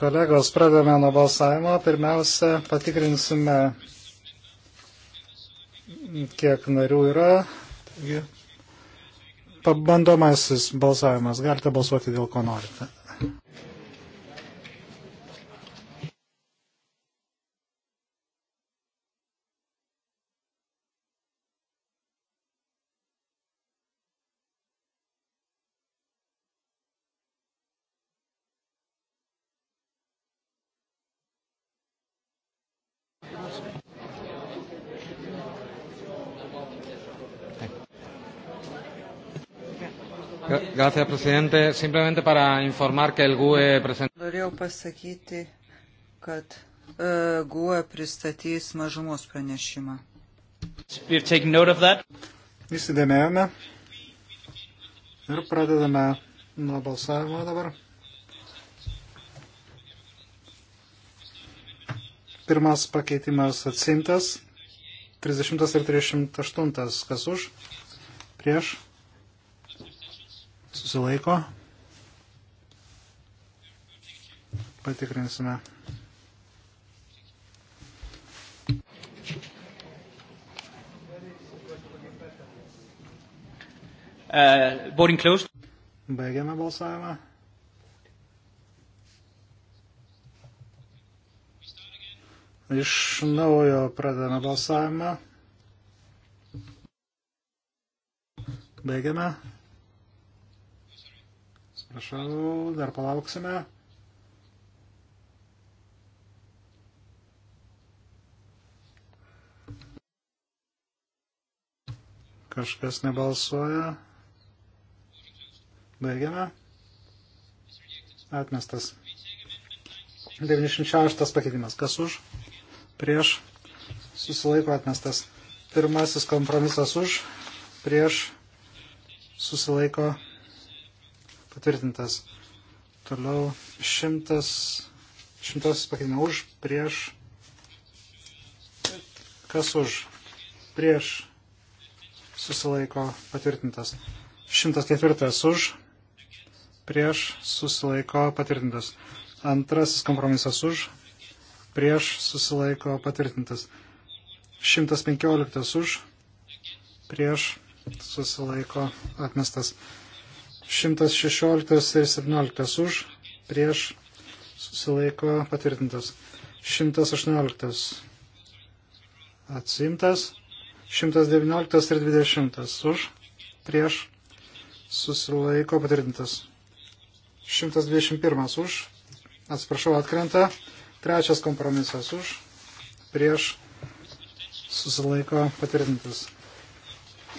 Kolegos, pradedame nuo balsavimo. Pirmiausia, patikrinsime, kiek narių yra. Taigi, pabandomasis balsavimas. Galite balsuoti dėl ko norite. Gracias, presidente. Simplemente para informar que el GUE presenta. Norėjau pasakyti, kad uh, e, GUE pristatys mažumos pranešimą. Įsidėmėjome ir pradedame nuo balsavimo dabar. Pirmas pakeitimas atsimtas. 30 ir 38. Kas už? Prieš? Susilaiko. Patikrinsime. Uh, voting closed. Baigiame balsavimą. Iš naujo pradedame balsavimą. Baigiame. Prašau, dar palauksime. Kažkas nebalsuoja. Baigiame. Atmestas. 96 pakeitimas. Kas už? Prieš. Susilaiko atmestas. Pirmasis kompromisas už. Prieš. Susilaiko atmestas patvirtintas. Toliau šimtas, šimtas pakeitimų už, prieš, kas už, prieš, susilaiko patvirtintas. Šimtas ketvirtas už, prieš, susilaiko patvirtintas. Antrasis kompromisas už, prieš, susilaiko patvirtintas. Šimtas penkioliktas už, prieš, susilaiko atmestas. 116 ir 17 už, prieš susilaiko patvirtintas. 118 atsimtas. 119 ir 20 už, prieš susilaiko patvirtintas. 121 už, atsiprašau, atkrenta. Trečias kompromisas už, prieš susilaiko patvirtintas.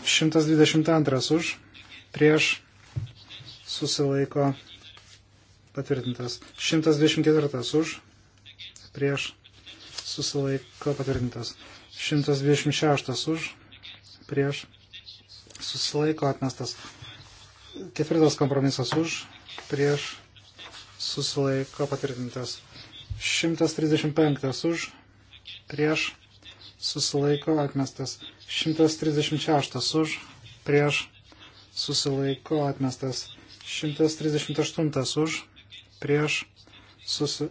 122 už, prieš susilaiko patvirtintas. 124 už, prieš susilaiko patvirtintas. 126 už, prieš susilaiko atmestas. Ketvirtas kompromisas už, prieš susilaiko patvirtintas. 135 už, prieš susilaiko atmestas. 136 už, prieš susilaiko atmestas. 138 už, prieš, susi,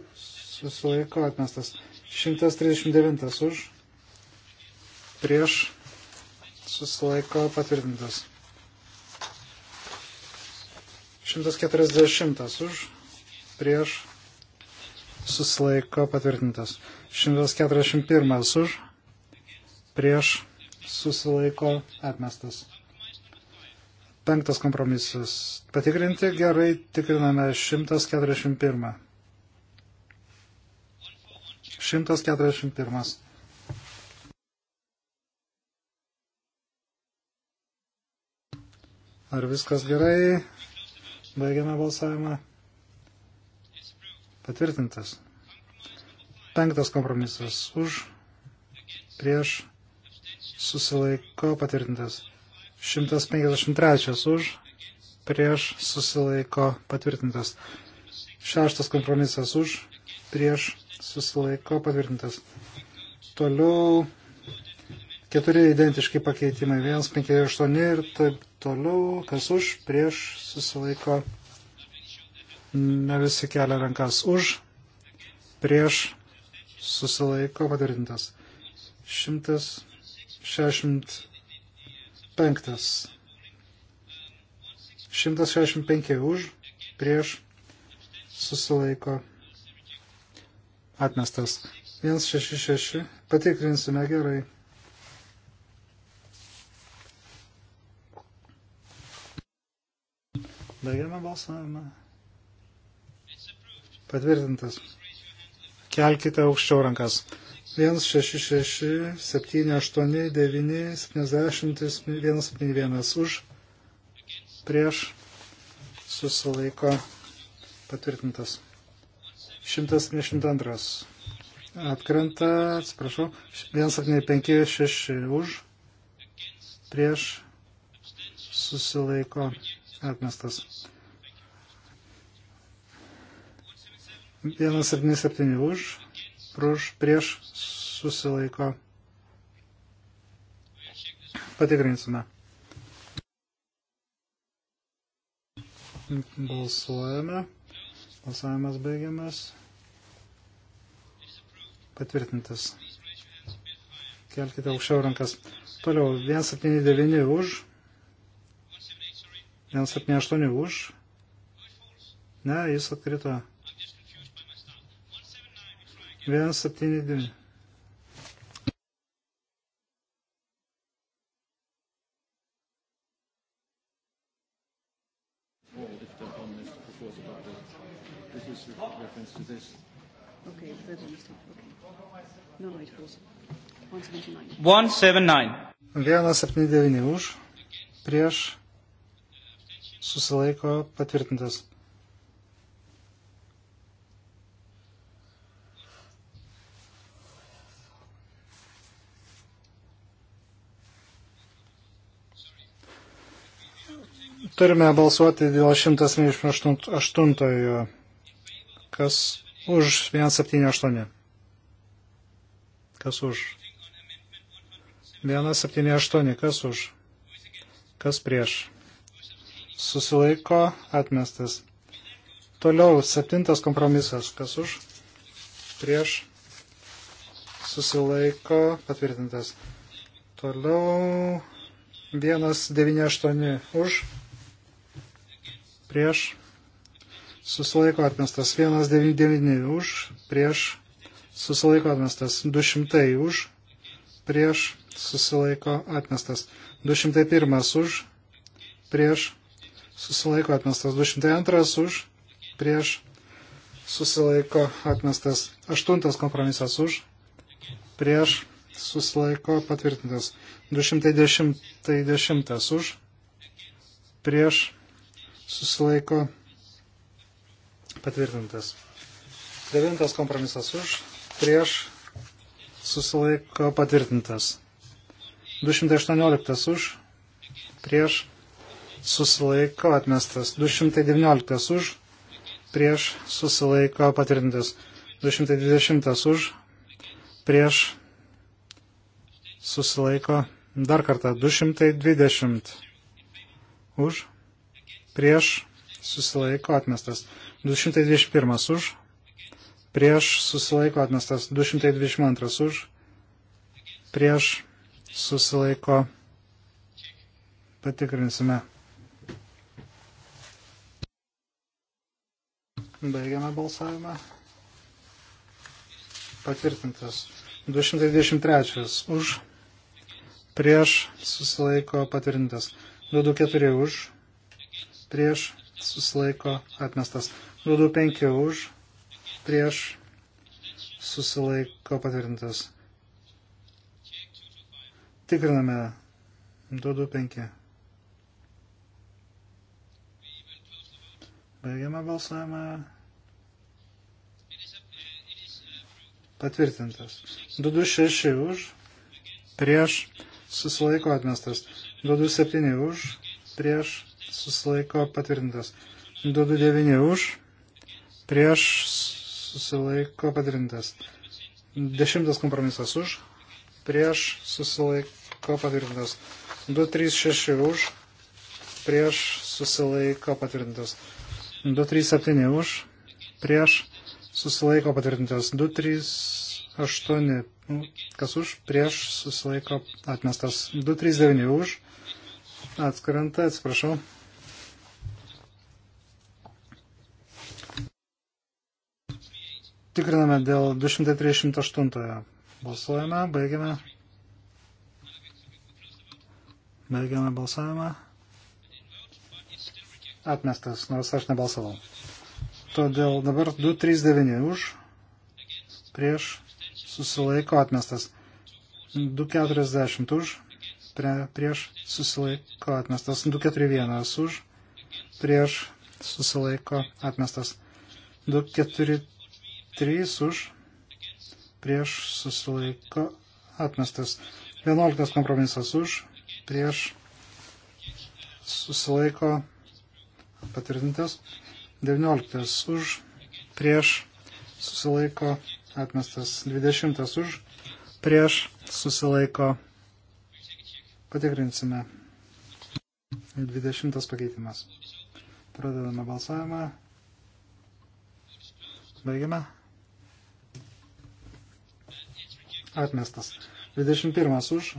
susilaiko atmestas. 139 už, prieš, susilaiko patvirtintas. 140 už, prieš, susilaiko patvirtintas. 141 už, prieš, susilaiko atmestas. Penktas kompromisas. Patikrinti gerai, tikriname 141. 141. Ar viskas gerai? Baigiame balsavimą. Patvirtintas. Penktas kompromisas. Už, prieš, susilaiko patvirtintas. 153 už, prieš susilaiko patvirtintas. Šeštas kompromisas už, prieš susilaiko patvirtintas. Toliau keturi identiški pakeitimai. 1, 5, 8 ir taip toliau. Kas už, prieš susilaiko. Ne visi kelia rankas už, prieš susilaiko patvirtintas. 160 Penktas. 165 už, prieš, susilaiko, atmestas. 166, patikrinsime gerai. Baigiame balsavimą. Patvirtintas. Kelkite aukščiau rankas. 1, 6, 6, 7, 8, 9, 70, 171 už, prieš, susilaiko patvirtintas. 172 atkrenta, atsiprašau, 175, 6 už, prieš, susilaiko atmestas. 177 už, Pruž, prieš susilaiko. Patikrinsime. Balsuojame. Balsavimas baigiamas. Patvirtintas. Kelkite aukščiau rankas. Toliau 179 už. 178 už. Ne, jis atkrito. 172. reference to this. Okay, that's a mistake. Okay. No, no, it was 179. 179. 179 už, prieš, susilaiko, patvirtintas. Turime balsuoti dėl 178, kas už 178. Kas už? 178, kas už? Kas prieš? Susilaiko atmestas. Toliau septintas kompromisas, kas už? Prieš? Susilaiko patvirtintas. Toliau 198 už prieš, susilaiko atmestas 199 už, prieš, susilaiko atmestas 200 už, prieš, susilaiko atmestas 201 už, prieš, susilaiko atmestas 202 už, prieš, susilaiko atmestas 8 kompromisas už, prieš, susilaiko patvirtintas 210 už, prieš, susilaiko patvirtintas. Devintas kompromisas už, prieš susilaiko patvirtintas. 218 už, prieš susilaiko atmestas. 219 už, prieš susilaiko patvirtintas. 220 už, prieš susilaiko dar kartą 220 už, prieš susilaiko atmestas 221 už, prieš susilaiko atmestas 222 už, prieš susilaiko patikrinsime. Baigiame balsavimą. Patvirtintas 223 už, prieš susilaiko patvirtintas 224 už prieš susilaiko atmestas. 25 už prieš susilaiko patvirtintas. Tikriname 225. Baigiame balsavimą. Patvirtintas. 226 už, prieš, susilaiko atmestas. 227 už, prieš, susilaiko patvirtintas. 229 už, prieš susilaiko patvirtintas. 10 kompromisas už, prieš susilaiko patvirtintas. 236 už, prieš susilaiko patvirtintas. 237 už, prieš susilaiko patvirtintas. 238 nu, kas už, prieš susilaiko atmestas. 239 už, atskrenta, atsiprašau. Tikriname dėl 238. Balsuojame, baigiame. Baigiame balsavimą. Atmestas, nors aš nebalsavau. Todėl dabar 239 už, prieš, susilaiko atmestas. 240 už, prie, prieš, susilaiko atmestas. 241 už, prieš, susilaiko atmestas. 243 3 už, prieš susilaiko atmestas. 11 kompromisas už, prieš susilaiko patvirtintas. 19 už, prieš susilaiko atmestas. 20 už, prieš susilaiko patikrinsime. 20 pakeitimas. Pradedame balsavimą. Baigiame. atmestas. 21 už,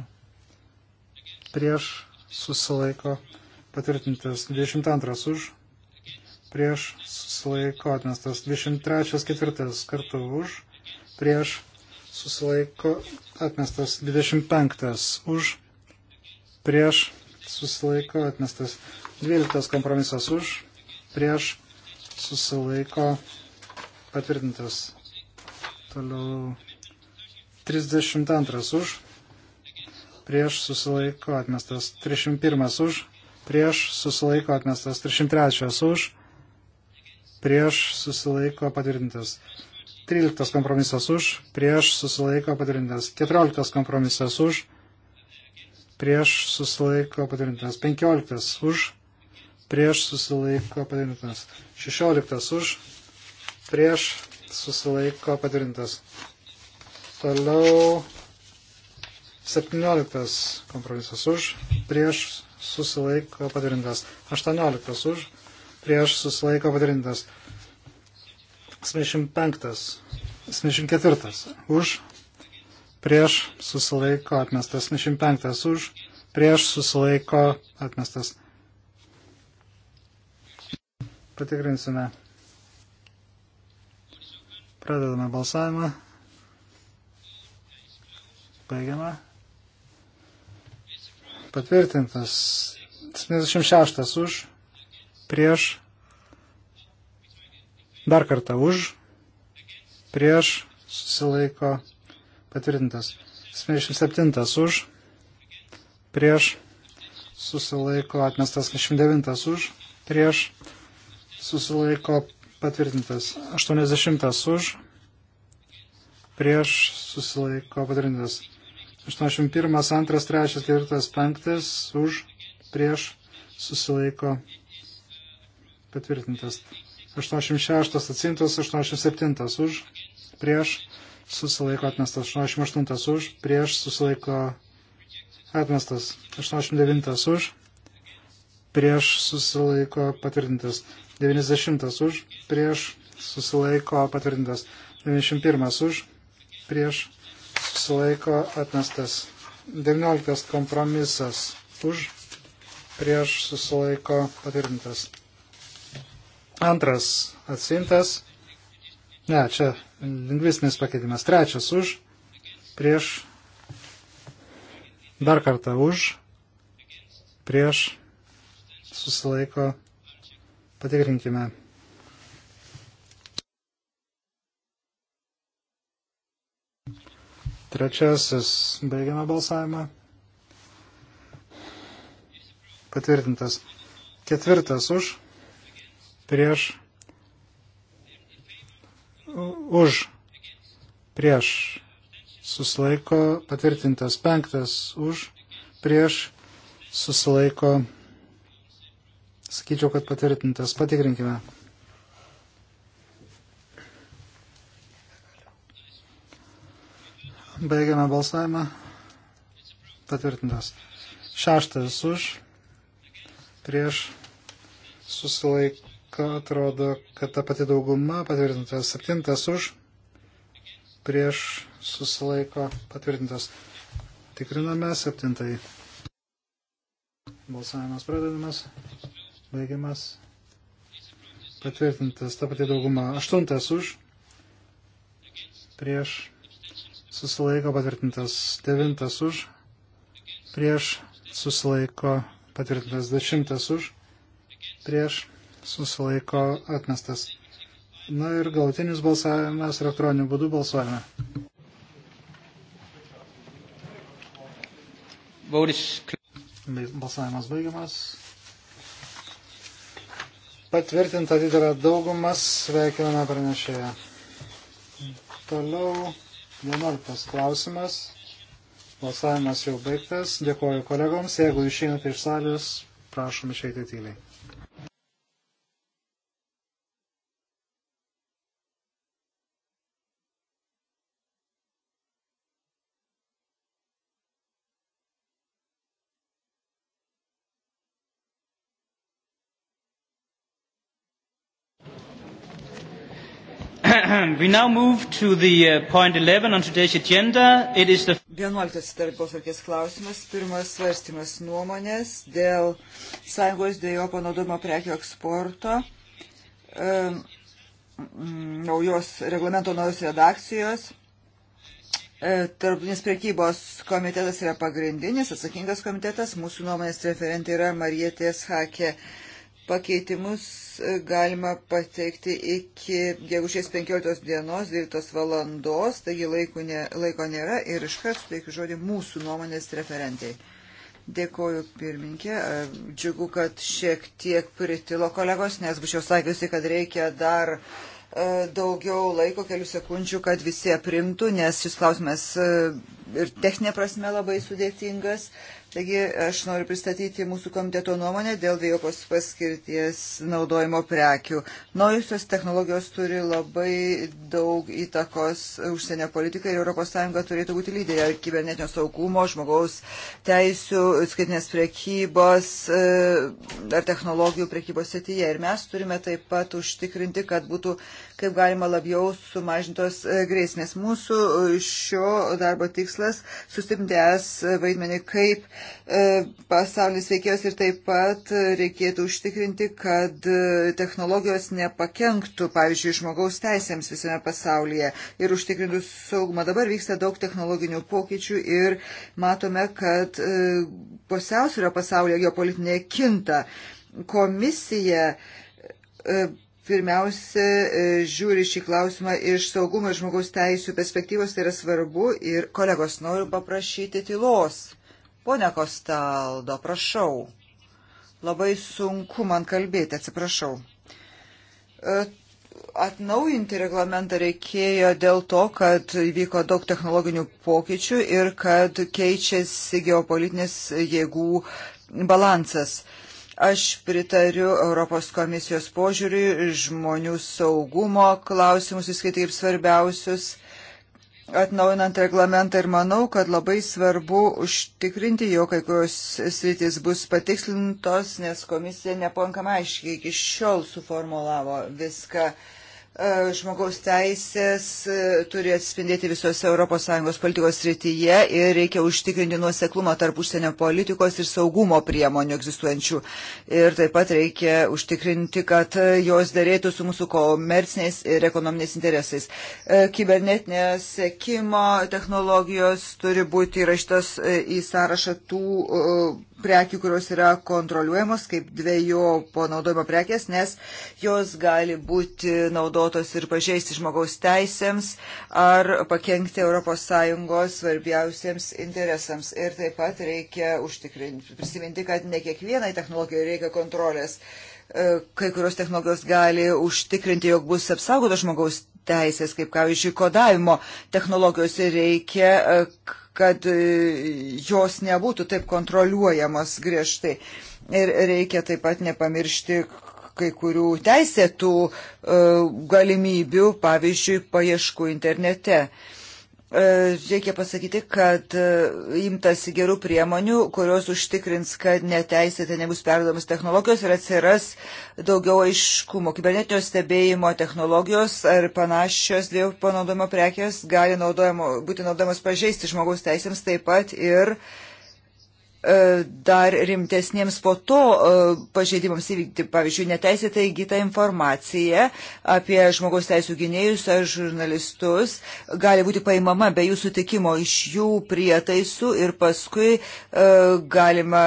prieš susilaiko patvirtintas. 22 už, prieš susilaiko atmestas. 23 ketvirtas kartu už, prieš susilaiko atmestas. 25 už, prieš susilaiko atmestas. 12 kompromisas už, prieš susilaiko patvirtintas. Toliau 32 už, prieš susilaiko atmestas 301 už, prieš susilaiko atmestas 303 už, prieš susilaiko patvirtintas 13 kompromisas už, prieš susilaiko patvirtintas 14 kompromisas už, prieš susilaiko patvirtintas 15 už, prieš susilaiko patvirtintas 16 už, prieš susilaiko patvirtintas Toliau 17 kompromisas už, prieš susilaiko patvirtintas. 18 už, prieš susilaiko patvirtintas. 75, 74 už, prieš susilaiko atmestas. 75 už, prieš susilaiko atmestas. Patikrinsime. Pradedame balsavimą. Baigiama. Patvirtintas. 76 už. Prieš. Dar kartą už. Prieš. Susilaiko. Patvirtintas. 77 už. Prieš. Susilaiko. Atmestas 29 už. Prieš. Susilaiko. Patvirtintas. 80 už prieš susilaiko patrindas. 81, 2, 3, 4, 5 už, prieš, susilaiko patvirtintas. 86 atsimtas, 87 už, prieš, susilaiko atmestas. 88 už, prieš, susilaiko atmestas. 89 už, prieš, susilaiko patvirtintas. 90 už, prieš, susilaiko patvirtintas. 91 už, prieš, sulaiko atmestas. 19 kompromisas už, prieš susilaiko patvirtintas. Antras atsintas. Ne, čia lingvistinis pakeitimas. Trečias už, prieš, dar kartą už, prieš susilaiko patikrinkime. Trečiasis. Baigiame balsavimą. Patvirtintas. Ketvirtas už. Prieš. Už. Prieš. Susilaiko. Patvirtintas. Penktas už. Prieš. Susilaiko. Sakyčiau, kad patvirtintas. Patikrinkime. Baigiame balsavimą. Patvirtintas. Šeštas už. Prieš susilaiko atrodo, kad ta pati dauguma patvirtintas. Septintas už. Prieš susilaiko patvirtintas. Tikriname septintai. Balsavimas pradedamas. Baigiamas. Patvirtintas ta pati dauguma. Aštuntas už. Prieš susilaiko patvirtintas 9 už, prieš susilaiko patvirtintas 10 už, prieš susilaiko atmestas. Na ir galutinis balsavimas elektroniniu būdu balsuojame. Balsavimas baigiamas. Patvirtinta didelė daugumas, sveikiname pranešėją. Toliau 11 klausimas. Balsavimas jau baigtas. Dėkoju kolegoms. Jeigu išeinate iš salės, prašom išeiti tyliai. we now move to the uh, point 11 on today's agenda. It is the 11 darbos arkės klausimas, pirmas svarstymas nuomonės dėl sąjungos dėjo panaudojimo prekių eksporto um, naujos reglamento naujos redakcijos. E, tarptautinis prekybos komitetas yra pagrindinis, atsakingas komitetas. Mūsų nuomonės referentė yra Marietės Hakė. Uh, Pakeitimus e, galima pateikti iki gegužės 15 dienos 12 valandos, taigi laiko, ne, laiko nėra ir iškart suteikiu žodį mūsų nuomonės referentai. Dėkoju pirminkė, e, džiugu, kad šiek tiek pritilo kolegos, nes būčiau sakiusi, kad reikia dar e, daugiau laiko, kelių sekundžių, kad visi aprimtų, nes šis klausimas ir techninė prasme labai sudėtingas. Taigi aš noriu pristatyti mūsų komiteto nuomonę dėl vėjopos paskirties naudojimo prekių. Naujusios technologijos turi labai daug įtakos užsienio politikai ir ES turėtų būti lyderė kibernetinio saugumo, žmogaus teisų, skaitinės prekybos e, ar technologijų prekybos srityje. Ir mes turime taip pat užtikrinti, kad būtų kaip galima labiau sumažintos e, grėsmės. Mūsų šio darbo tikslas sustiprinti es vaidmenį kaip E, pasaulis veikėjos ir taip pat reikėtų užtikrinti, kad e, technologijos nepakenktų, pavyzdžiui, žmogaus teisėms visame pasaulyje ir užtikrintų saugumą. Dabar vyksta daug technologinių pokyčių ir matome, kad e, pusiausvėrio pasaulyje geopolitinė kinta. Komisija pirmiausia žiūri šį klausimą iš saugumo ir žmogaus teisų perspektyvos, tai yra svarbu ir kolegos noriu paprašyti tylos. Pone Kostaldo, prašau. Labai sunku man kalbėti, atsiprašau. E, atnaujinti reglamentą reikėjo dėl to, kad įvyko daug technologinių pokyčių ir kad keičiasi geopolitinis jėgų balansas. Aš pritariu Europos komisijos požiūriui žmonių saugumo klausimus, įskaitai kaip svarbiausius atnaujinant reglamentą ir manau, kad labai svarbu užtikrinti, jo kai kurios sritis bus patikslintos, nes komisija nepankama aiškiai iki šiol suformulavo viską. Uh, E, žmogaus teisės e, turi atspindėti visose ES politikos srityje ir reikia užtikrinti nuoseklumą tarp užsienio politikos ir saugumo priemonių egzistuojančių. Ir taip pat reikia užtikrinti, kad jos dėrėtų su mūsų komerciniais ir ekonominiais interesais. E, kibernetinė sekimo technologijos turi būti įrašytos į sąrašą tų prekių, kurios yra kontroliuojamos kaip dviejų panaudojimo prekės, nes jos gali būti naudotos ir pažeisti žmogaus teisėms ar pakengti ES svarbiausiems interesams. Ir taip pat reikia užtikrinti, prisiminti, kad ne kiekvienai technologijai reikia kontrolės. E, kai kurios technologijos gali užtikrinti, jog bus apsaugotos žmogaus teisės, kaip, pavyzdžiui, kodavimo technologijos reikia e, kad e, jos nebūtų taip kontroliuojamos griežtai. Ir reikia taip pat nepamiršti kai kurių teisėtų e, galimybių, pavyzdžiui, paieškų internete. Uh, E, reikia pasakyti, kad e, imtasi gerų priemonių, kurios užtikrins, kad neteisėtai nebus perdomas technologijos ir atsiras daugiau aiškumo. Kibernetinio stebėjimo technologijos ar panašios dviejų panaudojimo prekės gali naudojamo, būti naudojamos pažeisti žmogaus teisėms taip pat ir uh, E, dar rimtesniems po to e, pažeidimams įvykti, pavyzdžiui, neteisėtai įgyta informacija apie žmogaus teisų gynėjus ar žurnalistus gali būti paimama be jų sutikimo iš jų prietaisų ir paskui e, galima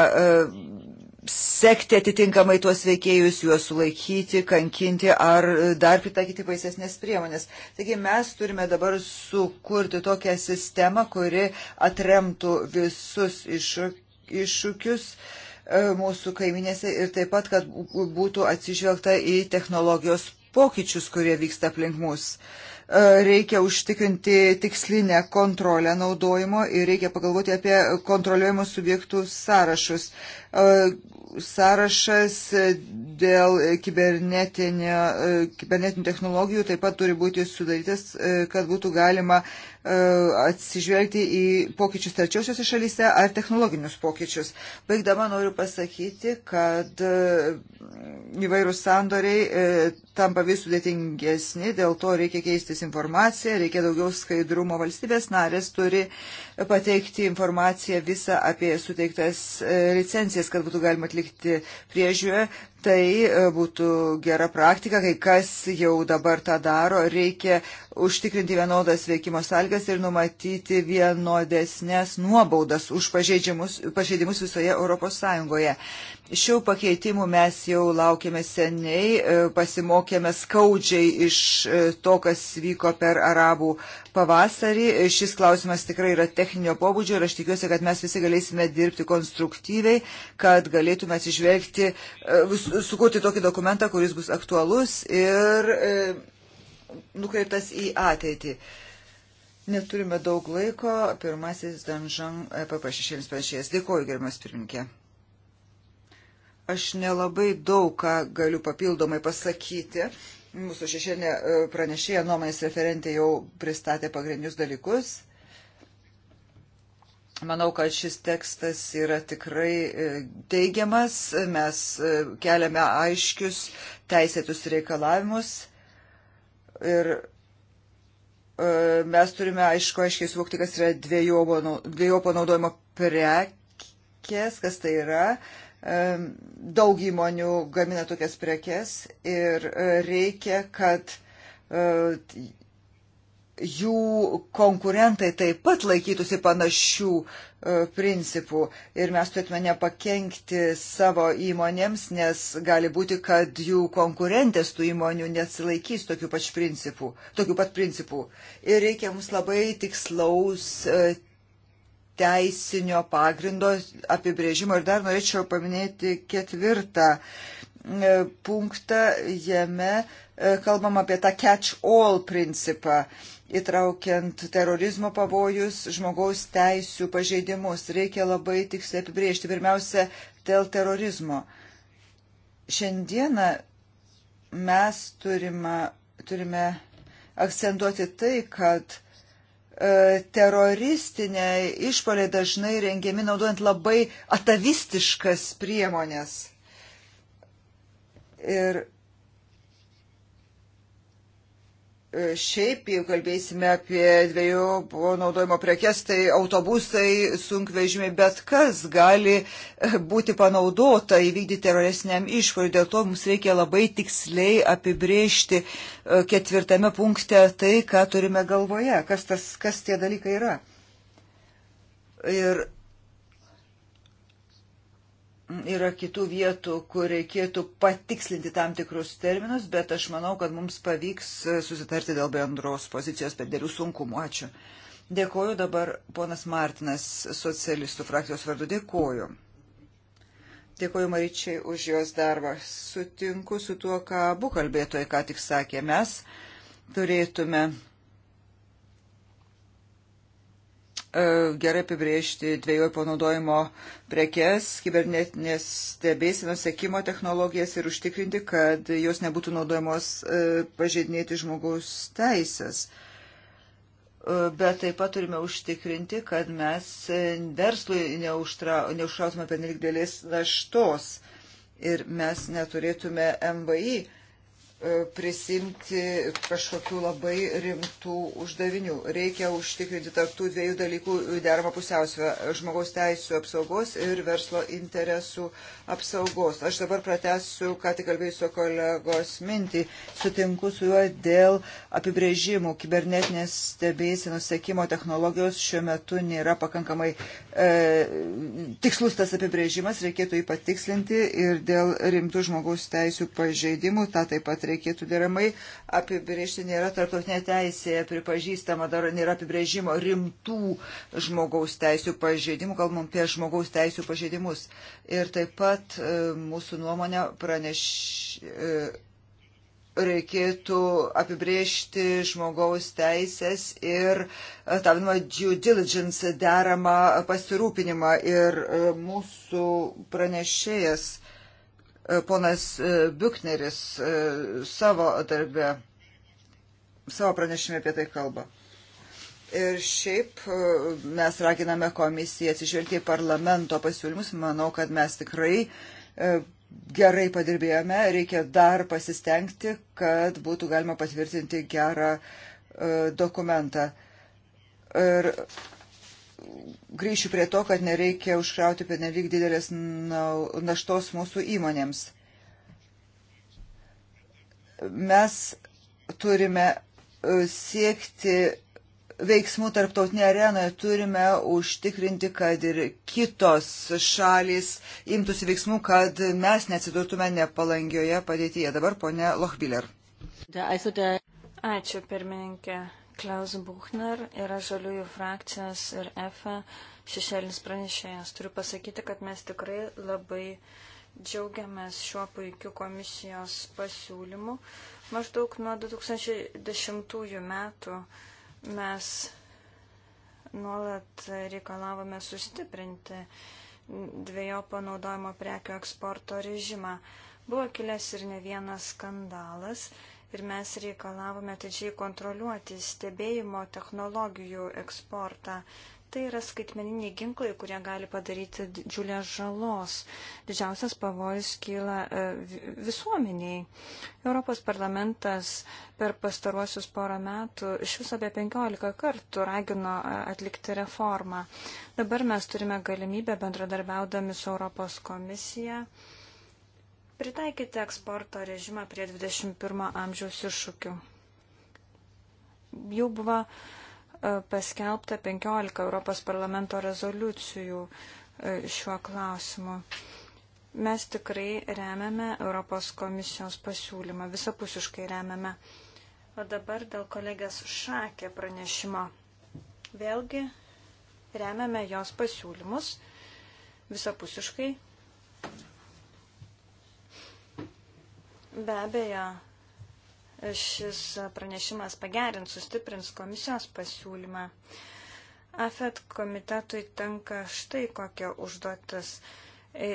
sekti atitinkamai tuos veikėjus, juos sulaikyti, kankinti ar dar pritaikyti baisesnės priemonės. Taigi mes turime dabar sukurti tokią sistemą, kuri atremtų visus iššūkius iššūkius e, mūsų kaiminėse ir taip pat, kad būtų atsižvelgta į technologijos pokyčius, kurie vyksta aplink mus. E, reikia užtikrinti tikslinę kontrolę naudojimo ir reikia pagalvoti apie kontroliuojimų subjektų sąrašus sąrašas dėl e, kibernetinių technologijų taip pat turi būti sudarytas, e, kad būtų galima e, atsižvelgti į pokyčius trečiosiuose šalyse ar technologinius pokyčius. Baigdama noriu pasakyti, kad įvairūs sandoriai tampa vis sudėtingesni, dėl to reikia keistis informaciją, reikia daugiau skaidrumo. Valstybės narės turi pateikti informaciją visą apie suteiktas licencijas kompetencijas, kad būtų galima atlikti priežiūrę, Tai e, būtų gera praktika, kai kas jau dabar tą daro, reikia užtikrinti vienodas veikimo sąlygas ir numatyti vienodesnės nuobaudas už pažeidimus visoje Europos Sąjungoje. Šių pakeitimų mes jau laukėme seniai, e, pasimokėme skaudžiai iš e, to, kas vyko per arabų pavasarį. Šis klausimas tikrai yra techninio pobūdžio ir aš tikiuosi, kad mes visi galėsime dirbti konstruktyviai, kad galėtume atsižvelgti vis, sukurti tokį dokumentą, kuris bus aktualus ir e, nukreiptas į ateitį. Neturime daug laiko. Pirmasis Danžan e paprašyšėlis panašiais. Dėkuoju, gerbiamas pirmininkė. Aš nelabai daug ką galiu papildomai pasakyti. Mūsų šešėlė e, pranešėja nuomonės referentė jau pristatė pagrindinius dalykus. Manau, kad šis tekstas yra tikrai e, teigiamas, mes e, keliame aiškius teisėtus reikalavimus ir e, mes turime aišku aiškiai suvokti, kas yra dviejų panaudojimo prekės, kas tai yra. Daug įmonių gamina tokias prekes ir reikia, kad jų konkurentai taip pat laikytųsi panašių e, principų ir mes turėtume nepakenkti savo įmonėms, nes gali būti, kad jų konkurentės tų įmonių nesilaikys tokių, principų, tokių pat principų. Ir reikia mums labai tikslaus e, teisinio pagrindo apibrėžimo. Ir dar norėčiau paminėti ketvirtą e, punktą jame kalbam apie tą catch-all principą įtraukiant terorizmo pavojus, žmogaus teisų pažeidimus. Reikia labai tiksliai apibriežti, pirmiausia, dėl terorizmo. Šiandieną mes turime, turime akcentuoti tai, kad e, teroristiniai išpoliai dažnai rengiami naudojant labai atavistiškas priemonės. Ir Šiaip, jeigu kalbėsime apie dviejų naudojimo prekes, tai autobusai, sunkvežimiai, bet kas gali eh, būti panaudota įvykdyti teroristiniam išpoliui. Dėl to mums reikia labai tiksliai apibriežti eh, ketvirtame punkte tai, ką turime galvoje, kas, tas, kas tie dalykai yra. Ir yra kitų vietų, kur reikėtų patikslinti tam tikrus terminus, bet aš manau, kad mums pavyks e, susitarti dėl bendros pozicijos per dėlių sunkumų. Ačiū. Dėkoju dabar ponas Martinas, socialistų frakcijos vardu. Dėkoju. Dėkoju Maryčiai už jos darbą. Sutinku su tuo, ką abu kalbėtojai ką tik sakė. Mes turėtume E, gerai apibriežti dviejoj panaudojimo prekes, kibernetinės stebėsinos sekimo technologijas ir užtikrinti, kad jos nebūtų naudojamos e, pažeidinėti žmogaus teisės. E, bet taip pat turime užtikrinti, kad mes verslui neužtrausime per nelik dėlės naštos ir mes neturėtume MVI E, prisimti kažkokių labai rimtų uždavinių. Reikia užtikrinti tarptų dviejų dalykų deramą pusiausvę - žmogaus teisų apsaugos ir verslo interesų apsaugos. Aš dabar pratęsiu, ką tik kalbėjusio kolegos mintį, sutinku su juo dėl apibrėžimų. Kibernetinės stebėsienos sekimo technologijos šiuo metu nėra pakankamai e, tikslus tas apibrėžimas, reikėtų jį patikslinti ir dėl rimtų žmogaus teisų pažeidimų. Ta taip pat reikėtų deramai apibriežti, nėra tarptautinė teisėje pripažįstama, dar nėra apibrėžimo rimtų žmogaus teisų pažeidimų, kalbam apie žmogaus teisų pažeidimus. Ir taip pat e, mūsų nuomonė praneš e, reikėtų apibriežti žmogaus teisės ir e, tą vadinamą due diligence deramą pasirūpinimą. Ir mūsų pranešėjas ponas e, Bukneris e, savo darbę, savo pranešime apie tai kalba. Ir šiaip e, mes raginame komisiją atsižvelgti į parlamento pasiūlymus. Manau, kad mes tikrai gerai padirbėjome. Reikia dar pasistengti, kad būtų galima patvirtinti gerą dokumentą. Ir grįšiu prie to, kad nereikia užkrauti pernelyg didelės naštos mūsų įmonėms. Mes turime e, siekti veiksmų tarptautinė arenoje turime užtikrinti, kad ir kitos šalis imtųsi veiksmų, kad mes neatsidurtume nepalangioje padėtyje. Dabar ponė Lochbiller. Ačiū pirmininkė. Klaus Buchner yra žaliųjų frakcijos ir EFA šešėlis pranešėjas. Turiu pasakyti, kad mes tikrai labai džiaugiamės šiuo puikiu komisijos pasiūlymu. Maždaug nuo 2010 metų mes nuolat reikalavome sustiprinti dviejų panaudojimo prekių eksporto režimą. Buvo kilęs ir ne vienas skandalas ir mes reikalavome tačiai kontroliuoti stebėjimo technologijų eksportą. Tai yra skaitmeniniai ginklai, kurie gali padaryti didžiulės žalos. Didžiausias pavojus kyla e, visuomeniai. Europos parlamentas per pastaruosius porą metų iš viso apie 15 kartų ragino e, atlikti reformą. Dabar mes turime galimybę bendradarbiaudami su Europos komisija pritaikyti eksporto režimą prie 21 amžiaus iššūkių. Jau buvo e, paskelbta 15 Europos parlamento rezoliucijų e, šiuo klausimu. Mes tikrai remiame Europos komisijos pasiūlymą, visapusiškai remiame. O dabar dėl kolegės Šakė pranešimo. Vėlgi remiame jos pasiūlymus visapusiškai Be abejo, šis pranešimas pagerins, sustiprins komisijos pasiūlymą. AFET komitetui tenka štai kokia užduotis.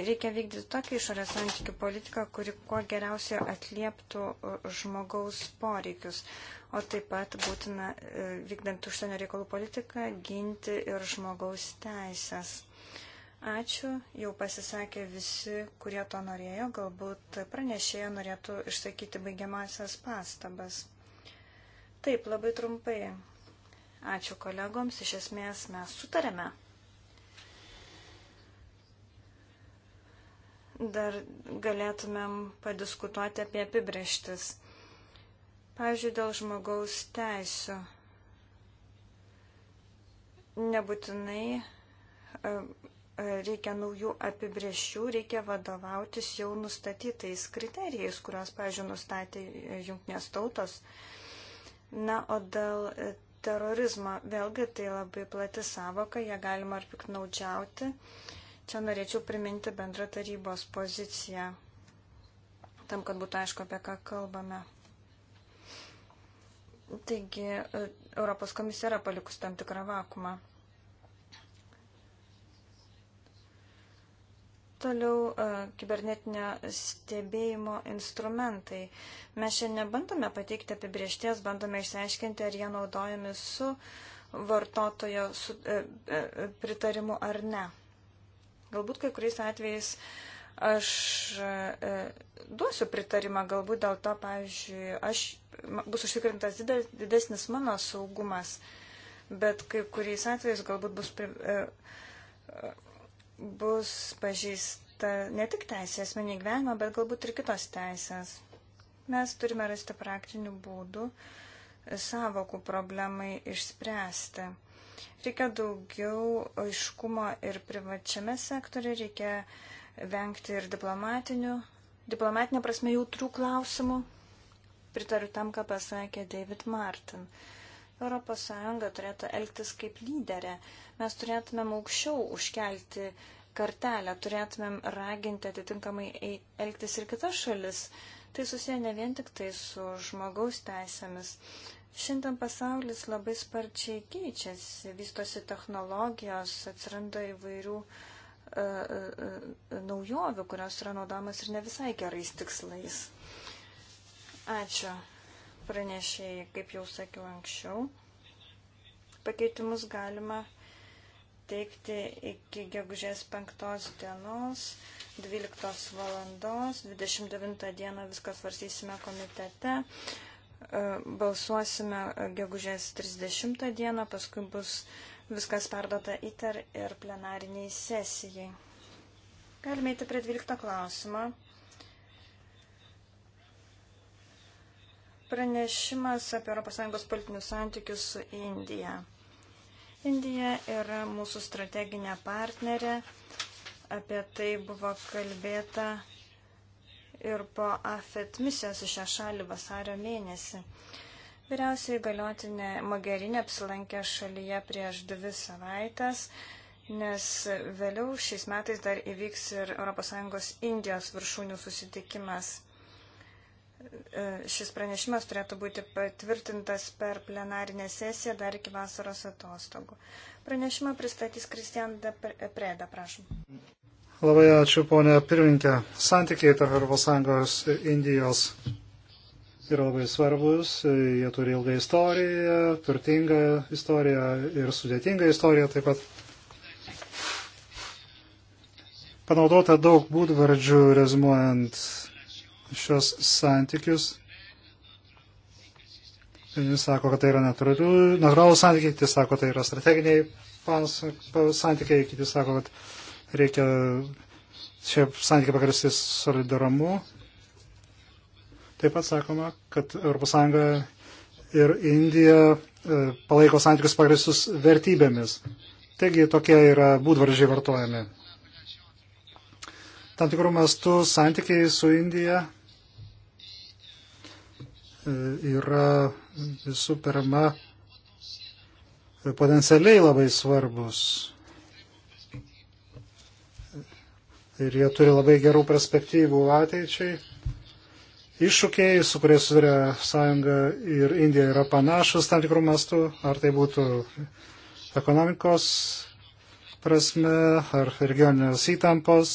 Reikia vykdyti tokią išorės santykių politiką, kuri kuo geriausiai atlieptų e, žmogaus poreikius. O taip pat būtina, e, vykdant užsienio reikalų politiką, ginti ir žmogaus teisės. Ačiū, jau pasisakė visi, kurie to norėjo, galbūt pranešėja norėtų išsakyti baigiamasias pastabas. Taip, labai trumpai. Ačiū kolegoms, iš esmės mes sutarėme. Dar galėtumėm padiskutuoti apie apibrieštis. Pavyzdžiui, dėl žmogaus teisų. Nebūtinai e, E, reikia naujų apibrėžčių, reikia vadovautis jau nustatytais kriterijais, kuriuos, pavyzdžiui, nustatė jungtinės tautos. Na, o dėl e, terorizmo, vėlgi tai labai plati savoka, ją galima ar piknaudžiauti. Čia norėčiau priminti bendrą tarybos poziciją, tam, kad būtų aišku, apie ką kalbame. Taigi, e, Europos komisija yra palikus tam tikrą vakumą. Toliau e, kibernetinio stebėjimo instrumentai. Mes šiandien bandome pateikti apibriešties, bandome išsiaiškinti, ar jie naudojami su vartotojo su, e, e, pritarimu ar ne. Galbūt kai kuriais atvejais aš e, e duosiu pritarimą, galbūt dėl to, pavyzdžiui, aš, bus užtikrintas didesnis mano saugumas, bet kai kuriais atvejais galbūt bus. Pri, e, e, bus pažįsta ne tik teisė asmenį gyvenimą, bet galbūt ir kitos teisės. Mes turime rasti praktinių būdų savokų problemai išspręsti. Reikia daugiau aiškumo ir privačiame sektoriu, reikia vengti ir diplomatinių, diplomatinė prasme jautrių klausimų. Pritariu tam, ką pasakė David Martin. Uh, ES turėtų elgtis kaip lyderė. Mes turėtumėm aukščiau užkelti kartelę, turėtumėm raginti atitinkamai elgtis ir kitas šalis. Tai susiję ne vien tik tai su žmogaus teisėmis. Šiandien pasaulis labai sparčiai keičiasi, vystosi technologijos, atsiranda įvairių uh, uh, uh, naujovių, kurios yra naudojamas ir ne visai gerais tikslais. Ačiū pranešėjai, kaip jau sakiau anksčiau. Pakeitimus galima teikti iki gegužės 5 dienos, 12 valandos, 29 dieną viską svarsysime komitete, e, balsuosime gegužės 30 dieną, paskui bus viskas perdota įter ir plenariniai sesijai. Galime įti prie 12 klausimą. pranešimas apie ES politinius santykius su Indija. Indija yra mūsų strateginė partnerė. Apie tai buvo kalbėta ir po AFET misijos į šią šalį vasario mėnesį. Vyriausiai galiotinė Mogerinė apsilankė šalyje prieš dvi savaitės, nes vėliau šiais metais dar įvyks ir ES Indijos viršūnių susitikimas. E, šis pranešimas turėtų būti patvirtintas per plenarinę sesiją dar iki vasaros atostogų. Pranešimą pristatys Kristian e, Preda, prašom. Labai ačiū, ponė pirmininkė. Santykiai tarp ES ir Indijos yra labai svarbus. Jie turi ilgą istoriją, turtingą istoriją ir sudėtingą istoriją taip pat. Panaudota daug būdvardžių rezumuojant šios santykius. Jis sako, kad tai yra natūralų santykiai, kiti sako, tai yra strateginiai santykiai, kiti sako, kad reikia šie santykiai pakarsti solidarumu. Taip pat sakoma, kad ES ir Indija e, palaiko santykius pagristus vertybėmis. Taigi tokie yra būdvaržiai vartojami. Tam tikrų mastų santykiai su Indija E, yra visų pirma potencialiai labai svarbus. Ir jie turi labai gerų perspektyvų ateičiai. Iššūkiai, su kuriais susiduria sąjunga ir Indija, yra panašus tam tikrų mastų, ar tai būtų ekonomikos prasme, ar regioninės įtampos,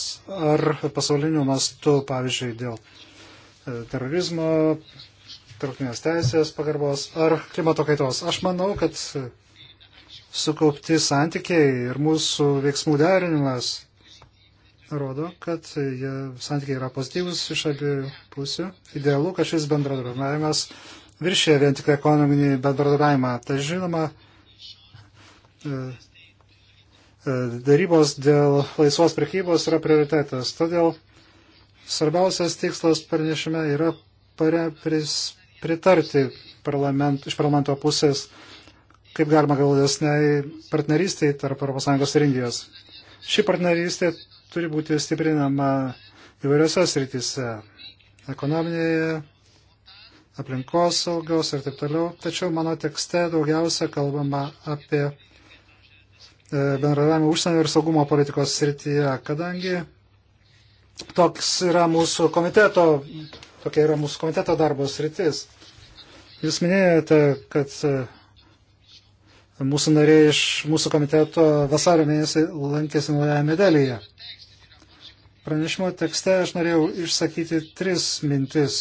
ar pasaulinių mastų, pavyzdžiui, dėl e, terorizmo, tarptautinės teisės pagarbos ar klimato kaitos. Aš manau, kad sukaupti santykiai ir mūsų veiksmų derinimas rodo, kad jie, santykiai yra pozityvus iš abiejų pusių. Idealu, kad šis bendradarbiavimas viršė vien tik ekonominį bendradarbiavimą. Tai žinoma, e, e, darybos dėl laisvos prekybos yra prioritetas. Todėl svarbiausias tikslas pranešime yra pare, pris, pritarti parlament, iš parlamento pusės, kaip galima glaudesniai partnerystiai tarp ES ir Indijos. Ši partnerystė turi būti stiprinama įvairiose srityse - ekonominėje, aplinkos saugos ir taip toliau. Tačiau mano tekste daugiausia kalbama apie e, bendradavimą užsienio ir saugumo politikos srityje, kadangi toks yra mūsų komiteto, tokia yra mūsų komiteto darbo sritis. Jūs minėjote, kad e, mūsų nariai iš mūsų komiteto vasario mėnesį lankėsi Naujajame Delyje. Pranešimo tekste aš norėjau išsakyti tris mintis.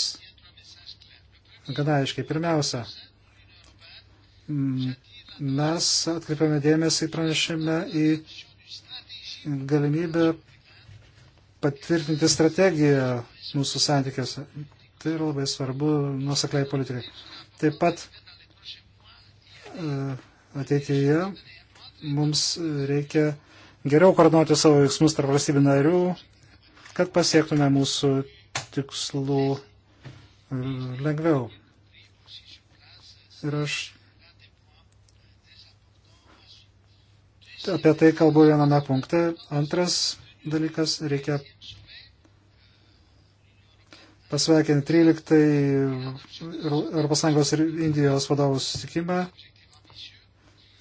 Gana aiškiai. Pirmiausia, mes atkreipiame dėmesį pranešime į galimybę patvirtinti strategiją mūsų santykiuose. Tai yra labai svarbu nusakliai politikai. Taip pat e, ateityje mums reikia geriau koordinuoti savo veiksmus tarp valstybių narių, kad pasiektume mūsų tikslų e, lengviau. Ir aš apie tai kalbu viename punkte. Antras dalykas, reikia pasveikinti 13 ES ir Indijos vadovų susitikimą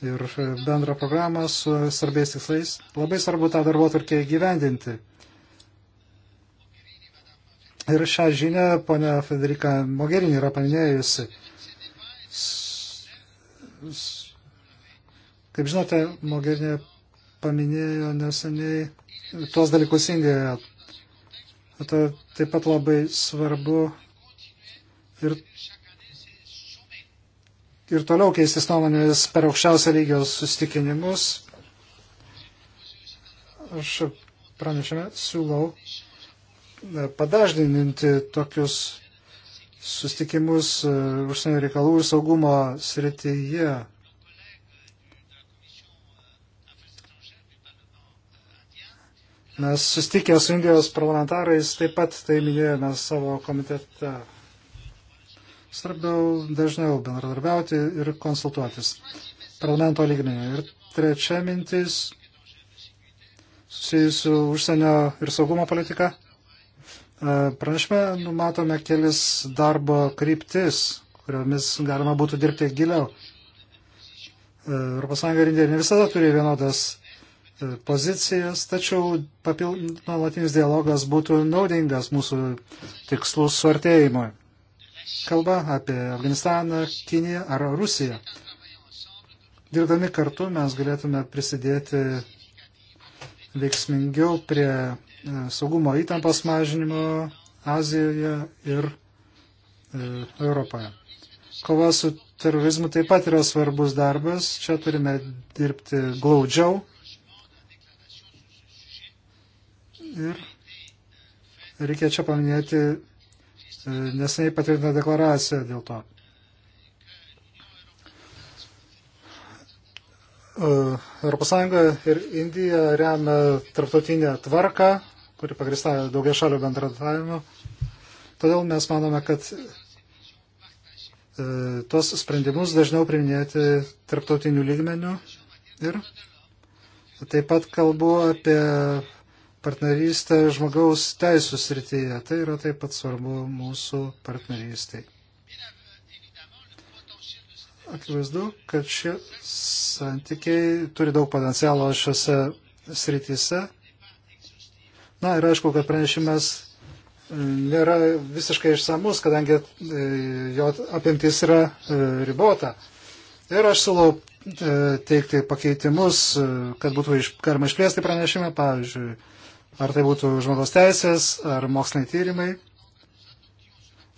ir bendrą programą su svarbiais tikslais. Labai svarbu tą darbo turkiai gyvendinti. Ir šią žinę ponia Federika Mogherini yra paminėjusi. Kaip žinote, Mogherini paminėjo neseniai tuos dalykus Indijoje Ta, taip pat labai svarbu ir, ir toliau keistis nuomonėmis per aukščiausią lygio sustikinimus. Aš pranešime siūlau e, padažninti tokius sustikimus e, užsienio reikalų ir saugumo srityje. Mes sustikę su Indijos parlamentarais taip pat tai minėjome savo komitete. Svarbiau dažniau bendradarbiauti ir konsultuotis parlamento lygmenį. Ir trečia mintis susijusi su užsienio ir saugumo politika. E, pranešime numatome kelis darbo kryptis, kuriomis galima būtų dirbti giliau. ES ir Indija ne visada turi vienodas pozicijas, tačiau papild... nuolatinis dialogas būtų naudingas mūsų tikslų suartėjimui. Kalba apie Afganistaną, Kiniją ar Rusiją. Dirbdami kartu mes galėtume prisidėti veiksmingiau prie e, saugumo įtampos mažinimo Azijoje ir e, Europoje. Kova su terorizmu taip pat yra svarbus darbas. Čia turime dirbti glaudžiau Ir reikia čia paminėti e, neseniai patvirtintą deklaraciją dėl to. ES ir Indija remia tarptautinę tvarką, kuri pagrįsta daugia šalių bendradavimu. Todėl mes manome, kad e, tuos sprendimus dažniau priminėti tarptautinių lygmenių ir taip pat kalbu apie partnerystę žmogaus teisų srityje. Tai yra taip pat svarbu mūsų partnerystai. Akivaizdu, kad šie santykiai turi daug potencialo šiose srityse. Na ir aišku, kad pranešimas e, nėra visiškai išsamus, kadangi e, jo apimtis yra e, ribota. Ir aš siūlau teikti pakeitimus, kad būtų iš, galima išplėsti pranešimą, pavyzdžiui, Ar tai būtų žmogaus teisės, ar moksliniai tyrimai.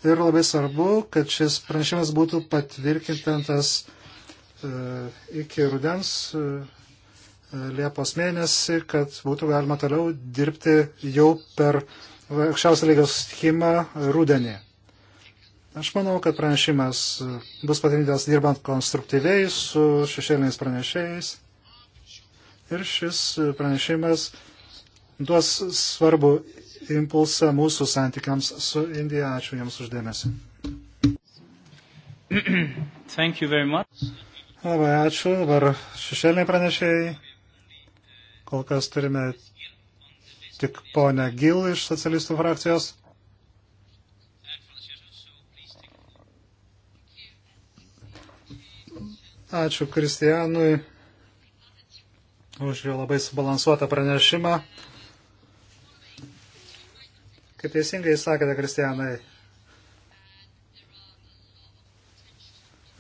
Ir labai svarbu, kad šis pranešimas būtų patvirtintas e, iki rudens e, Liepos mėnesį, kad būtų galima toliau dirbti jau per aukščiausią lygio susitikimą rudenį. Aš manau, kad pranešimas e, bus patvirtintas dirbant konstruktyviai su šešėliniais pranešėjais. Ir šis pranešimas duos svarbu impulsą mūsų santykiams su Indija. Ačiū Jums uždėmesi. Labai ačiū. Dabar šešėliniai pranešėjai. Kol kas turime tik ponę Gil iš socialistų frakcijos. Ačiū Kristijanui už jo labai subalansuotą pranešimą. Kaip teisingai sakėte, Kristijanai,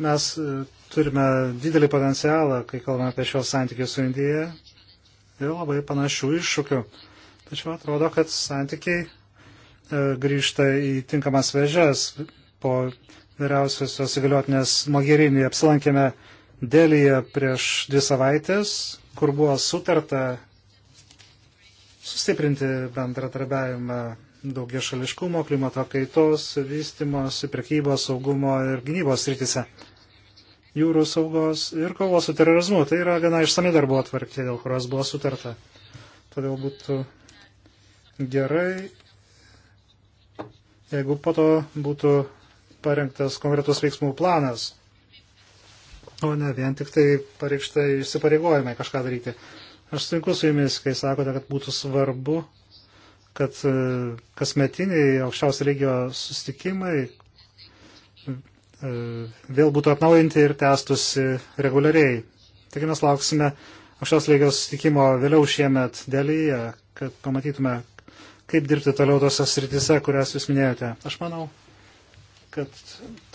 mes e, turime didelį potencialą, kai kalbame apie šios santykius su Indija ir labai panašių iššūkių. Tačiau atrodo, kad santykiai e, grįžta į tinkamas vežes. Po vyriausiosios įgaliotinės Mogherini apsilankėme Delyje prieš dvi savaitės, kur buvo sutarta sustiprinti bendratarbiavimą daugia šališkumo, klimato kaitos, vystimosi, prekybos, saugumo ir gynybos rytise, jūrų saugos ir kovos su terorizmu. Tai yra viena išsami darbo atvarkė, dėl kurios buvo sutarta. Todėl būtų gerai, jeigu po to būtų parengtas konkretus veiksmų planas, o ne vien tik tai pareikštai išsipareigojimai kažką daryti. Aš sutinku su jumis, kai sakote, kad būtų svarbu kad e, kasmetiniai aukščiausio lygio sustikimai e, vėl būtų atnaujinti ir tęstusi reguliariai. Taigi mes lauksime aukščiausio lygio sustikimo vėliau šiemet dėlyje, kad pamatytume, kaip dirbti toliau tose sritise, kurias jūs minėjote. Aš manau, kad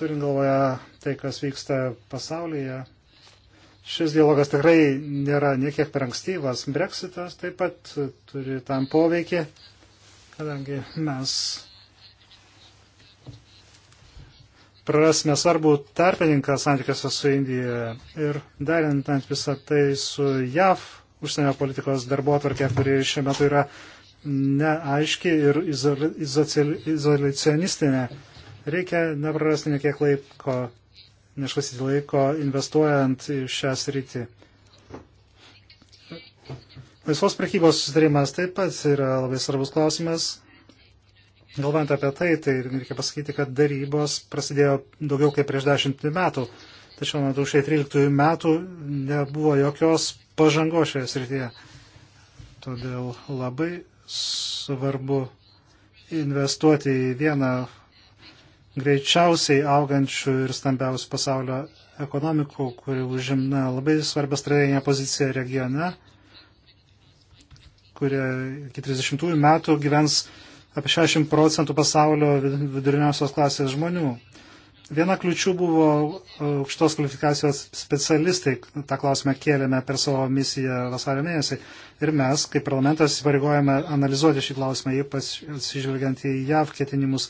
turint galvoje tai, kas vyksta pasaulyje, šis dialogas tikrai nėra niekiek per ankstyvas. Brexitas taip pat turi tam poveikį kadangi mes prarasime svarbų tarpininką santykiuose su Indija ir derinant visą tai su JAV užsienio politikos darbo atvarkė, kuri šiuo metu yra neaiški ir izolacionistinė. Reikia neprarasti nekiek laiko, nešvaistyti laiko investuojant į šią sritį. Laisvos prekybos susitarimas taip pat yra labai svarbus klausimas. Galvant apie tai, tai reikia pasakyti, kad darybos prasidėjo daugiau kaip prieš dešimt metų. Tačiau nuo 2013 metų nebuvo jokios pažangos šioje srityje. Todėl labai svarbu investuoti į vieną greičiausiai augančių ir stambiausių pasaulio ekonomikų, kuri užimna labai svarbią strateginę poziciją regione kurie iki 30 metų gyvens apie 60 procentų pasaulio viduriniosios klasės žmonių. Viena kliučių buvo e, aukštos kvalifikacijos specialistai, tą klausimą kėlėme per savo misiją vasario mėnesį. Ir mes, kaip parlamentas, įsipareigojame analizuoti šį klausimą, ypač atsižvelgiant į JAV ketinimus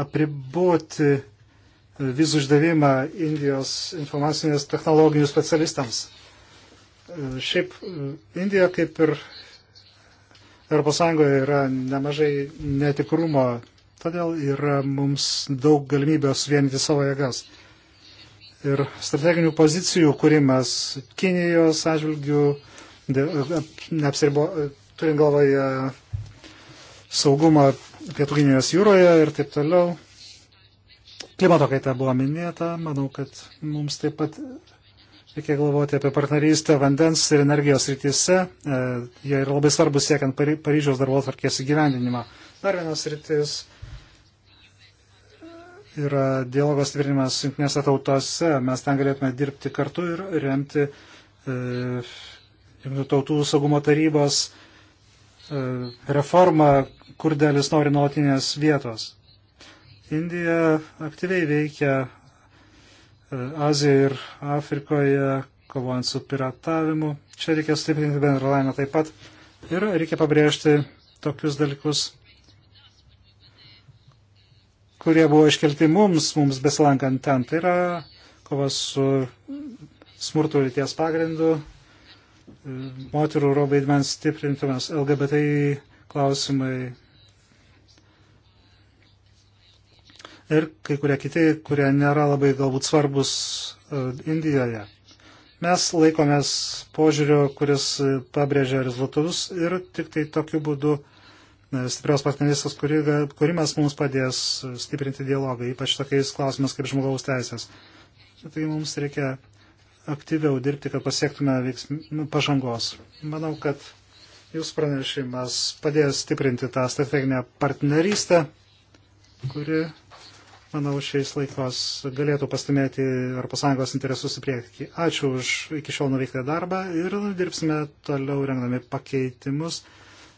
apriboti vizų išdavimą Indijos informacinės technologijų specialistams. E, šiaip e, Indija, kaip ir ES yra nemažai netikrumo, todėl yra mums daug galimybės vienyti savo jėgas. Ir strateginių pozicijų kūrimas Kinijos atžvilgių, neapsiribo, turint galvoje saugumą Pietų Kinijos jūroje ir taip toliau. Klimato kaita buvo minėta, manau, kad mums taip pat Reikia galvoti apie partnerystę vandens ir energijos rytise. E, jie yra labai svarbus siekiant Paryžiaus darbo atvarkės įgyvendinimą. Dar vienas rytis yra dialogos stiprinimas jungtinėse tautose. Mes ten galėtume dirbti kartu ir remti e, jungtinių tautų saugumo tarybos e, reformą, kur dėlis nori nuolatinės vietos. Indija aktyviai veikia Azijoje ir Afrikoje, kovojant su piratavimu. Čia reikia stiprinti bendralaimę taip pat. Ir reikia pabrėžti tokius dalykus, kurie buvo iškelti mums, mums besilankant ten. Tai yra kovas su smurto lyties pagrindu, e, moterų vaidmens stiprintimas, LGBTI klausimai ir kai kurie kiti, kurie nėra labai galbūt svarbus e, Indijoje. Mes laikomės požiūrio, kuris pabrėžia rezultatus ir tik tai tokiu būdu e, stiprios partnerystės kūrimas mums padės stiprinti dialogą, ypač tokiais klausimais kaip žmogaus teisės. Tai mums reikia aktyviau dirbti, kad pasiektume veiksm... Nu, pažangos. Manau, kad jūsų pranešimas padės stiprinti tą strateginę partnerystę, kuri manau, šiais laikos galėtų pastumėti ES interesus į priekį. Ačiū už iki šiol nuveiktą darbą ir dirbsime toliau rengdami pakeitimus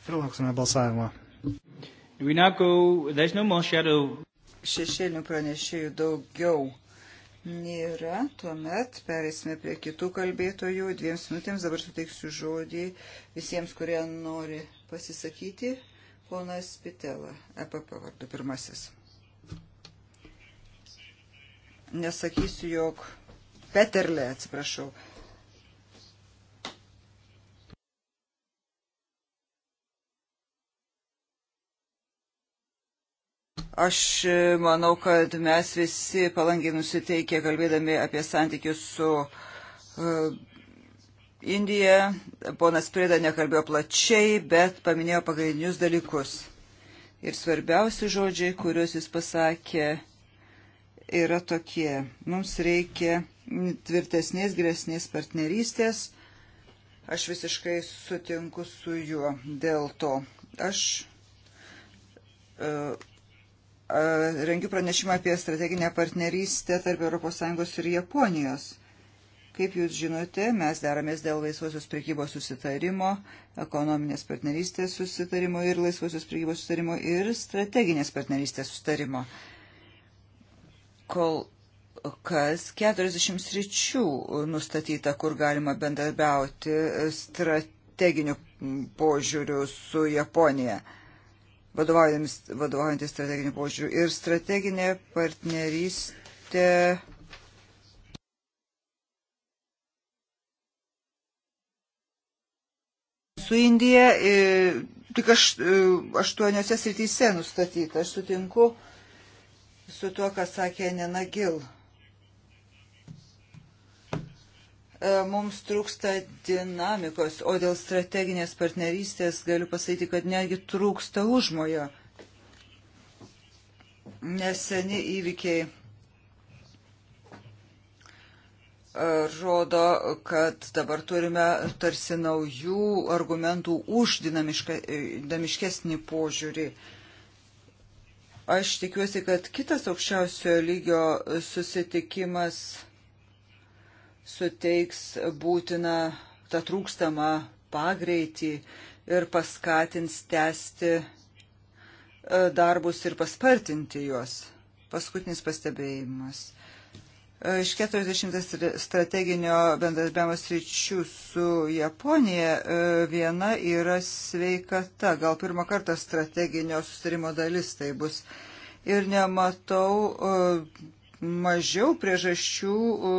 ir lauksime balsavimo. No Šešėlinių pranešėjų daugiau nėra, tuomet perėsime prie kitų kalbėtojų. Dviems minutėms dabar suteiksiu žodį visiems, kurie nori pasisakyti. Ponas Pitela, EPP vardu pirmasis nesakysiu, jog Peterle, atsiprašau. Aš e, manau, kad mes visi palangiai nusiteikę, kalbėdami apie santykius su uh, Indija. Ponas Prėda nekalbėjo plačiai, bet paminėjo pagrindinius dalykus. Ir svarbiausi žodžiai, kuriuos jis pasakė, yra tokie. Mums reikia tvirtesnės, geresnės partnerystės. Aš visiškai sutinku su juo dėl to. Aš uh, uh, rengiu pranešimą apie strateginę partnerystę tarp ES ir Japonijos. Kaip jūs žinote, mes deramės dėl laisvosios prekybos susitarimo, ekonominės partnerystės susitarimo ir laisvosios prekybos susitarimo ir strateginės partnerystės susitarimo. Uh, kol kas 40 sričių nustatyta, kur galima bendarbiauti strateginiu požiūriu su Japonija vadovaujantis strateginiu požiūriu. Ir strateginė partnerystė. Su Indija e, tik aš, e, aštuoniuose srityse nustatyta. Aš sutinku su tuo, ką sakė Nena Gil. E, mums trūksta dinamikos, o dėl strateginės partnerystės galiu pasakyti, kad netgi trūksta užmojo. Neseni įvykiai e, rodo, kad dabar turime tarsi naujų argumentų už e, dinamiškesnį požiūrį. Aš tikiuosi, kad kitas aukščiausiojo lygio susitikimas suteiks būtiną tą trūkstamą pagreitį ir paskatins tęsti e, darbus ir paspartinti juos. Paskutinis pastebėjimas. Iš 40 strateginio bendradarbiavimo sričių su Japonija e, viena yra sveikata. Gal pirmą kartą strateginio sustarimo dalis tai bus. Ir nematau e, mažiau priežasčių e,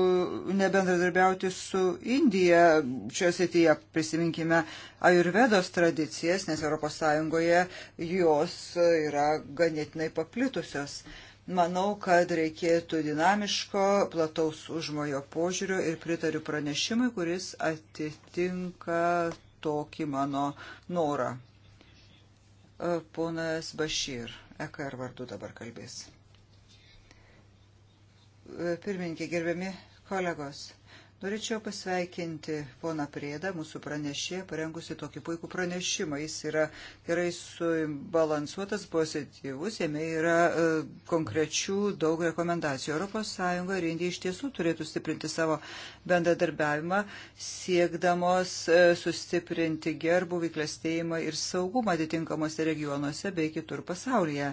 nebendradarbiauti su Indija. Čia srityje prisiminkime ajurvedos tradicijas, nes ES jos yra ganėtinai paplitusios. Manau, kad reikėtų dinamiško, plataus užmojo požiūrio ir pritariu pranešimui, kuris atitinka tokį mano norą. E, ponas Bašyr, EKR vardu dabar kalbės. E, pirmininkė, gerbiami kolegos, Norėčiau pasveikinti poną Prėdą, mūsų pranešėją, parengusi tokį puikų pranešimą. Jis yra gerai subalansuotas, pozityvus, jame yra e, konkrečių daug rekomendacijų. ES ir Indija iš tiesų turėtų stiprinti savo bendradarbiavimą, siekdamos e, sustiprinti gerbų vyklestėjimą ir saugumą atitinkamuose regionuose bei kitur pasaulyje.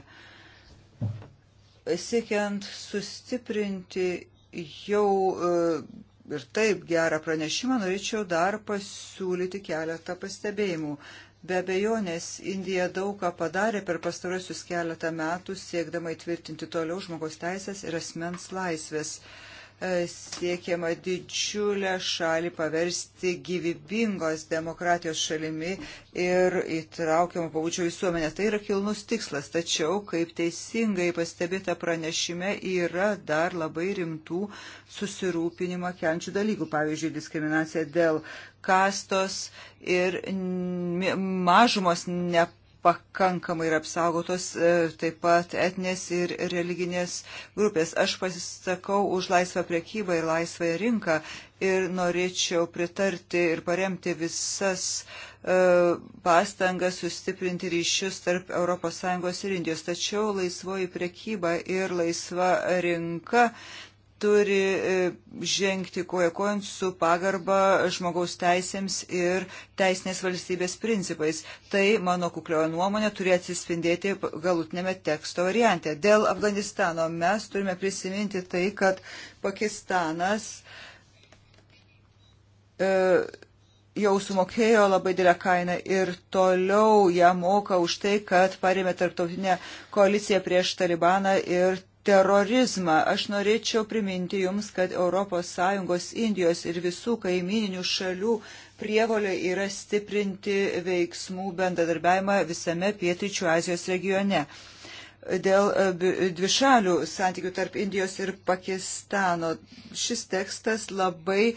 Siekiant sustiprinti jau e, ir taip gerą pranešimą, norėčiau dar pasiūlyti keletą pastebėjimų. Be abejonės, Indija daug ką padarė per pastarosius keletą metų, siekdama įtvirtinti toliau žmogaus teisės ir asmens laisvės. Uh, E, siekiama didžiulę šalį paversti gyvybingos demokratijos šalimi ir įtraukiamą pabučio visuomenę. Tai yra kilnus tikslas, tačiau, kaip teisingai pastebėta pranešime, yra dar labai rimtų susirūpinimą kenčių dalykų, pavyzdžiui, diskriminacija dėl kastos ir mažumos nepaprastai pakankamai yra apsaugotos e, taip pat etinės ir religinės grupės. Aš pasisakau už laisvą priekybą ir laisvą rinką ir norėčiau pritarti ir paremti visas e, pastangas sustiprinti ryšius tarp ES ir Indijos. Tačiau laisvoji priekyba ir laisva rinka turi e, žengti koja kojant su pagarba žmogaus teisėms ir teisinės valstybės principais. Tai, mano kukliojo nuomonė, turi atsispindėti galutinėme teksto variante. Dėl Afganistano mes turime prisiminti tai, kad Pakistanas e, jau sumokėjo labai didelę kainą ir toliau ją moka už tai, kad parėmė tarptautinę koaliciją prieš Talibaną ir terorizmą. Aš norėčiau priminti Jums, kad ES, Indijos ir visų kaimininių šalių prievolė yra stiprinti veiksmų bendradarbiavimą visame Pietryčių Azijos regione. Dėl e, dvišalių santykių tarp Indijos ir Pakistano šis tekstas labai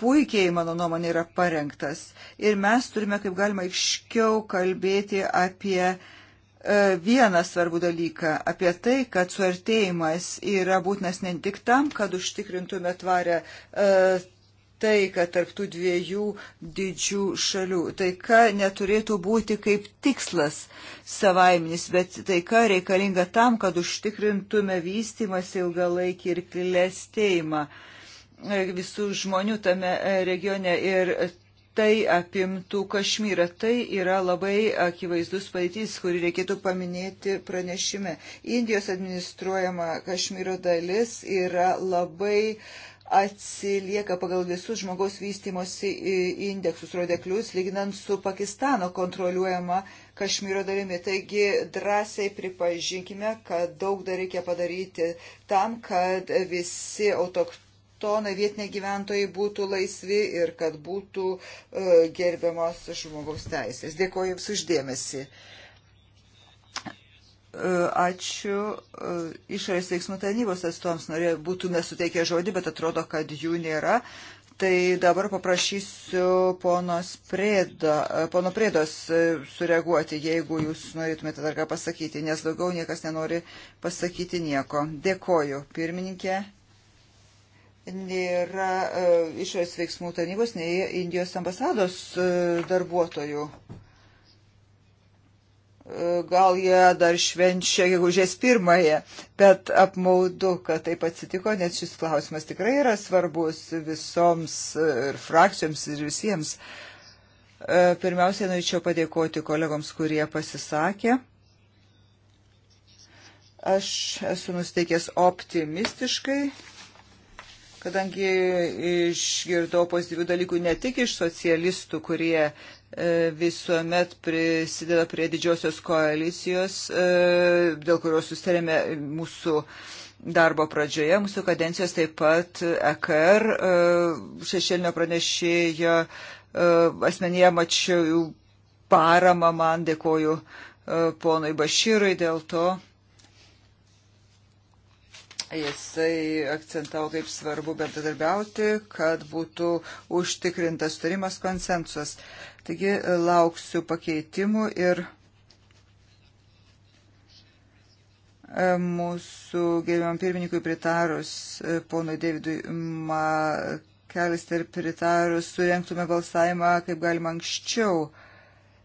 puikiai, mano nuomonė, yra parengtas. Ir mes turime kaip galima aiškiau kalbėti apie uh, E, vieną svarbų dalyką - apie tai, kad suartėjimas yra būtinas ne tik tam, kad užtikrintume tvarę e, tai, kad tarptų dviejų didžių šalių. Taika neturėtų būti kaip tikslas savaiminis, bet taika reikalinga tam, kad užtikrintume vystimas ilgalaikį ir klėstėjimą e, visų žmonių tame regione. Ir tai apimtų Kašmyrą. Tai yra labai akivaizdus pavyzdys, kurį reikėtų paminėti pranešime. Indijos administruojama Kašmyro dalis yra labai atsilieka pagal visus žmogaus vystimosi indeksus rodiklius, lyginant su Pakistano kontroliuojama Kašmyro dalimi. Taigi drąsiai pripažinkime, kad daug dar reikia padaryti tam, kad visi autoktonai tonai vietiniai gyventojai būtų laisvi ir kad būtų e, gerbiamos žmogaus teisės. Dėkuoju Jums uždėmesi. E, ačiū e, išorės veiksmų tarnybos atstovams, norėjau būtume suteikę žodį, bet atrodo, kad jų nėra. Tai dabar paprašysiu ponos Prėdo, pono Prėdos sureaguoti, jeigu jūs norėtumėte dar ką pasakyti, nes daugiau niekas nenori pasakyti nieko. Dėkoju, pirmininkė nėra e, išorės veiksmų tarnybos, nei Indijos ambasados e, darbuotojų. E, gal jie dar švenčia gegužės pirmąją, bet apmaudu, kad taip atsitiko, nes šis klausimas tikrai yra svarbus visoms ir frakcijoms ir visiems. Pirmiausia, norėčiau padėkoti kolegoms, kurie pasisakė. Aš esu nusteikęs optimistiškai kadangi išgirdau pozityvių dalykų ne tik iš socialistų, kurie e, visuomet prisideda prie didžiosios koalicijos, e, dėl kurios sustarėme mūsų darbo pradžioje, mūsų kadencijos taip pat EKR e, šešėlinio pranešėjo asmenyje mačiau paramą man, dėkoju ponui Baširui dėl to. Jisai akcentavo, kaip svarbu bendradarbiauti, kad būtų užtikrintas turimas konsensus. Taigi lauksiu pakeitimų ir e, mūsų gerbiam pirmininkui pritarus e, ponui Davidui Makelis ir pritarus surenktume balsavimą kaip galima anksčiau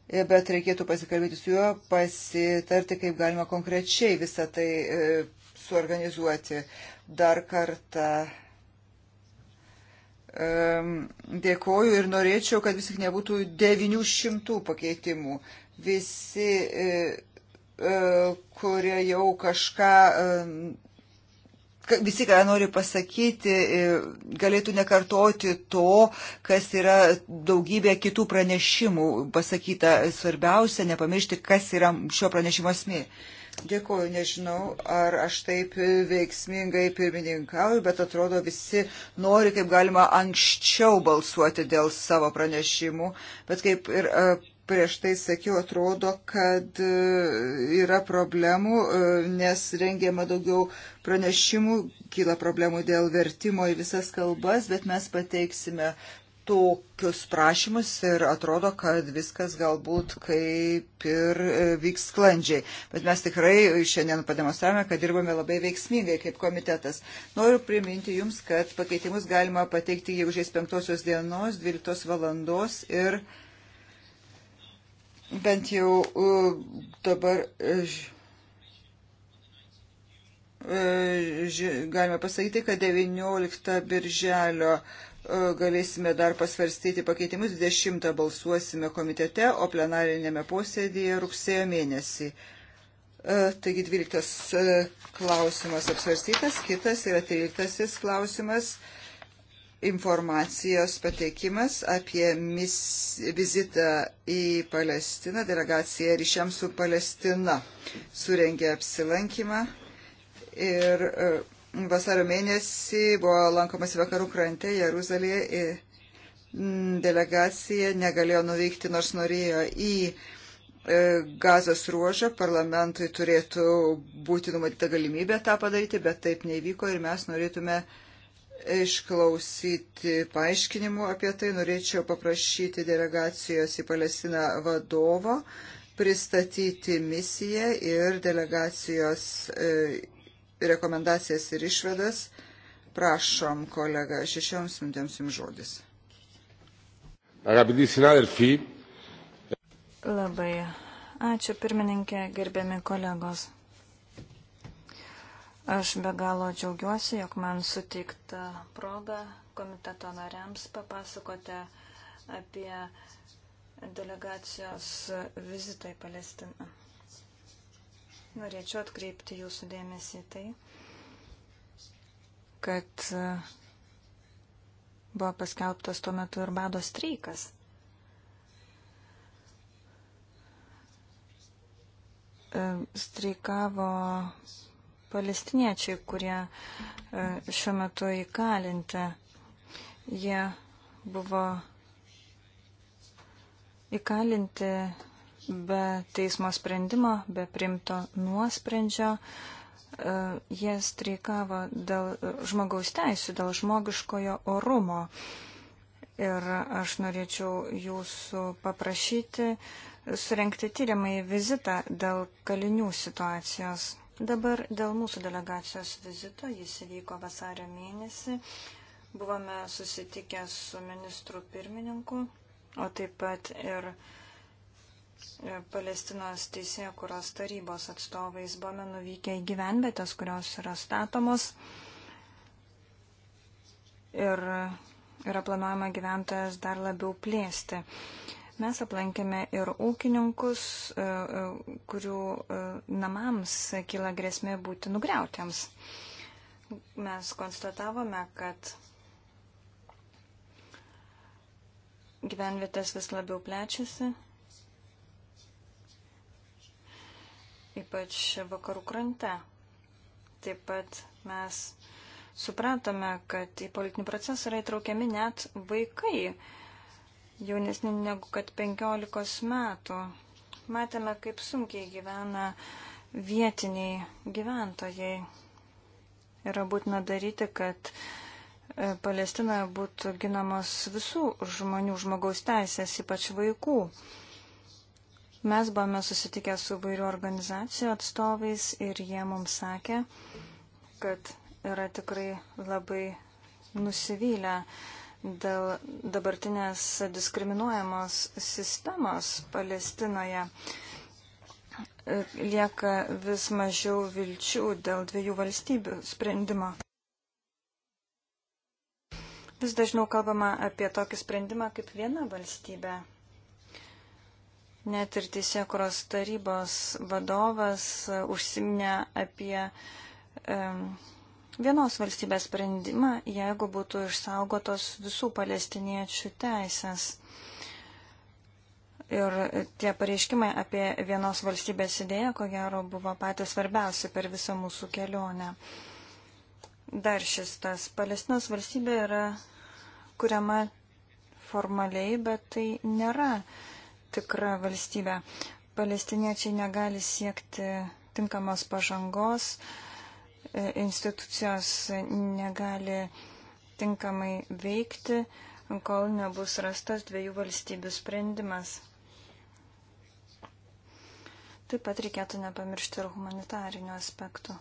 e, bet reikėtų pasikalbėti su juo, pasitarti, kaip galima konkrečiai visą tai suorganizuoti. Dar kartą dėkoju ir norėčiau, kad vis tik nebūtų 900 pakeitimų. Visi, e, e, kurie jau kažką, e, visi, ką nori pasakyti, galėtų nekartoti to, kas yra daugybė kitų pranešimų pasakyta. Svarbiausia, nepamiršti, kas yra šio pranešimo esmė. Uh, Dėkuoju, nežinau, ar aš taip veiksmingai pirmininkauju, bet atrodo visi nori kaip galima anksčiau balsuoti dėl savo pranešimų, bet kaip ir e, prieš tai sakiau, atrodo, kad e, yra problemų, e, nes rengiama daugiau pranešimų, kyla problemų dėl vertimo į visas kalbas, bet mes pateiksime tokius prašymus ir atrodo, kad viskas galbūt kaip ir e, vyks sklandžiai. Bet mes tikrai šiandien pademonstravome, kad dirbame labai veiksmingai kaip komitetas. Noriu priminti Jums, kad pakeitimus galima pateikti gegužės 5 dienos 12 valandos ir bent jau e, dabar e, galime pasakyti, kad 19 birželio E, galėsime dar pasvarstyti pakeitimus, 10 balsuosime komitete, o plenarinėme posėdėje rugsėjo mėnesį. E, taigi 12 e, klausimas apsvarstytas, kitas yra 13 klausimas informacijos pateikimas apie mis, vizitą į Palestiną, delegaciją ryšiams su Palestina surengė apsilankymą ir Vasario mėnesį buvo lankomas vakarų krante Jeruzalėje. Delegacija negalėjo nuvykti, nors norėjo į e, gazos ruožą. Parlamentui turėtų būti numatyta galimybė tą padaryti, bet taip nevyko ir mes norėtume išklausyti paaiškinimų apie tai. Norėčiau paprašyti delegacijos į Palestiną vadovo pristatyti misiją ir delegacijos e, rekomendacijas ir išvedas. Prašom, kolega, šešioms minutėms jums žodis. Labai ačiū, pirmininkė, gerbiami kolegos. Aš be galo džiaugiuosi, jog man suteikta proga komiteto nariams papasakote apie delegacijos vizitą į Palestiną. Norėčiau atkreipti jūsų dėmesį tai, kad e, buvo paskelbtas tuo metu ir bado streikas. E, streikavo palestiniečiai, kurie e, šiuo metu įkalinti. Jie buvo įkalinti be teismo sprendimo, be primto nuosprendžio. E, jie streikavo dėl žmogaus teisų, dėl žmogiškojo orumo. Ir aš norėčiau jūsų paprašyti surenkti tyriamąjį vizitą dėl kalinių situacijos. Dabar dėl mūsų delegacijos vizito, jis įvyko vasario mėnesį, buvome susitikę su ministru pirmininku, o taip pat ir uh, Palestinos teisėjų kuros tarybos atstovais buvome nuvykę į gyvenvietės, kurios yra statomos. Ir yra planuojama gyventojas dar labiau plėsti. Mes aplankėme ir ūkininkus, e, e, kurių e, namams kyla grėsmė būti nugriautiems. Mes konstatavome, kad gyvenvietės vis labiau plečiasi ypač vakarų krante. Taip pat mes supratome, kad į politinį procesą yra įtraukiami net vaikai, jaunesni negu kad 15 metų. Matėme, kaip sunkiai gyvena vietiniai gyventojai. Yra būtina daryti, kad e, Palestinoje būtų ginamos visų žmonių žmogaus teisės, ypač vaikų. Mes buvome susitikę su vairių organizacijų atstovais ir jie mums sakė, kad yra tikrai labai nusivylę dėl dabartinės diskriminuojamos sistemos Palestinoje. Lieka vis mažiau vilčių dėl dviejų valstybių sprendimo. Vis dažniau kalbama apie tokį sprendimą kaip viena valstybė Net ir teisėkuros tarybos vadovas e, užsiminė apie um, vienos valstybės sprendimą, jeigu būtų išsaugotos visų palestiniečių teisės. Ir tie pareiškimai apie vienos valstybės idėją, ko gero, buvo patys svarbiausi per visą mūsų kelionę. Dar šis tas. Palestinos valstybė yra kuriama formaliai, bet tai nėra tikra valstybė. Palestiniečiai negali siekti tinkamos pažangos, e, institucijos negali tinkamai veikti, kol nebus rastas dviejų valstybių sprendimas. Taip pat reikėtų nepamiršti ir humanitarinių aspektų.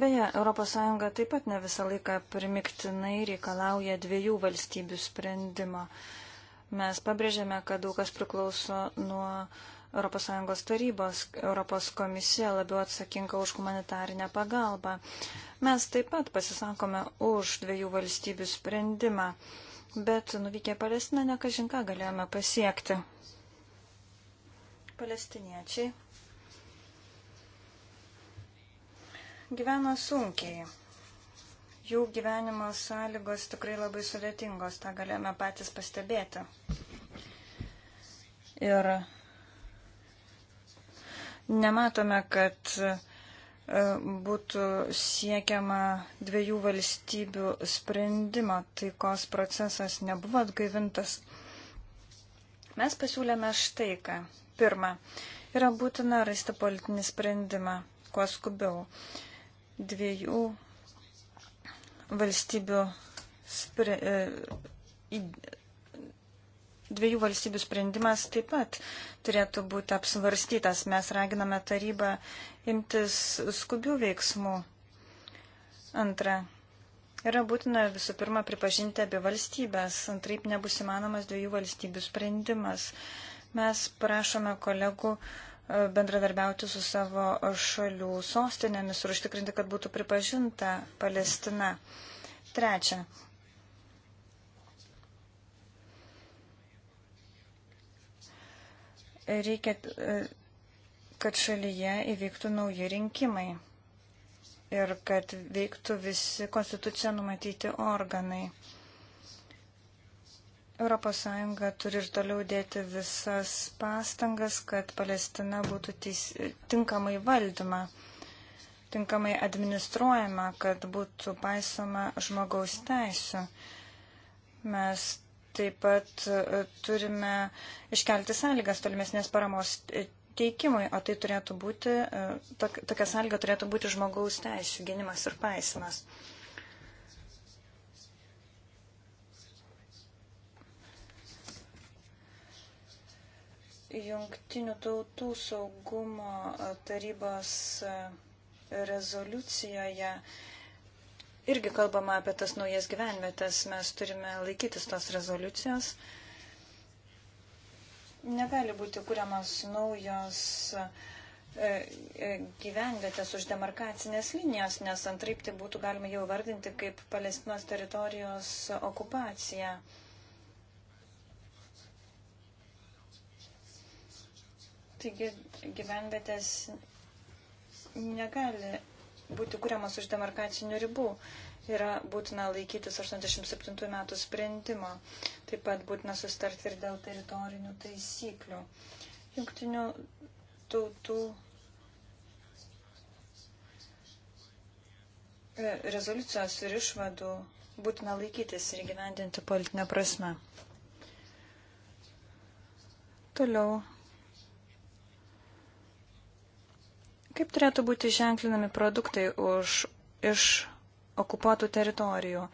Beje, ES taip pat ne visą laiką primiktinai reikalauja dviejų valstybių sprendimo. Mes pabrėžėme, kad daug kas priklauso nuo ES tarybos, ES komisija labiau atsakinga už humanitarinę pagalbą. Mes taip pat pasisakome už dviejų valstybių sprendimą, bet nuvykę Palestiną nekažinką galėjome pasiekti. Palestiniečiai gyvena sunkiai. Jų gyvenimo sąlygos tikrai labai sudėtingos, tą galėjome patys pastebėti. Ir nematome, kad e, būtų siekiama dviejų valstybių sprendimo, taikos procesas nebuvo atgaivintas. Mes pasiūlėme štai ką. Pirma, yra būtina rasti politinį sprendimą, kuo skubiau. Uh, dviejų valstybių, spre, e, dviejų valstybių sprendimas taip pat turėtų būti apsvarstytas. Mes raginame tarybą imtis skubių veiksmų. Antra. Yra būtina visų pirma pripažinti abi valstybės, antraip nebus įmanomas dviejų valstybių sprendimas. Mes prašome kolegų uh, bendradarbiauti su savo šalių sostinėmis ir užtikrinti, kad būtų pripažinta Palestina. Trečia. Reikia, kad šalyje įvyktų nauji rinkimai ir kad veiktų visi konstitucija numatyti organai. ES turi ir toliau dėti visas pastangas, kad Palestina būtų teis, tinkamai valdoma, tinkamai administruojama, kad būtų paisoma žmogaus teisų. Mes taip pat e, turime iškelti sąlygas tolimesnės paramos teikimui, o tai turėtų būti, e, tokia sąlyga turėtų būti žmogaus teisų gynimas ir paisimas. Jungtinių tautų saugumo tarybos rezoliucijoje irgi kalbama apie tas naujas gyvenvietės. Mes turime laikytis tos rezoliucijos. Negali būti kuriamas naujos e, e, gyvenvietės už demarkacinės linijos, nes antraip tai būtų galima jau vardinti kaip Palestinos teritorijos okupacija. Taigi gyvenvietės negali būti kuriamas už demarkacinių ribų. Yra būtina laikytis 87 metų sprendimo. Taip pat būtina sustarti ir dėl teritorinių taisyklių. Jungtinių tautų e, rezoliucijos ir išvadų būtina laikytis ir gyvendinti politinę prasme. Toliau Kaip turėtų būti ženklinami produktai už, iš okupuotų teritorijų?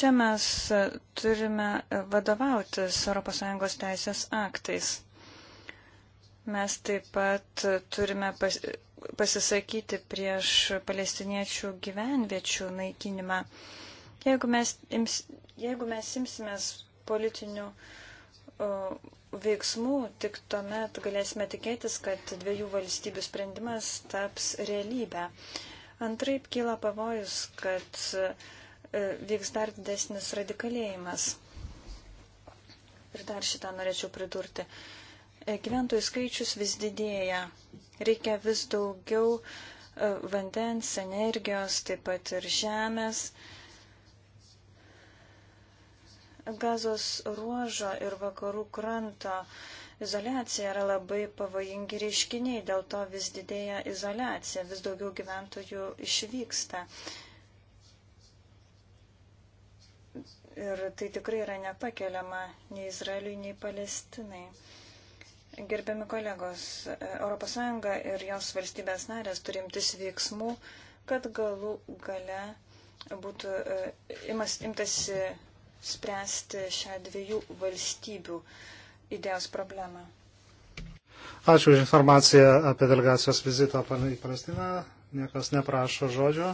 Čia mes e, turime e, vadovautis ES teisės aktais. Mes taip pat e, turime pas, pasisakyti prieš palestiniečių gyvenviečių naikinimą. Jeigu mes, ims, jeigu mes imsimės politinių uh, veiksmų, tik tuomet galėsime tikėtis, kad dviejų valstybių sprendimas taps realybę. Antraip kyla pavojus, kad e, vyks dar didesnis radikalėjimas. Ir dar šitą norėčiau pridurti. E, gyventojų skaičius vis didėja. Reikia vis daugiau e, vandens, energijos, taip pat ir žemės. Uh, Gazos ruožo ir vakarų kranto izolacija yra labai pavojingi reiškiniai, dėl to vis didėja izolacija, vis daugiau gyventojų išvyksta. Ir tai tikrai yra nepakeliama nei Izraeliui, nei Palestinai. Gerbiami kolegos, ES ir jos valstybės narės turimtis veiksmų, kad galų gale būtų e, imas, imtasi spręsti šią dviejų valstybių idėjos problemą. Ačiū už informaciją apie delegacijos vizitą į Palestiną. Niekas neprašo žodžio.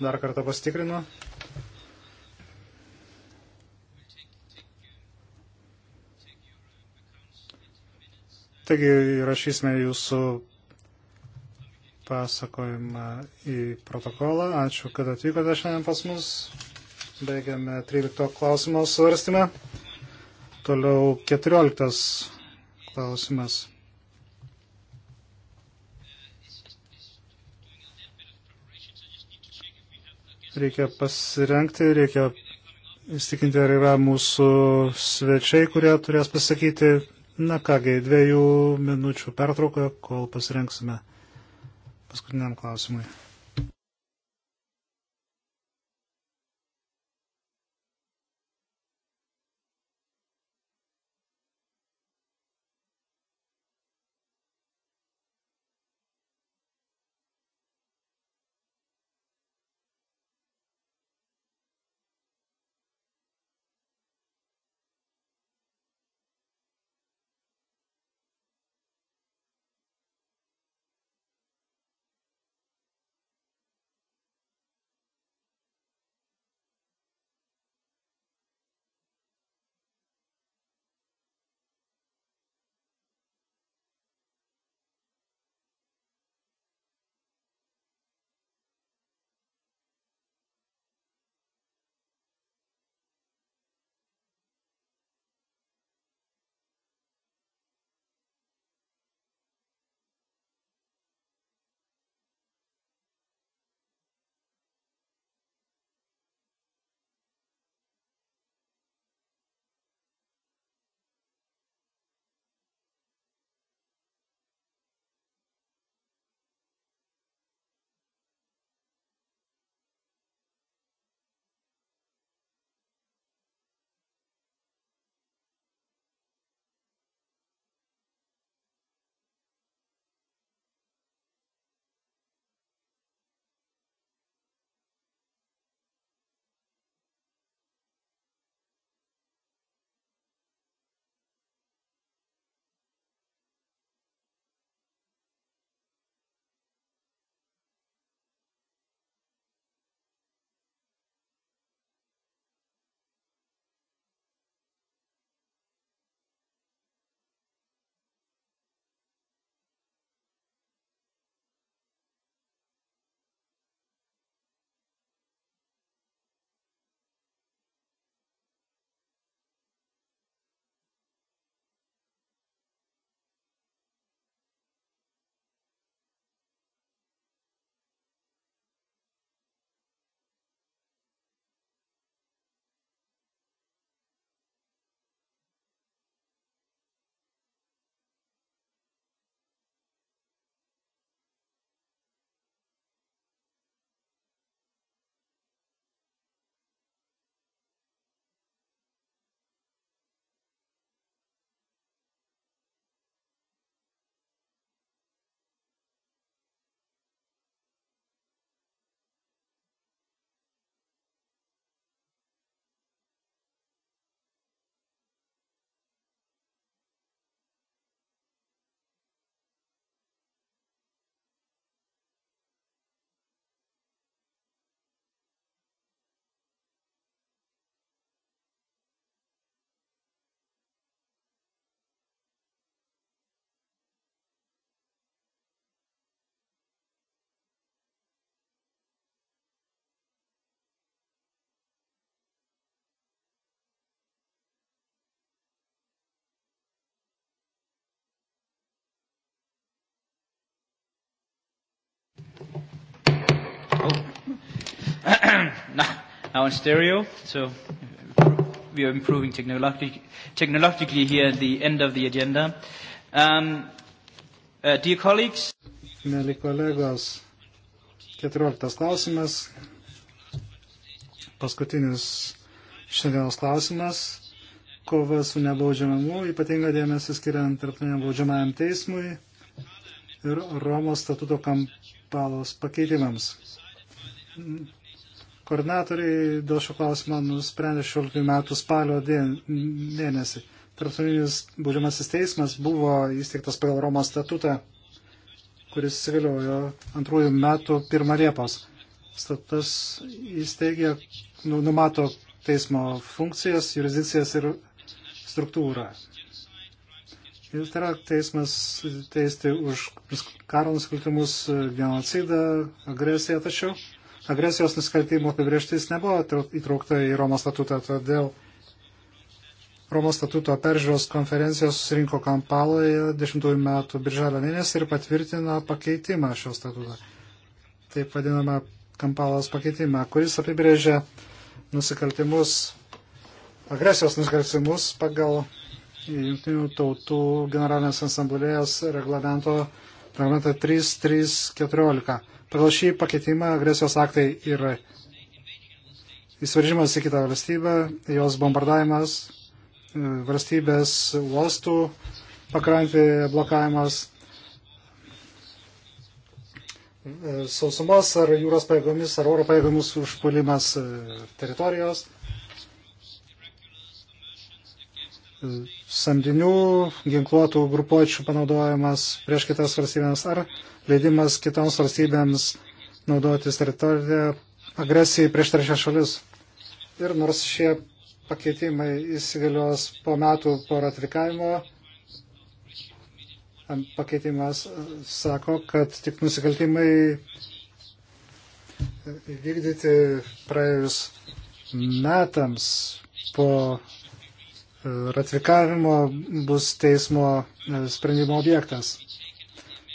Dar kartą pastikrinu. Taigi įrašysime jūsų pasakojimą į protokolą. Ačiū, kad atvykote šiandien pas mus. Baigiame 13 klausimo svarstymą. Toliau 14 klausimas. reikia pasirenkti, reikia įstikinti, ar yra mūsų svečiai, kurie turės pasakyti. Na kągi, dviejų minučių pertrauką, kol pasirenksime paskutiniam klausimui. now in stereo, so we are improving technologi- technologically here at the end of the agenda. Um, uh, dear colleagues. Mėly kolegos, 14 klausimas. Paskutinis šiandienos klausimas. Kova su nebaudžiamamu, ypatinga dėmesį skiriant tarptautiniam baudžiamajam teismui ir Romos statuto kampalos pakeitimams Koordinatoriai dėl šio klausimo nusprendė 16 metų spalio mėnesį. Tarptautinis būžimasis teismas buvo įsteigtas pagal Romos statutą, kuris įsigaliojo antrųjų metų pirmą Liepos. Status įsteigė, nu, numato teismo funkcijas, jurisdikcijas ir struktūrą. Ir tai yra teismas teisti už karo nusikaltimus, genocidą, agresiją, tačiau Agresijos nusikaltimų apibrieštis nebuvo įtraukta į Romos statutą, todėl Romos statuto peržiūros konferencijos susirinko Kampaloje 10 metų birželio mėnesį ir patvirtino pakeitimą šio statuto. Taip vadinamą Kampalos pakeitimą, kuris apibrėžia nusikaltimus, agresijos nusikaltimus pagal Junktinių tautų generalinės asamblėjos reglamento, reglamento 3314. Pagal šį pakeitimą agresijos aktai yra įsiveržimas į kitą valstybę, jos bombardavimas, e, valstybės uostų pakrantėje blokavimas, e, sausumos ar jūros pajėgomis ar oro pajėgomis užpuolimas e, teritorijos, samdinių ginkluotų grupuočių panaudojimas prieš kitas valstybės ar leidimas kitoms valstybėms naudotis teritoriją agresijai prieš trečias šalis. Ir nors šie pakeitimai įsigalios po metų po ratifikavimo, pakeitimas sako, kad tik nusikaltimai vykdyti praėjus metams po e, ratifikavimo bus teismo e, sprendimo objektas.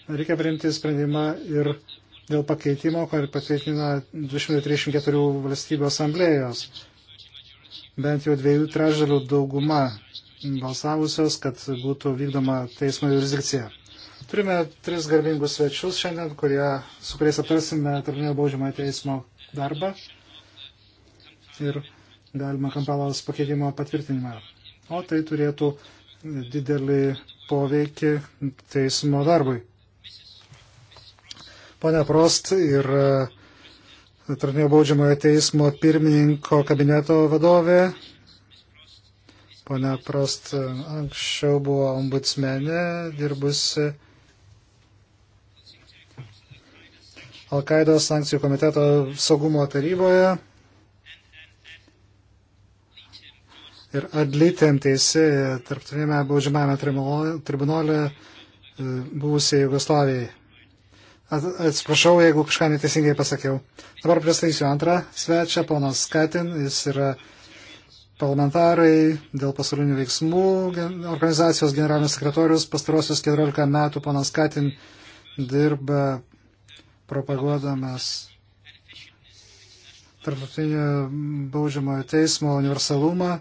Reikia priimti sprendimą ir dėl pakeitimo, kurį patvirtina 234 valstybių asamblėjos. Bent jau dviejų trečdalių dauguma balsavusios, kad būtų vykdoma teismo jurisdikcija. Turime tris garbingus svečius šiandien, kurie, su kuriais aptarsime tarnio baudžiamą teismo darbą ir galima kampalos pakeitimo patvirtinimą. O tai turėtų didelį poveikį teismo darbui. Pane Prost ir e, Tarnio baudžiamojo teismo pirmininko kabineto vadovė. Pane Prost e, anksčiau buvo ombudsmenė, dirbusi Alkaidos sankcijų komiteto saugumo taryboje ir adlytėm teisėje tarptautinėme baudžiamame tribunole e, buvusiai Jugoslavijai. Atsiprašau, jeigu kažką neteisingai pasakiau. Dabar pristaisiu antrą svečią, ponas Skatin. Jis yra parlamentarai dėl pasaulinių veiksmų organizacijos generalinis sekretorius. Pastarosius 14 metų ponas Skatin dirba propaguodamas tarptautinio baudžiamojo teismo universalumą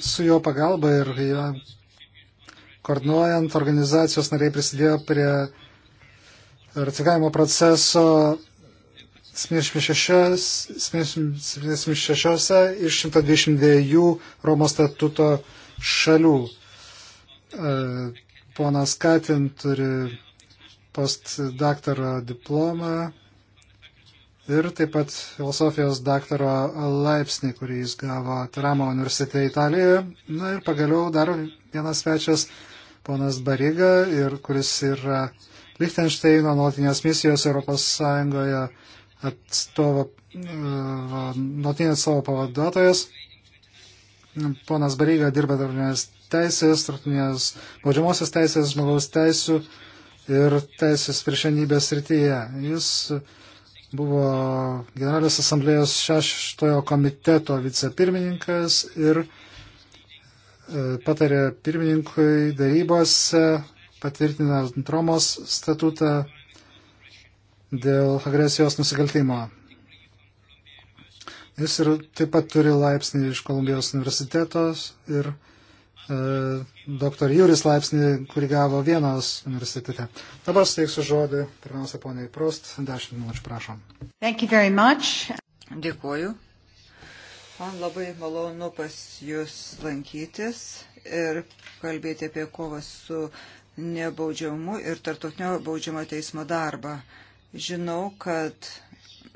su jo pagalba ir jo koordinuojant organizacijos nariai prisidėjo prie ratifikavimo proceso 76, 76 iš 122 Romos statuto šalių. E, ponas Katin turi postdaktaro diplomą ir taip pat filosofijos daktaro laipsnį, kurį jis gavo Teramo universitete Italijoje. Na ir pagaliau dar vienas svečias, ponas Bariga, ir, kuris yra Lichtensteino nuolatinės misijos Europos Sąjungoje atstovo, nuolatinės atstovo pavaduotojas. Ponas Bariga dirba tarptautinės teisės, tarptautinės baudžiamosios teisės, žmogaus teisų ir teisės priešenybės srityje. Jis uh, buvo Generalinės asamblėjos šeštojo komiteto vicepirmininkas ir e, patarė pirmininkui darybose patvirtinant Romos statutą dėl agresijos nusikaltimo. Jis ir taip pat turi laipsnį iš Kolumbijos universitetos ir E, dr. Juris laipsnį, kurį gavo vienos universitete. Dabar steiksiu žodį, pirmiausia, poniai Prost, 10 minučių prašom. Dėkuoju. Man labai malonu pas Jūs lankytis ir kalbėti apie kovą su nebaudžiamu ir tartutinio baudžiamo teismo darbą. Žinau, kad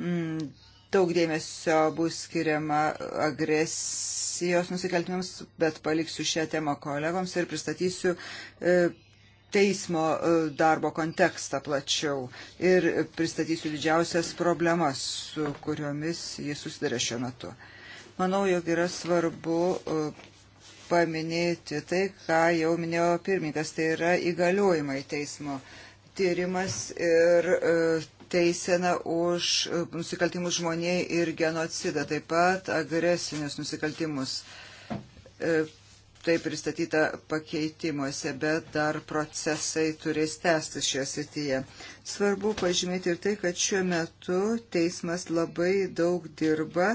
mm, Daug dėmesio bus skiriama agresijos nusikaltimams, bet paliksiu šią temą kolegoms ir pristatysiu e, teismo e, darbo kontekstą plačiau ir pristatysiu didžiausias problemas, su kuriomis jis susidarė šiuo metu. Manau, jog yra svarbu e, paminėti tai, ką jau minėjo pirmininkas, tai yra įgaliojimai teismo tyrimas ir teisena už nusikaltimus žmoniai ir genocidą, taip pat agresinius nusikaltimus. E, tai pristatyta pakeitimuose, bet dar procesai turės tęsti šioje srityje. Svarbu pažymėti ir tai, kad šiuo metu teismas labai daug dirba,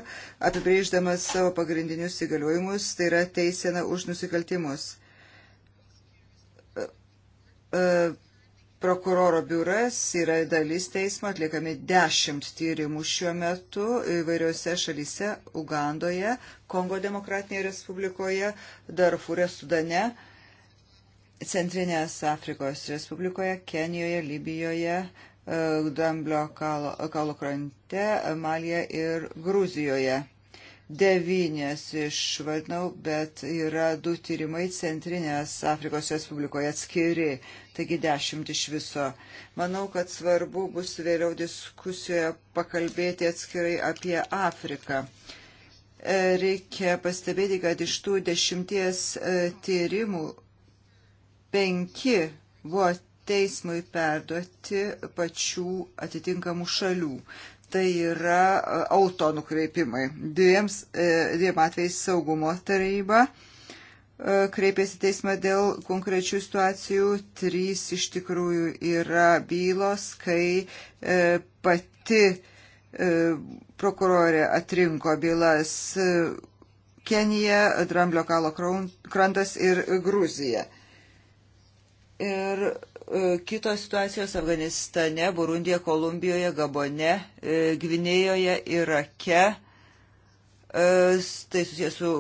apibrėždamas savo pagrindinius įgaliojimus, tai yra teisena už nusikaltimus. Uh, uh, Prokuroro biuras yra dalis teismo, atliekami dešimt tyrimų šiuo metu įvairiose šalyse - Ugandoje, Kongo demokratinėje respublikoje, Darfūrė Sudane, Centrinės Afrikos respublikoje, Kenijoje, Libijoje, e, Dramblio kalo, kalo krante, Malija ir Gruzijoje devynės išvadinau, bet yra du tyrimai Centrinės Afrikos Respublikoje atskiri, taigi dešimt iš viso. Manau, kad svarbu bus vėliau diskusijoje pakalbėti atskirai apie Afriką. E, reikia pastebėti, kad iš tų dešimties e, tyrimų penki buvo teismui perduoti pačių atitinkamų šalių tai yra e, auto nukreipimai. Dviems, e, dviem atvejais saugumo taryba e, kreipėsi teismą dėl konkrečių situacijų. Trys iš tikrųjų yra bylos, kai pati prokurorė atrinko bylas Kenija, Dramblio kalo krantas ir Gruzija. Ir E, kitos situacijos Afganistane, Burundija, Kolumbijoje, Gabone, e, Gvinėjoje, Irake. E, tai susijęs su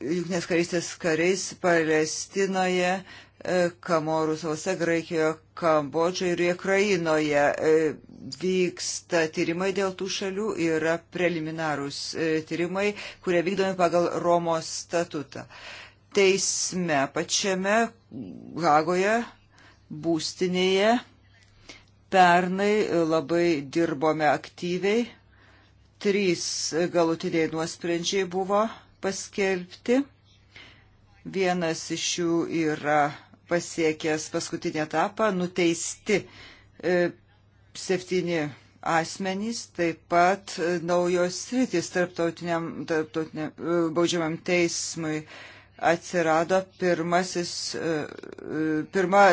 Junknės karystės kariais Palestinoje, Kamorų salose, Graikijoje, Kambodžoje ir Ukrainoje vyksta tyrimai dėl tų šalių, yra preliminarūs tyrimai, kurie vykdomi pagal Romos statutą. Teisme pačiame Hagoje būstinėje. Pernai labai dirbome aktyviai. Trys galutiniai nuosprendžiai buvo paskelbti. Vienas iš jų yra pasiekęs paskutinį etapą, nuteisti e, septyni asmenys, taip pat naujos sritis tarptautiniam, tarptautiniam e, baudžiamam teismui atsirado pirmasis, e, e, pirma,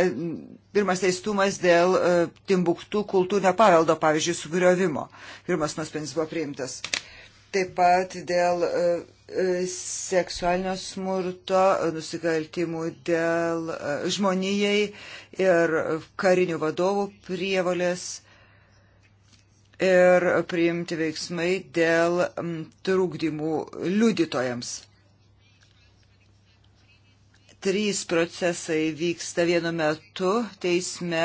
pirmas teistumas dėl e, Timbuktų kultūrinio paveldo, pavyzdžiui, sugriovimo. Pirmas nuosprendis buvo priimtas. Taip pat dėl seksualinio smurto, nusikaltimų dėl žmonijai ir karinių vadovų prievalės ir priimti veiksmai dėl trūkdymų liudytojams Trys procesai vyksta vienu metu teisme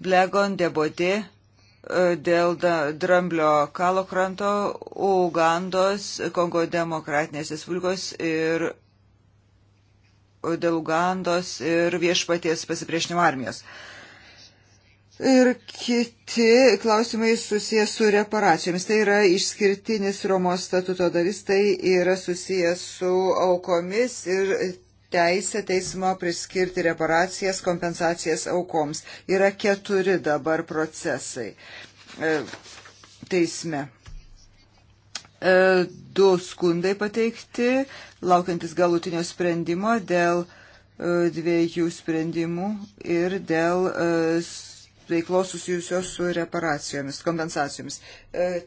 Blegon Debodė e, dėl Dramblio kalo kranto, Ugandos, Kongo demokratinės Respublikos ir dėl Ugandos ir viešpaties pasipriešinimo armijos. Ir kiti klausimai susijęs su reparacijomis. Tai yra išskirtinis Romos statuto dalis, tai yra susijęs su aukomis ir teisę teismo priskirti reparacijas, kompensacijas aukoms. Yra keturi dabar procesai e, teisme. E, du skundai pateikti, laukiantis galutinio sprendimo dėl e, dviejų sprendimų ir dėl veiklos susijusios su reparacijomis, kompensacijomis.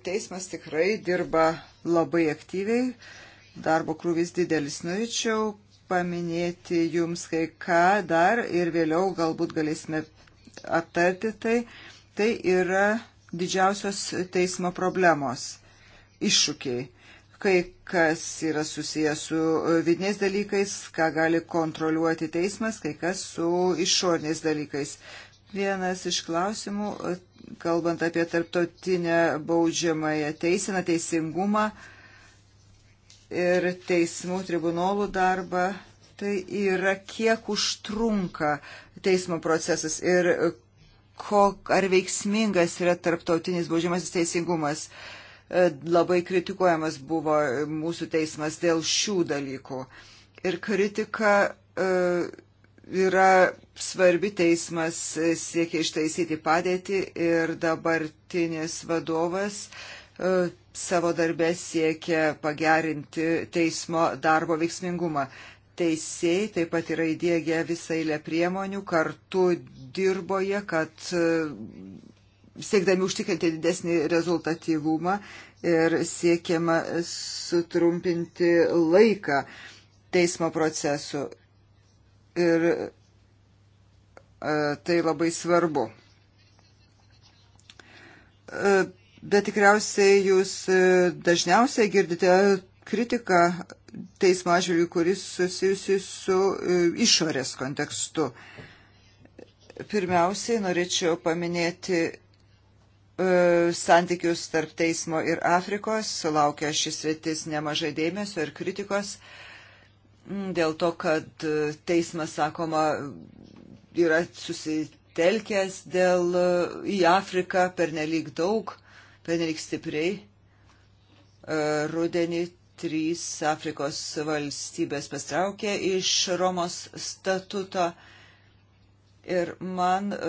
Teismas tikrai dirba labai aktyviai, darbo krūvis didelis. Norėčiau paminėti jums kai ką dar ir vėliau galbūt galėsime aptarti tai. Tai yra didžiausios teismo problemos, iššūkiai kai kas yra susijęs su vidiniais dalykais, ką gali kontroliuoti teismas, kai kas su išoriniais dalykais. Vienas iš klausimų, kalbant apie tarptautinę baudžiamąją teisiną, teisingumą, ir teismų tribunolų darbą. Tai yra, kiek užtrunka teismo procesas ir kok, ar veiksmingas yra tarptautinis baudžiamasis teisingumas. E, labai kritikuojamas buvo mūsų teismas dėl šių dalykų. Ir kritika e, yra svarbi teismas siekia ištaisyti padėtį ir dabartinis vadovas uh, E, savo darbę siekia pagerinti teismo darbo veiksmingumą. Teisėjai taip pat yra įdėgę visą eilę priemonių, kartu dirboje, kad e, siekdami užtikrinti didesnį rezultatyvumą ir siekiama sutrumpinti laiką teismo procesų. Ir e, tai labai svarbu bet tikriausiai jūs e, dažniausiai girdite kritiką teismo atžvilgių, kuris susijusi su e, išorės kontekstu. Pirmiausiai norėčiau paminėti e, santykius tarp teismo ir Afrikos, sulaukia šis rytis nemažai dėmesio ir kritikos dėl to, kad teismas, sakoma, yra susitelkęs dėl į Afriką per nelik daug penelik stipriai. E, rudenį trys Afrikos valstybės pastraukė iš Romos statuto ir man e,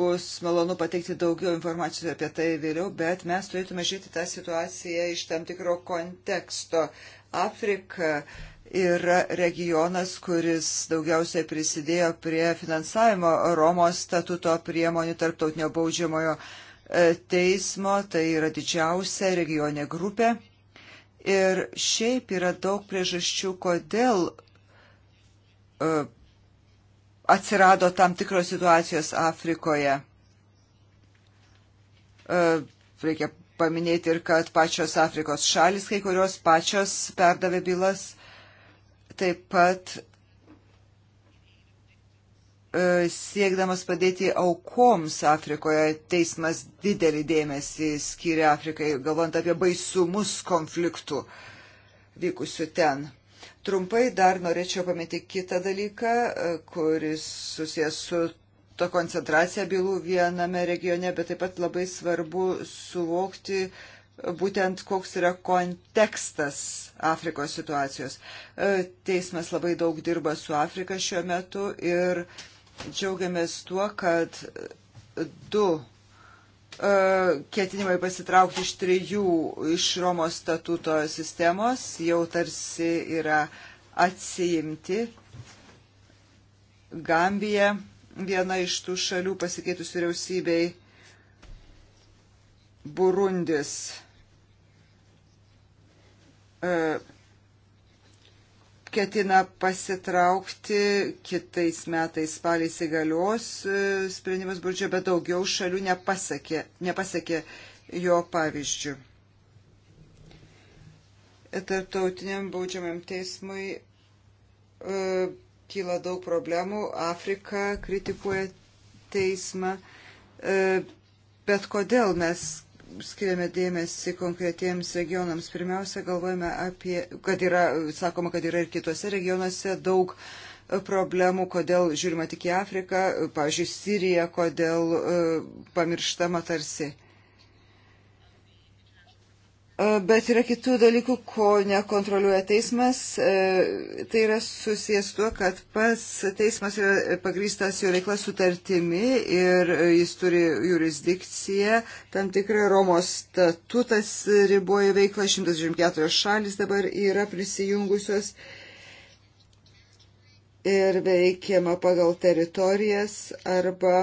bus malonu pateikti daugiau informacijos apie tai vėliau, bet mes turėtume žiūrėti tą situaciją iš tam tikro konteksto. Afrika yra regionas, kuris daugiausiai prisidėjo prie finansavimo Romos statuto priemonių tarptautinio baudžiamojo uh, E, teismo, tai yra didžiausia regionė grupė. Ir šiaip yra daug priežasčių, kodėl e, atsirado tam tikros situacijos Afrikoje. E, reikia paminėti ir, kad pačios Afrikos šalis, kai kurios pačios perdavė bylas, taip pat E, siekdamas padėti aukoms Afrikoje, teismas didelį dėmesį skiria Afrikai, galvant apie baisumus konfliktų vykusių ten. Trumpai dar norėčiau paminėti kitą dalyką, e, kuris susijęs su to koncentracija bylų viename regione, bet taip pat labai svarbu suvokti, būtent koks yra kontekstas Afrikos situacijos. E, teismas labai daug dirba su Afrika šiuo metu ir uh, Džiaugiamės tuo, kad du e, ketinimai pasitraukti iš trijų iš Romos statuto sistemos jau tarsi yra atsiimti. Gambija viena iš tų šalių pasikeitus vyriausybei Burundis. E, ketina pasitraukti, kitais metais spalį įsigalios e, sprendimas Burčio, bet daugiau šalių nepasakė, nepasakė jo pavyzdžių. Tarptautiniam baudžiamam teismui e, kyla daug problemų, Afrika kritikuoja teismą, e, bet kodėl mes skiriame dėmesį konkretiems regionams. Pirmiausia, galvojame apie, kad yra, sakoma, kad yra ir kitose regionuose daug e, problemų, kodėl žiūrima tik į Afriką, pavyzdžiui, Siriją, kodėl e, pamirštama tarsi. Uh, E, bet yra kitų dalykų, ko nekontroliuoja teismas. E, tai yra susijęs tuo, kad pas teismas yra pagrįstas jo veikla sutartimi ir jis turi jurisdikciją. Tam tikrai Romos statutas riboja veiklą. 124 šalis dabar yra prisijungusios ir veikiama pagal teritorijas arba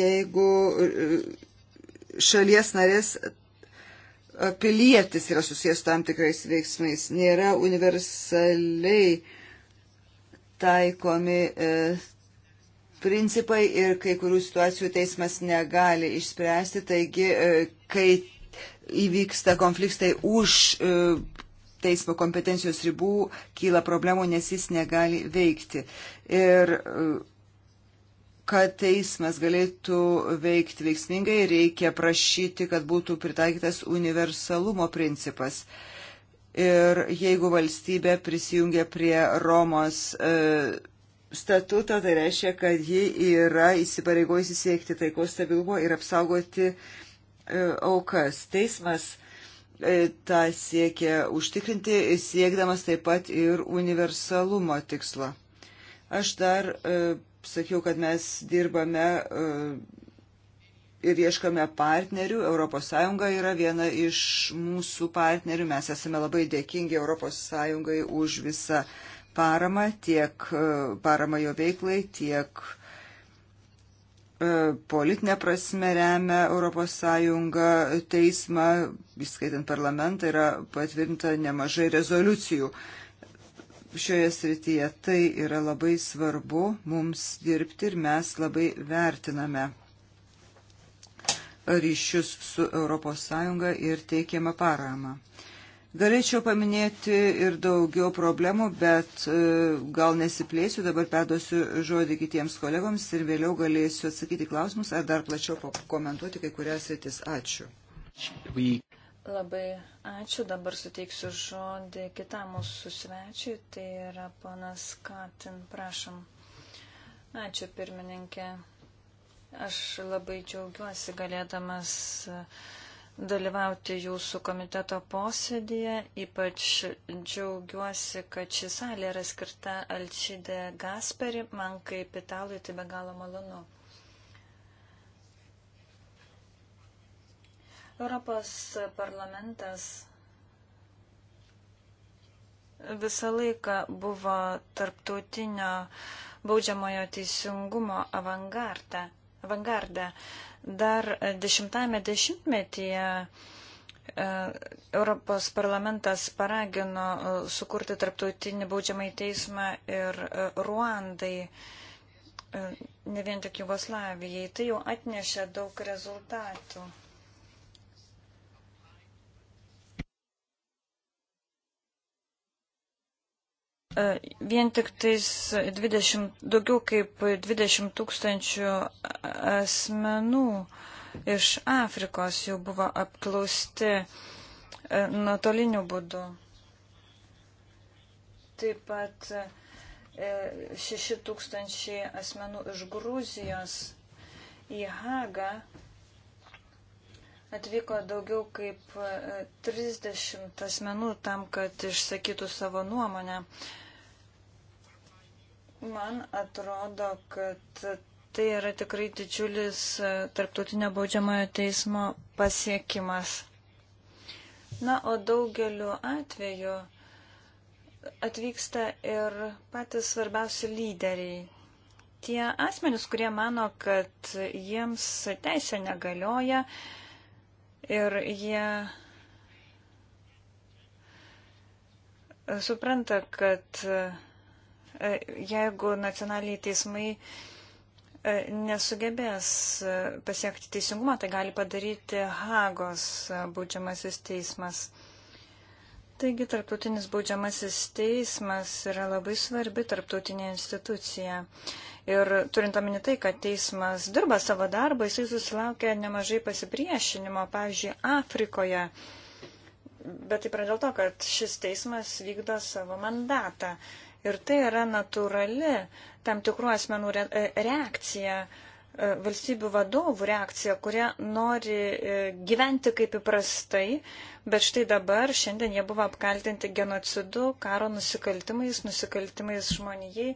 jeigu šalies narės pilietis yra susijęs tam tikrais veiksmais. Nėra universaliai taikomi e, principai ir kai kurių situacijų teismas negali išspręsti. Taigi, e, kai įvyksta konfliktai už e, teismo kompetencijos ribų, kyla problemų, nes jis negali veikti. Ir e, Kad teismas galėtų veikti veiksmingai, reikia prašyti, kad būtų pritaikytas universalumo principas. Ir jeigu valstybė prisijungia prie Romos e, statuto, tai reiškia, kad ji yra įsipareigojusi siekti taikos stabilumo ir apsaugoti e, aukas. Teismas e, tą siekia užtikrinti, siekdamas taip pat ir universalumo tikslo. Aš dar e, sakiau, kad mes dirbame e, ir ieškame partnerių. ES yra viena iš mūsų partnerių. Mes esame labai dėkingi ES už visą paramą, tiek e, paramą jo veiklai, tiek e, politinė prasme remia ES teismą, įskaitant parlamentą, yra patvirtinta nemažai rezoliucijų. Uh, šioje srityje. Tai yra labai svarbu mums dirbti ir mes labai vertiname ryšius su ES ir teikiamą paramą. Galėčiau paminėti ir daugiau problemų, bet e, gal nesiplėsiu, dabar perduosiu žodį kitiems kolegoms ir vėliau galėsiu atsakyti klausimus ar dar plačiau pakomentuoti kai kurias rytis. Ačiū. Labai ačiū. Dabar suteiksiu žodį kitam mūsų svečiui. Tai yra panas Katin. Prašom. Ačiū, pirmininkė. Aš labai džiaugiuosi galėdamas dalyvauti jūsų komiteto posėdėje. Ypač džiaugiuosi, kad ši salė yra skirta Alčydė Gasperi. Man kaip italui tai be galo malonu. Europos parlamentas visą laiką buvo tarptautinio baudžiamojo teisingumo avangardą. avangardą. Dar dešimtame dešimtmetyje e, Europos parlamentas paragino e, sukurti tarptautinį baudžiamąjį teismą ir e, Ruandai, ne vien tik Jugoslavijai. Tai jau atnešė daug rezultatų. E, vien tik tais 20, daugiau kaip 20 tūkstančių asmenų iš Afrikos jau buvo apklausti e, nuotoliniu būdu. Taip pat 6 e, tūkstančiai asmenų iš Gruzijos į Hagą atvyko daugiau kaip 30 asmenų tam, kad išsakytų savo nuomonę. Uh, Man atrodo, kad tai yra tikrai didžiulis e, tarptautinio baudžiamojo teismo pasiekimas. Na, o daugeliu atveju atvyksta ir patys svarbiausi lyderiai. Tie asmenys, kurie mano, kad jiems teisė negalioja ir jie supranta, kad E, jeigu nacionaliniai teismai e, nesugebės e, pasiekti teisingumą, tai gali padaryti Hagos baudžiamasis teismas. Taigi, tarptautinis baudžiamasis teismas yra labai svarbi tarptautinė institucija. Ir turint omeny tai, kad teismas dirba savo darbą, jisai susilaukia nemažai pasipriešinimo, pavyzdžiui, Afrikoje. Bet taip yra dėl to, kad šis teismas vykdo savo mandatą. Ir tai yra natūrali tam tikrų asmenų e, reakcija, e, valstybių vadovų reakcija, kurie nori e, gyventi kaip įprastai, bet štai dabar šiandien jie buvo apkaltinti genocidu, karo nusikaltimais, nusikaltimais žmonijai.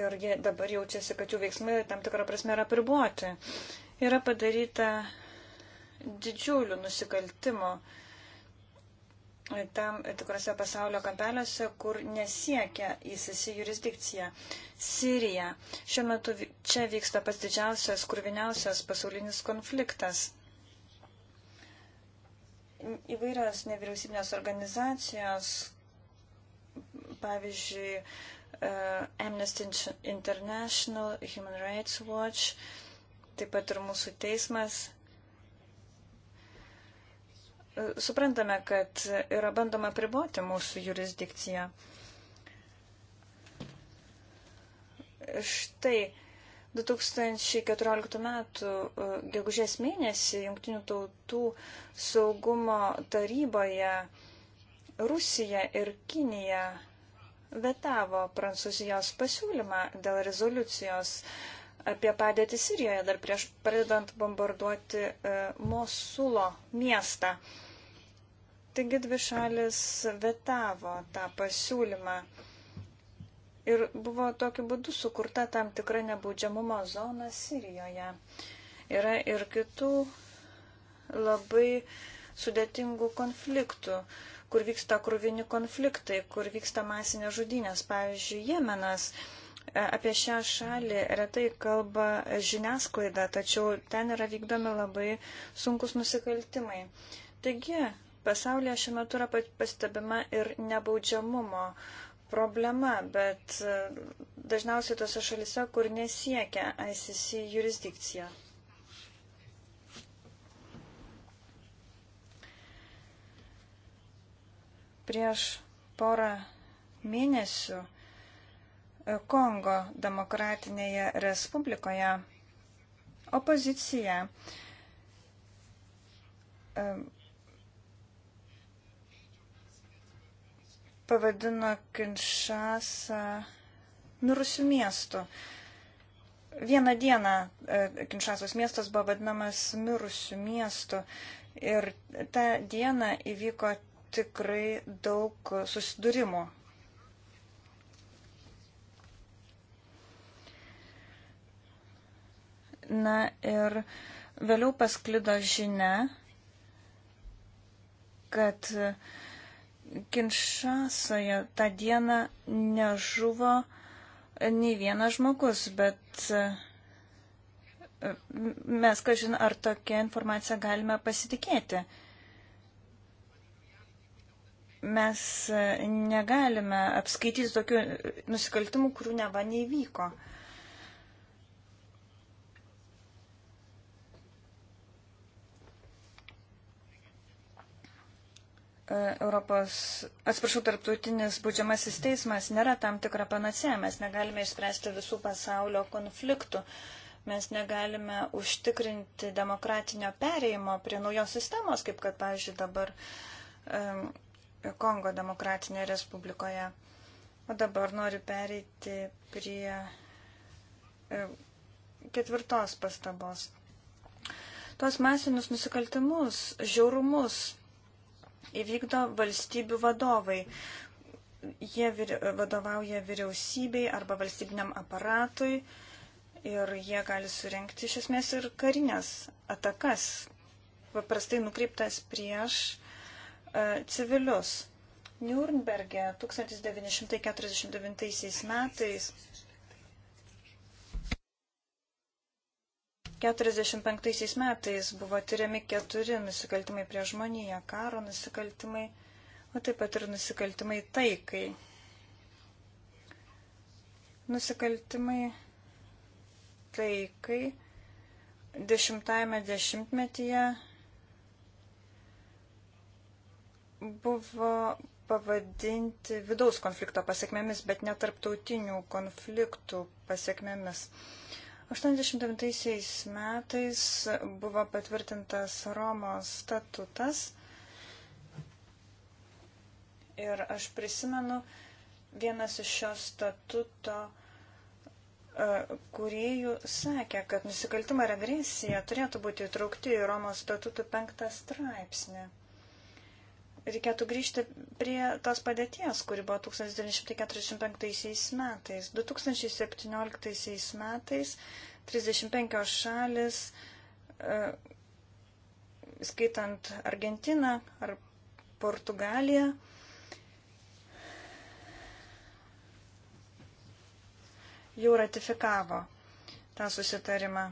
Ir jie dabar jaučiasi, kad jų veiksmai tam tikrą prasme yra pribuoti. Yra padaryta didžiulių nusikaltimų tam tikrose pasaulio kampeliuose, kur nesiekia įsisi jurisdikcija. Sirija. Šiuo metu čia vyksta pats didžiausias, kurviniausias pasaulinis konfliktas. Įvairios nevyriausybinės organizacijos, pavyzdžiui, uh, Amnesty International, Human Rights Watch, taip pat ir mūsų teismas suprantame, kad yra bandoma priboti mūsų jurisdikciją. Štai 2014 m. E, gegužės mėnesį Junktinių tautų saugumo taryboje Rusija ir Kinija vetavo Prancūzijos pasiūlymą dėl rezoliucijos apie padėtį Sirijoje dar prieš pradedant bombarduoti e, Mosulo miestą. Taigi dvi šalis vetavo tą pasiūlymą ir buvo tokiu būdu sukurta tam tikra nebaudžiamumo zona Sirijoje. Yra ir kitų labai sudėtingų konfliktų, kur vyksta kruvini konfliktai, kur vyksta masinė žudynės, pavyzdžiui, Jemenas. E, apie šią šalį retai kalba žiniasklaida, tačiau ten yra vykdomi labai sunkus nusikaltimai. Taigi, Pasaulyje šiuo metu yra pastebima ir nebaudžiamumo problema, bet e, dažniausiai tose šalise, kur nesiekia ICC jurisdikcija. Prieš porą mėnesių e, Kongo demokratinėje respublikoje opozicija e, pavadino Kinšasą mirusių miestų. Vieną dieną e, Kinšasos miestas buvo vadinamas mirusių miestų ir tą dieną įvyko tikrai daug susidūrimų. Na ir vėliau pasklido žinia, kad uh, Kinšasoje tą dieną nežuvo nei vienas žmogus, bet e, mes, kažin, ar tokią informaciją galime pasitikėti. Mes e, negalime apskaityti tokių nusikaltimų, kurių neva neįvyko. Ne Europos, atsiprašau, tarptautinis būdžiamasis teismas nėra tam tikra panacėja, mes negalime išspręsti visų pasaulio konfliktų, mes negalime užtikrinti demokratinio pereimo prie naujos sistemos, kaip kad, pavyzdžiui, dabar um, Kongo demokratinėje respublikoje. O dabar noriu pereiti prie um, ketvirtos pastabos. Tuos masinius nusikaltimus, žiaurumus, įvykdo valstybių vadovai. Jie vir, vadovauja vyriausybei arba valstybiniam aparatui ir jie gali surenkti iš esmės ir karinės atakas, paprastai nukreiptas prieš uh, civilius. Nürnberge 1949 metais 45 metais buvo tyriami keturi nusikaltimai prie žmoniją, karo nusikaltimai, o taip pat ir nusikaltimai taikai. Nusikaltimai taikai dešimtajame dešimtmetyje buvo pavadinti vidaus konflikto pasiekmėmis, bet netarptautinių konfliktų pasiekmėmis. 89 metais buvo patvirtintas Romos statutas ir aš prisimenu vienas iš šio statuto e, kuriejų sakė, kad nusikaltimą ir agresiją turėtų būti įtraukti į Romos statutų penktą straipsnį reikėtų grįžti prie tos padėties, kuri buvo 1945 metais. 2017 metais 35 šalis, e, skaitant Argentiną ar Portugaliją, jau ratifikavo tą susitarimą.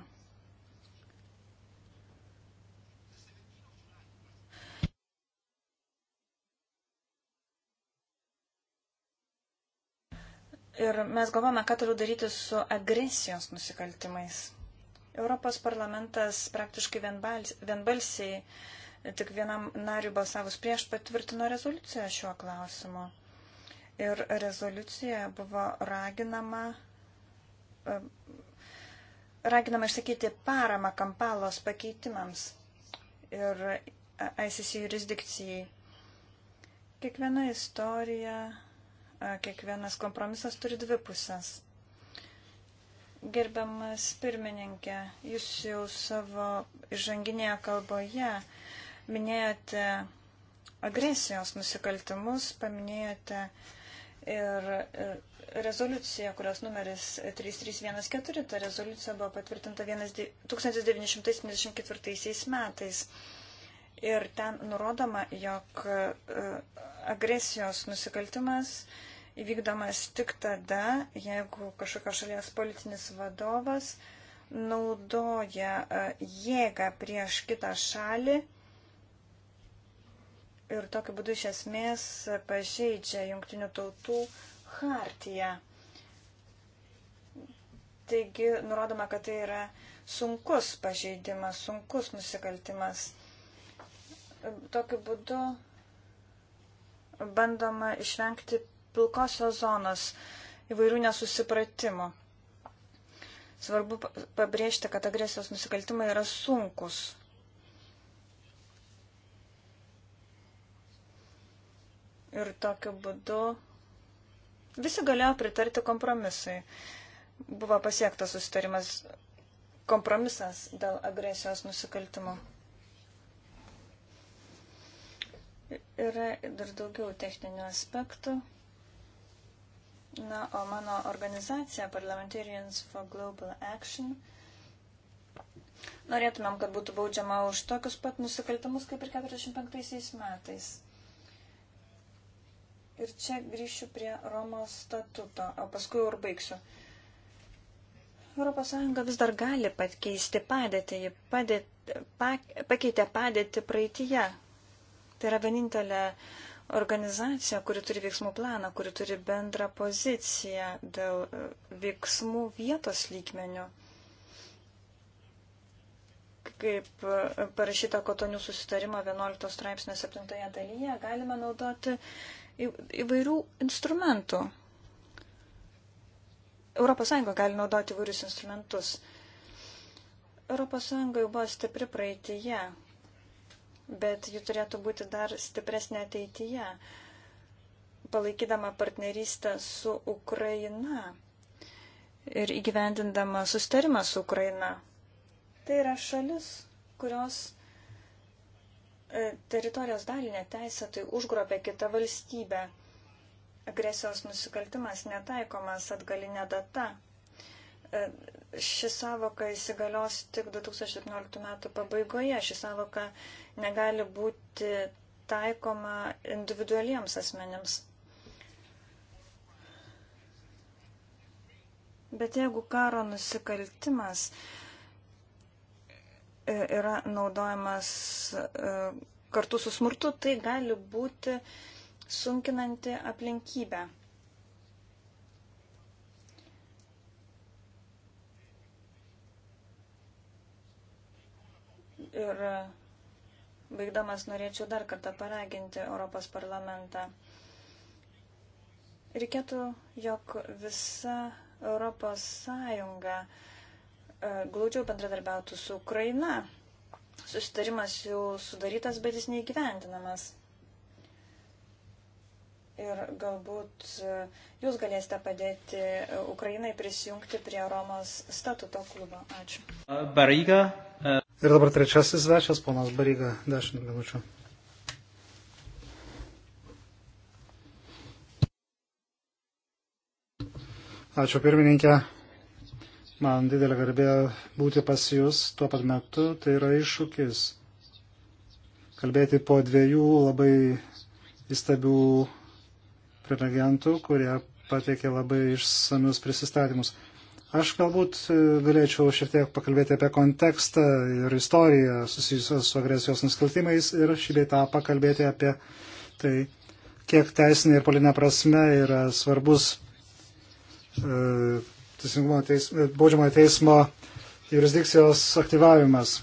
Ir mes galvome, ką turiu daryti su agresijos nusikaltimais. Europos parlamentas praktiškai vienbalsiai, tik vienam nariu balsavus prieš, patvirtino rezoliuciją šiuo klausimu. Ir rezoliucija buvo raginama, e, raginama išsakyti paramą kampalos pakeitimams ir ICC jurisdikcijai. Kiekviena istorija kiekvienas kompromisas turi dvi pusės. Gerbiamas pirmininkė, jūs jau savo žanginėje kalboje minėjote agresijos nusikaltimus, paminėjote ir rezoliuciją, kurios numeris 3314, ta rezoliucija buvo patvirtinta 1974 metais ir ten nurodoma, jog e, agresijos nusikaltimas įvykdomas tik tada, jeigu kažkokios šalies politinis vadovas naudoja e, jėgą prieš kitą šalį ir tokiu būdu iš esmės pažeidžia jungtinių tautų hartiją. Taigi nurodoma, kad tai yra sunkus pažeidimas, sunkus nusikaltimas. Tokiu būdu bandoma išvengti pilkosios zonos įvairių nesusipratimų. Svarbu pabrėžti, kad agresijos nusikaltimai yra sunkus. Ir tokiu būdu visi galėjo pritarti kompromisai. Buvo pasiektas susitarimas kompromisas dėl agresijos nusikaltimo. Yra dar daugiau techninių aspektų. Na, o mano organizacija Parliamentarians for Global Action norėtumėm, kad būtų baudžiama už tokius pat nusikaltimus kaip ir 45 metais. Ir čia grįšiu prie Romos statuto, o paskui jau ir baigsiu. ES vis dar gali pakeisti padėtį, ji padėt, pa, pakeitė padėtį praeitie, Tai yra vienintelė organizacija, kuri turi veiksmų planą, kuri turi bendrą poziciją dėl e, veiksmų vietos lygmenių. Kaip e, parašyta Kotonių susitarimo 11 straipsnio 7 dalyje, galime naudoti įvairių instrumentų. ES gali naudoti įvairius instrumentus. ES jau buvo stipri praeitėje, bet ji turėtų būti dar stipresnė ateityje, palaikydama partnerystę su Ukraina ir įgyvendindama sustarimą su Ukraina. Tai yra šalis, kurios e, teritorijos dalį neteisėtai užgrobė kitą valstybę. Agresijos nusikaltimas netaikomas atgalinė data. E, ši savoka įsigalios tik 2017 metų pabaigoje. Ši savoka negali būti taikoma individualiems asmenims. Bet jeigu karo nusikaltimas e, yra naudojamas e, kartu su smurtu, tai gali būti sunkinanti aplinkybė. Ir e, baigdamas norėčiau dar kartą paraginti Europos parlamentą. Reikėtų, jog visa Europos Sąjunga e, glaudžiau bendradarbiautų su Ukraina. Susitarimas jau sudarytas, bet jis neįgyvendinamas. Ir galbūt e, jūs galėsite padėti Ukrainai prisijungti prie Romos statuto klubo. Ačiū. Baryga, Ir dabar trečiasis svečias, ponas Baryga, 10 minučių. Ačiū pirmininkė. Man didelė garbė būti pas Jūs tuo pat metu. Tai yra iššūkis kalbėti po dviejų labai įstabių prelegentų, kurie pateikė labai išsamius prisistatymus. Aš galbūt e, galėčiau šiek tiek pakalbėti apie kontekstą ir istoriją susijusią su agresijos nusikaltimais ir šį bei tą pakalbėti apie tai, kiek teisinė ir polinė prasme yra svarbus e, teis, e, baudžiamojo teismo jurisdikcijos aktyvavimas.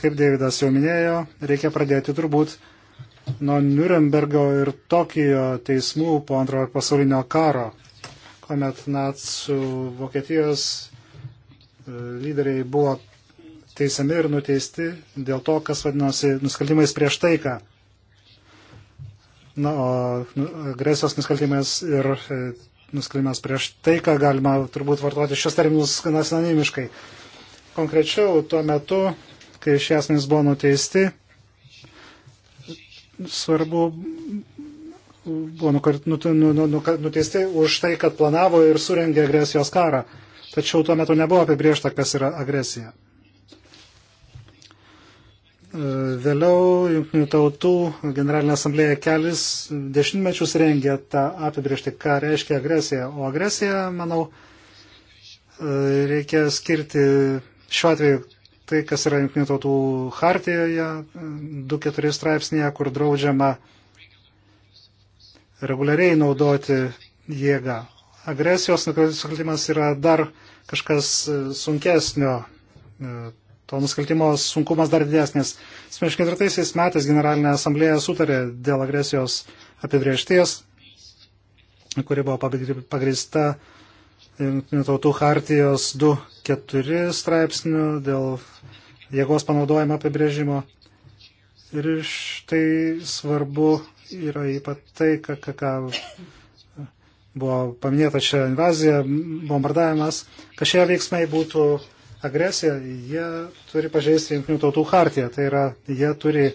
Kaip Davidas jau minėjo, reikia pradėti turbūt nuo Nürnbergo ir Tokijo teismų po antrojo pasaulinio karo kuomet nacių Vokietijos e, lyderiai buvo teisiami ir nuteisti dėl to, kas vadinosi nusikaltimais prieš taiką. Na, o nu, agresijos nusikaltimais ir e, nusikaltimais prieš taiką galima turbūt vartoti šios terminus gana sinonimiškai. Konkrečiau, tuo metu, kai šie asmenys buvo nuteisti, svarbu buvo nu, nu, nu, nuteisti už tai, kad planavo ir surengė agresijos karą. Tačiau tuo metu nebuvo apibriešta, kas yra agresija. E, vėliau Junktinių tautų Generalinė asamblėja kelis dešimtmečius rengė tą apibriežtį, ką reiškia agresija. O agresija, manau, e, reikia skirti šiuo atveju tai, kas yra Junktinių tautų hartijoje, 2-4 straipsnėje, kur draudžiama uh, reguliariai naudoti jėgą. Agresijos nusikaltimas yra dar kažkas e, sunkesnio, e, to nusikaltimo sunkumas dar didesnis. 74 metais Generalinė asamblėja sutarė dėl agresijos apibriešties, kuri buvo pagrįsta Junktinių tautų hartijos 2.4 straipsnių dėl jėgos panaudojimo apibrėžimo. Ir štai svarbu yra ypatai, ką buvo paminėta čia invazija, bombardavimas, kad šie veiksmai būtų agresija, jie turi pažeisti Junktinių tautų hartiją. Tai yra, jie turi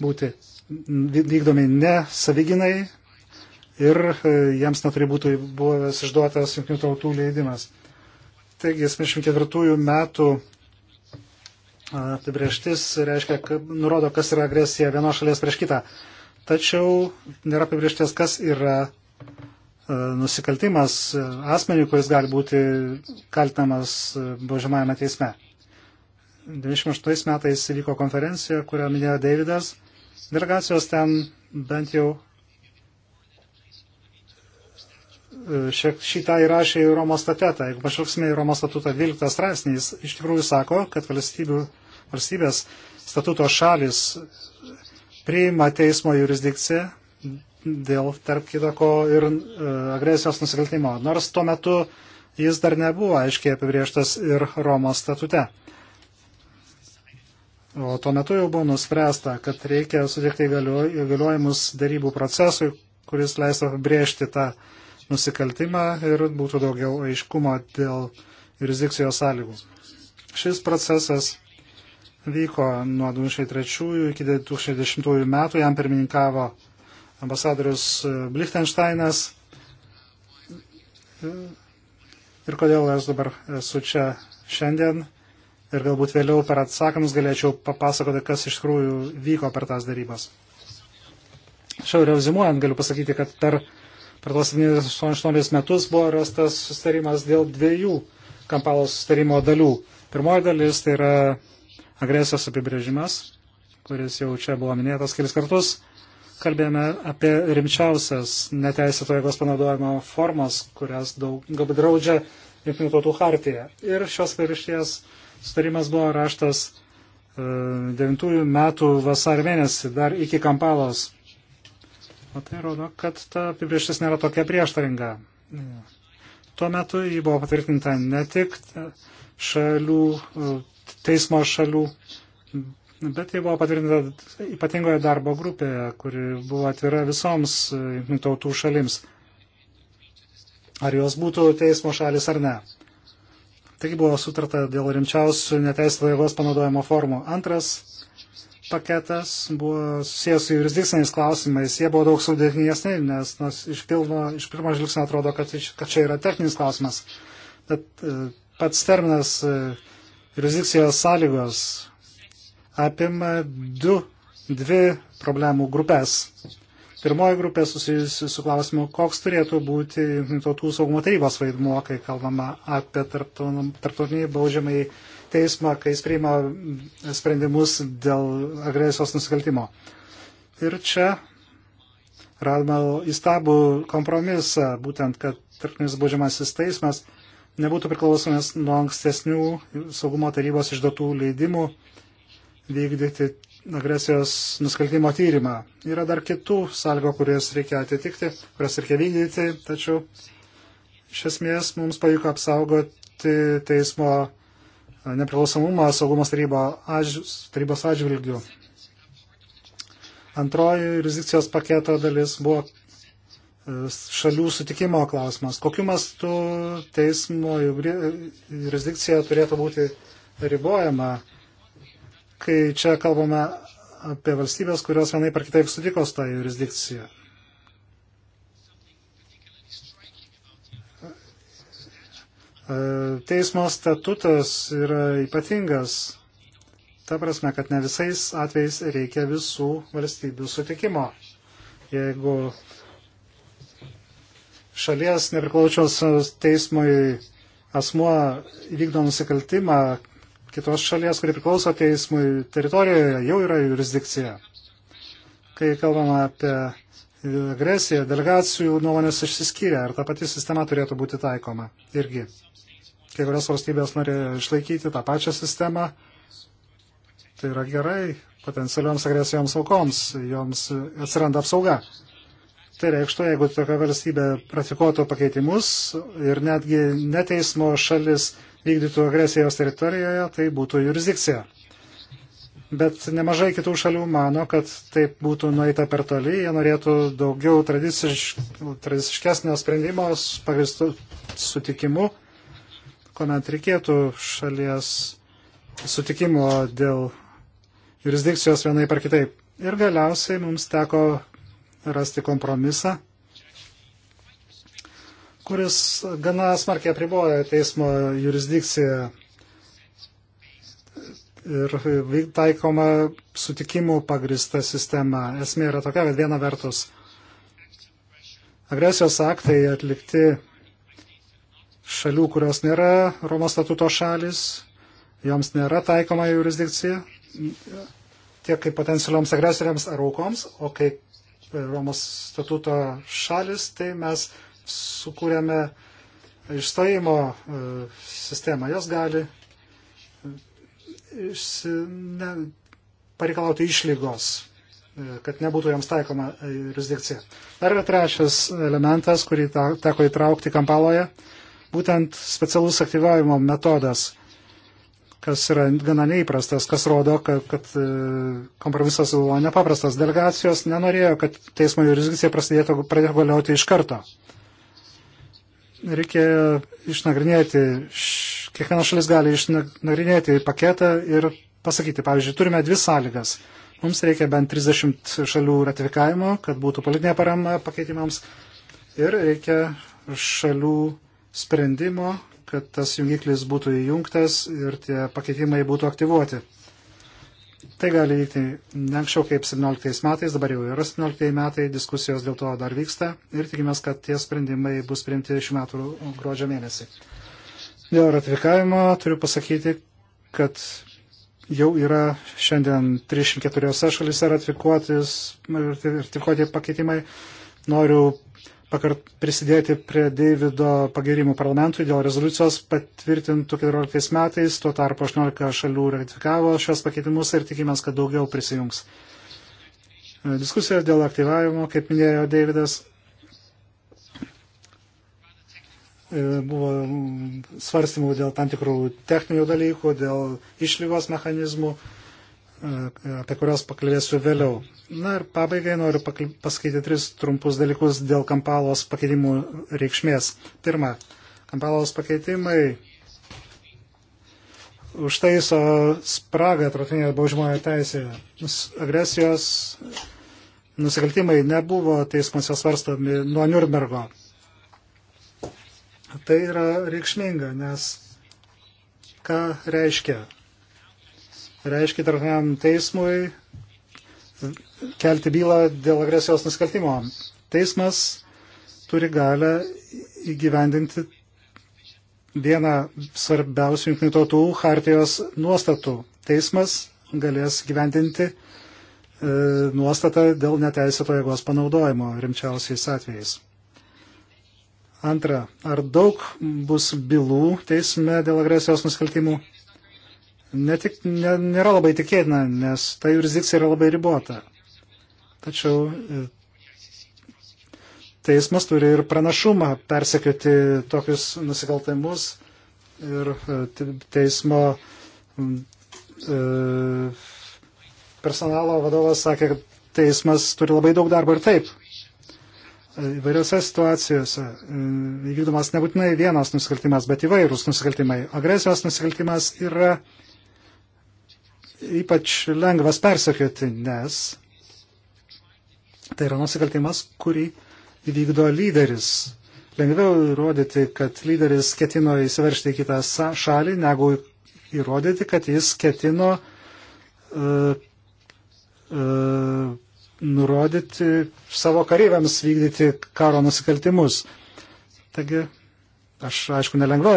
būti vykdomi ne saviginai ir e, jiems neturi būti buvęs išduotas Junktinių tautų leidimas. Taigi, 74 metų e, apibrieštis reiškia, nurodo, kas yra agresija vienos šalies prieš kitą tačiau nėra apibriešties, kas yra e, nusikaltimas asmeniui, kuris gali būti kaltinamas e, baudžiamajame teisme. 98 metais įvyko konferencija, kurią minėjo Davidas. Delegacijos ten bent jau e, šitą įrašė į Romos statutą. Jeigu pašauksime į Romos statutą 12 straipsnį, jis iš tikrųjų sako, kad valstybių, valstybės statuto šalis priima teismo jurisdikciją dėl, tarp kitako, ir e, agresijos nusikaltimo, nors tuo metu jis dar nebuvo aiškiai apibrieštas ir Romos statute. O tuo metu jau buvo nuspręsta, kad reikia suteikti įgaliojimus darybų procesui, kuris leistų apibriežti tą nusikaltimą ir būtų daugiau aiškumo dėl jurisdikcijos sąlygų. Šis procesas vyko nuo 2003 iki 2010 metų, jam pirmininkavo ambasadorius Blichtensteinas. E, ir kodėl aš dabar esu čia šiandien ir galbūt vėliau per atsakymus galėčiau papasakoti, kas iš tikrųjų vyko per tas darybas. Šiau rezimuojant galiu pasakyti, kad per, per tos 78 metus buvo rastas sustarimas dėl dviejų Kampalos sustarimo dalių. Pirmoji dalis tai yra agresijos apibrėžimas, kuris jau čia buvo minėtas kelis kartus. Kalbėjome apie rimčiausias neteisėto jėgos panaudojimo formas, kurias daug, galbūt draudžia Junktinių tautų hartija. Ir šios pareišties sutarimas buvo raštas 9 e, metų vasar mėnesį, dar iki Kampalos. O tai rodo, kad ta apibrieštis nėra tokia prieštaringa. Tuo metu jį buvo patvirtinta ne tik šalių e, teismo šalių, bet tai buvo patvirtinta ypatingoje darbo grupėje, kuri buvo atvira visoms e, jungtinių tautų šalims, ar jos būtų teismo šalis ar ne. Taigi buvo sutarta dėl rimčiausių neteisėto jėgos panaudojimo formų. Antras paketas buvo susijęs su jurisdikciniais klausimais. Jie buvo daug sudėtingesni, nes, nes iš, pilno, iš pirmo žvilgsnio atrodo, kad, kad čia yra techninis klausimas. Bet e, pats terminas e, jurisdikcijos sąlygos apima du, dvi problemų grupės. Pirmoji grupė susijusi su klausimu, koks turėtų būti tautų saugumo tarybos vaidmuo, kai kalbama apie tarptautinį baudžiamąjį teismą, kai jis priima sprendimus dėl agresijos nusikaltimo. Ir čia radome įstabų kompromisą, būtent, kad tarptautinis baudžiamasis teismas nebūtų priklausomas nuo ankstesnių saugumo tarybos išduotų leidimų vykdyti agresijos nusikaltimo tyrimą. Yra dar kitų sąlygų, kurias reikia atitikti, kurias reikia vykdyti, tačiau iš esmės mums pavyko apsaugoti teismo nepriklausomumą saugumo tarybos atžvilgių. Antroji jurisdikcijos paketo dalis buvo šalių sutikimo klausimas. Kokiu mastu teismo jurisdikcija turėtų būti ribojama, kai čia kalbame apie valstybės, kurios vienai par kitaip sutiko su tą jurisdikciją. Teismo statutas yra ypatingas. Ta prasme, kad ne visais atvejais reikia visų valstybių sutikimo. Jeigu šalies nepriklaučiaus teismui asmuo vykdo nusikaltimą kitos šalies, kuri priklauso teismui teritorijoje, jau yra jurisdikcija. Kai kalbama apie agresiją, delegacijų nuomonės išsiskyrė, ar ta pati sistema turėtų būti taikoma irgi. Kai kurios valstybės nori išlaikyti tą pačią sistemą, tai yra gerai potencialioms agresijoms aukoms, joms atsiranda apsauga. Tai reikštų, jeigu tokia valstybė praktikuotų pakeitimus ir netgi neteismo šalis vykdytų agresijos teritorijoje, tai būtų jurisdikcija. Bet nemažai kitų šalių mano, kad taip būtų nueita per toli, jie norėtų daugiau tradiciš, tradiciškesnio sprendimo pagristų sutikimu, kuomet reikėtų šalies sutikimo dėl jurisdikcijos vienai par kitaip. Ir galiausiai mums teko rasti kompromisą, kuris gana smarkiai apriboja teismo jurisdikciją ir taikoma sutikimų pagrista sistema. Esmė yra tokia, kad viena vertus agresijos aktai atlikti šalių, kurios nėra Romos statuto šalis, joms nėra taikoma jurisdikcija tiek kaip potencialioms agresoriams ar aukoms, o kai Romos statuto šalis, tai mes sukūrėme išstojimo e, sistemą. Jos gali e, išsi, ne, pareikalauti išlygos, e, kad nebūtų joms taikoma jurisdikcija. Dar yra trečias elementas, kurį teko įtraukti Kampaloje, būtent specialus aktyvavimo metodas kas yra gana neįprastas, kas rodo, kad, kad e, kompromisas buvo nepaprastas. Delegacijos nenorėjo, kad teismo jurisdikcija prasidėtų, pradėtų galioti iš karto. Reikėjo išnagrinėti, kiekviena šalis gali išnagrinėti paketą ir pasakyti, pavyzdžiui, turime dvi sąlygas. Mums reikia bent 30 šalių ratifikavimo, kad būtų politinė parama pakeitimams ir reikia šalių sprendimo kad tas jungiklis būtų įjungtas ir tie pakeitimai būtų aktyvuoti. Tai gali vykti ne anksčiau kaip 17 metais, dabar jau yra 17 metai, diskusijos dėl to dar vyksta ir tikimės, kad tie sprendimai bus priimti šių metų gruodžio mėnesį. Dėl ratifikavimo turiu pasakyti, kad jau yra šiandien 304 šalise ratifikuoti pakeitimai. Noriu pakart, prisidėti prie Davido pagerimų parlamentui dėl rezoliucijos patvirtintų 14 metais, tuo tarpu 18 šalių ratifikavo šios pakeitimus ir tikimės, kad daugiau prisijungs. Diskusijos dėl aktyvavimo, kaip minėjo Davidas, e, buvo svarstymų dėl tam tikrų techninių dalykų, dėl išlygos mechanizmų E, apie kurios pakalbėsiu vėliau. Na ir pabaigai noriu pasakyti tris trumpus dalykus dėl Kampalos pakeitimų reikšmės. Pirma, Kampalos pakeitimai užtaiso spragą trotinėje baudžiamojo teisėje. Agresijos nusikaltimai nebuvo teismuose svarstomi nuo Nürnbergo. Tai yra reikšminga, nes ką reiškia reiškia tarptautiniam teismui kelti bylą dėl agresijos nusikaltimo. Teismas turi galę įgyvendinti vieną svarbiausių jungtinių tautų hartijos nuostatų. Teismas galės gyvendinti e, nuostatą dėl neteisėto jėgos panaudojimo rimčiausiais atvejais. Antra, ar daug bus bylų teisme dėl agresijos nusikaltimų? netik, ne, nėra labai tikėtina, nes ta jurisdikcija yra labai ribota. Tačiau e, teismas turi ir pranašumą persekioti tokius nusikaltimus ir e, teismo e, personalo vadovas sakė, kad teismas turi labai daug darbo ir taip. Įvairiose situacijose įvykdomas nebūtinai vienas nusikaltimas, bet įvairūs nusikaltimai. Agresijos nusikaltimas yra ypač lengvas persekioti, nes tai yra nusikaltimas, kurį įvykdo lyderis. Lengviau įrodyti, kad lyderis ketino įsiveršti į kitą šalį, negu įrodyti, kad jis ketino uh, uh, nurodyti savo kareiviams vykdyti karo nusikaltimus. Taigi, aš aišku, nelengva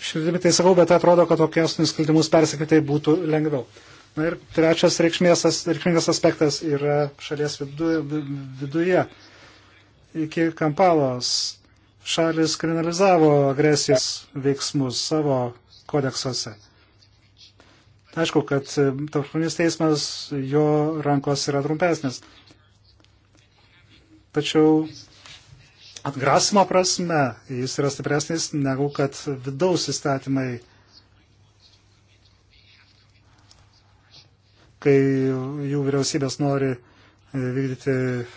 širdimi tai sakau, bet atrodo, kad tokias nusikaltimus persekyti tai būtų lengviau. Na ir trečias reikšmės, reikšmingas aspektas yra šalies vidu, viduje. Iki Kampalos šalis kriminalizavo agresijos veiksmus savo kodeksuose. Aišku, kad tarptautinis teismas jo rankos yra trumpesnis. Tačiau atgrasimo prasme jis yra stipresnis negu kad vidaus įstatymai, kai jų vyriausybės nori e, vykdyti e,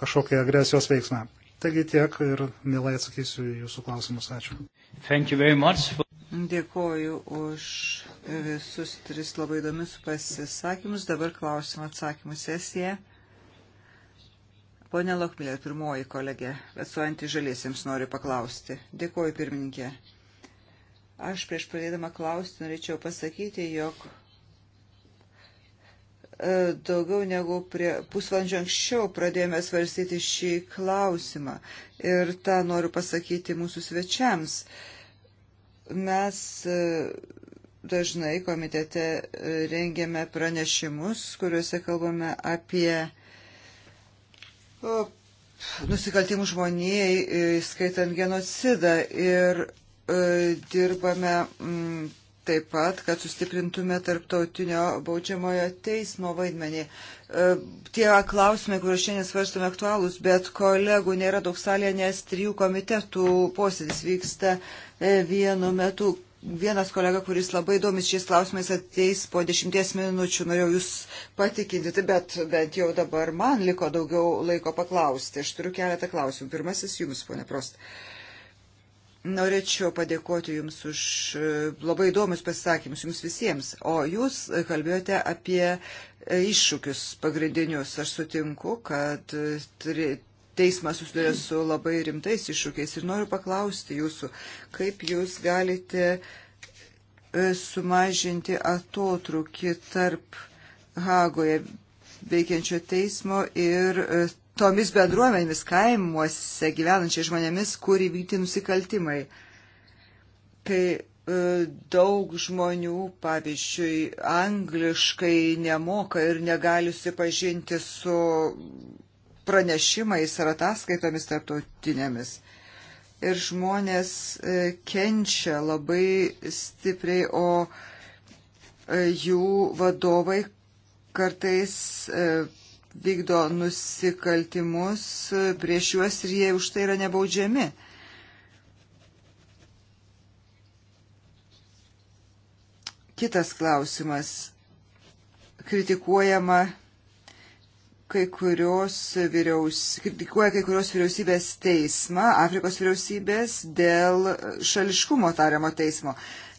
kažkokį agresijos veiksmą. Taigi tiek ir mielai atsakysiu jūsų klausimus. Ačiū. For... Dėkoju už visus tris labai įdomius pasisakymus. Dabar klausimą atsakymų sesiją. Pone Lokmilė, pirmoji kolegė, atsuojantį žaliesiems noriu paklausti. Dėkuoju, pirmininkė. Aš prieš pradėdama klausti norėčiau pasakyti, jog e, daugiau negu prie pusvalandžio anksčiau pradėjome svarstyti šį klausimą. Ir tą noriu pasakyti mūsų svečiams. Mes e, dažnai komitete e, rengiame pranešimus, kuriuose kalbame apie nusikaltimų žmonijai, e, skaitant genocidą. Ir e, dirbame mm, taip pat, kad sustiprintume tarptautinio baudžiamojo teismo vaidmenį. E, tie klausimai, kuriuos šiandien svarstome aktualūs, bet kolegų nėra daug salėje, nes trijų komitetų posėdis vyksta vienu metu vienas kolega, kuris labai įdomis šiais klausimais ateis po dešimties minučių, norėjau jūs patikinti, tai bet bent jau dabar man liko daugiau laiko paklausti. Aš turiu keletą klausimų. Pirmasis jums, ponė Prost. Norėčiau padėkoti Jums už e, labai įdomius pasisakymus Jums visiems. O Jūs kalbėjote apie e, iššūkius pagrindinius. Aš sutinku, kad e, teismas susiduria su labai rimtais iššūkiais ir noriu paklausti jūsų, kaip jūs galite e, sumažinti atotrukį tarp Hagoje veikiančio teismo ir e, tomis bendruomenėmis kaimuose gyvenančiai žmonėmis, kur įvykti nusikaltimai. Kai e, daug žmonių, pavyzdžiui, angliškai nemoka ir negali susipažinti su pranešimais ar ataskaitomis tarptautinėmis. Ir žmonės e, kenčia labai stipriai, o e, jų vadovai kartais e, vykdo nusikaltimus prieš juos ir jie už tai yra nebaudžiami. Kitas klausimas. Kritikuojama kai kurios, vyriaus, kritikuoja kai kurios vyriausybės teismą, Afrikos vyriausybės, dėl šališkumo tariamo teismo.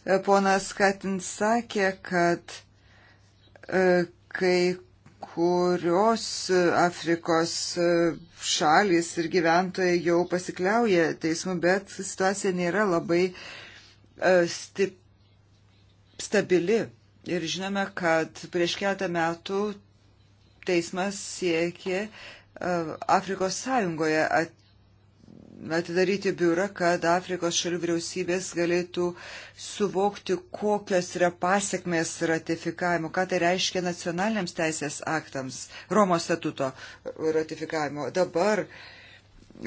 E, ponas Katins sakė, kad e, kai kurios Afrikos e, šalis ir gyventojai jau pasikliauja teismu, bet situacija nėra labai stip, stabili. Ir žinome, kad prieš keletą metų teismas siekė e, Afrikos Sąjungoje atidaryti biurą, kad Afrikos šalių vyriausybės galėtų suvokti, kokios yra pasiekmės ratifikavimo, ką tai reiškia nacionaliniams teisės aktams, Romos statuto ratifikavimo. Dabar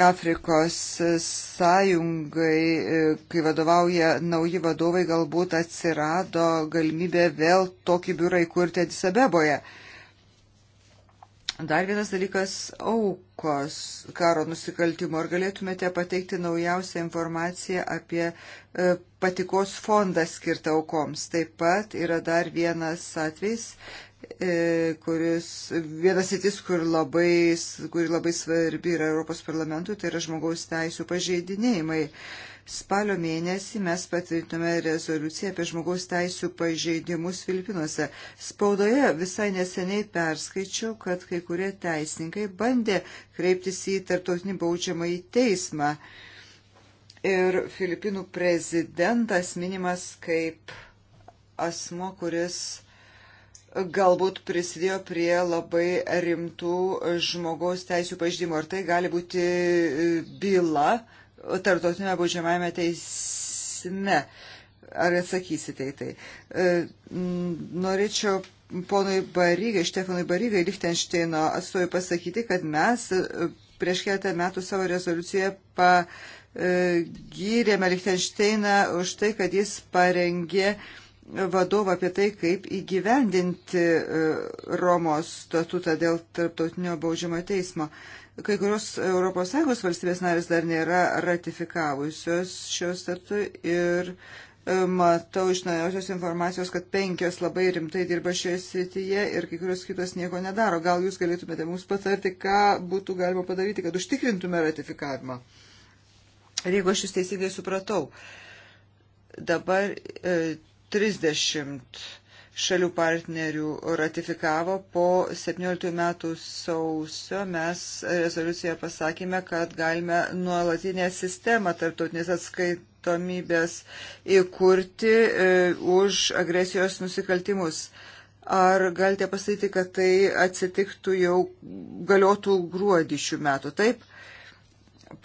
Afrikos sąjungai, e, kai vadovauja nauji vadovai, galbūt atsirado galimybė vėl tokį biurą įkurti Adisabeboje. Adis Dar vienas dalykas - aukos karo nusikaltimo. Ar galėtumėte pateikti naujausią informaciją apie e, patikos fondą skirtą aukoms? Taip pat yra dar vienas atvejs, e, kuris, vienas įtis, kur labai, kur labai svarbi yra Europos parlamentui, tai yra žmogaus teisų pažeidinėjimai. E, Spalio mėnesį mes patvirtinome rezoliuciją apie žmogaus teisų pažeidimus Filipinuose. Spaudoje visai neseniai perskaičiau, kad kai kurie teisininkai bandė kreiptis į tarptautinį baudžiamą į teismą. Ir Filipinų prezidentas minimas kaip asmo, kuris galbūt prisidėjo prie labai rimtų žmogaus teisų pažydimo. Ar tai gali būti e, byla tarptautinėme baudžiamajame teisme. Ar atsakysite į tai? E, norėčiau ponui Barygai, Štefanui Barygai, Lichtenšteino atstovui pasakyti, kad mes e, prieš keletą metų savo rezoliuciją pagyrėme e, Lichtenšteiną už tai, kad jis parengė vadovą apie tai, kaip įgyvendinti Romos statutą dėl tarptautinio baudžiamo teismo. Kai kurios ES valstybės narės dar nėra ratifikavusios šios startų ir e, matau iš naujosios informacijos, kad penkios labai rimtai dirba šioje srityje ir kai kurios kitos nieko nedaro. Gal jūs galėtumėte mums patarti, ką būtų galima padaryti, kad užtikrintume ratifikavimą? Ir jeigu aš jūs teisingai supratau, dabar e, 30 šalių partnerių ratifikavo. Po 17 metų sausio mes rezoliucijoje pasakėme, kad galime nuolatinę sistemą tarptautinės atskaitomybės įkurti e, už agresijos nusikaltimus. Ar galite pasakyti, kad tai atsitiktų jau galiotų gruodį šių metų? Taip,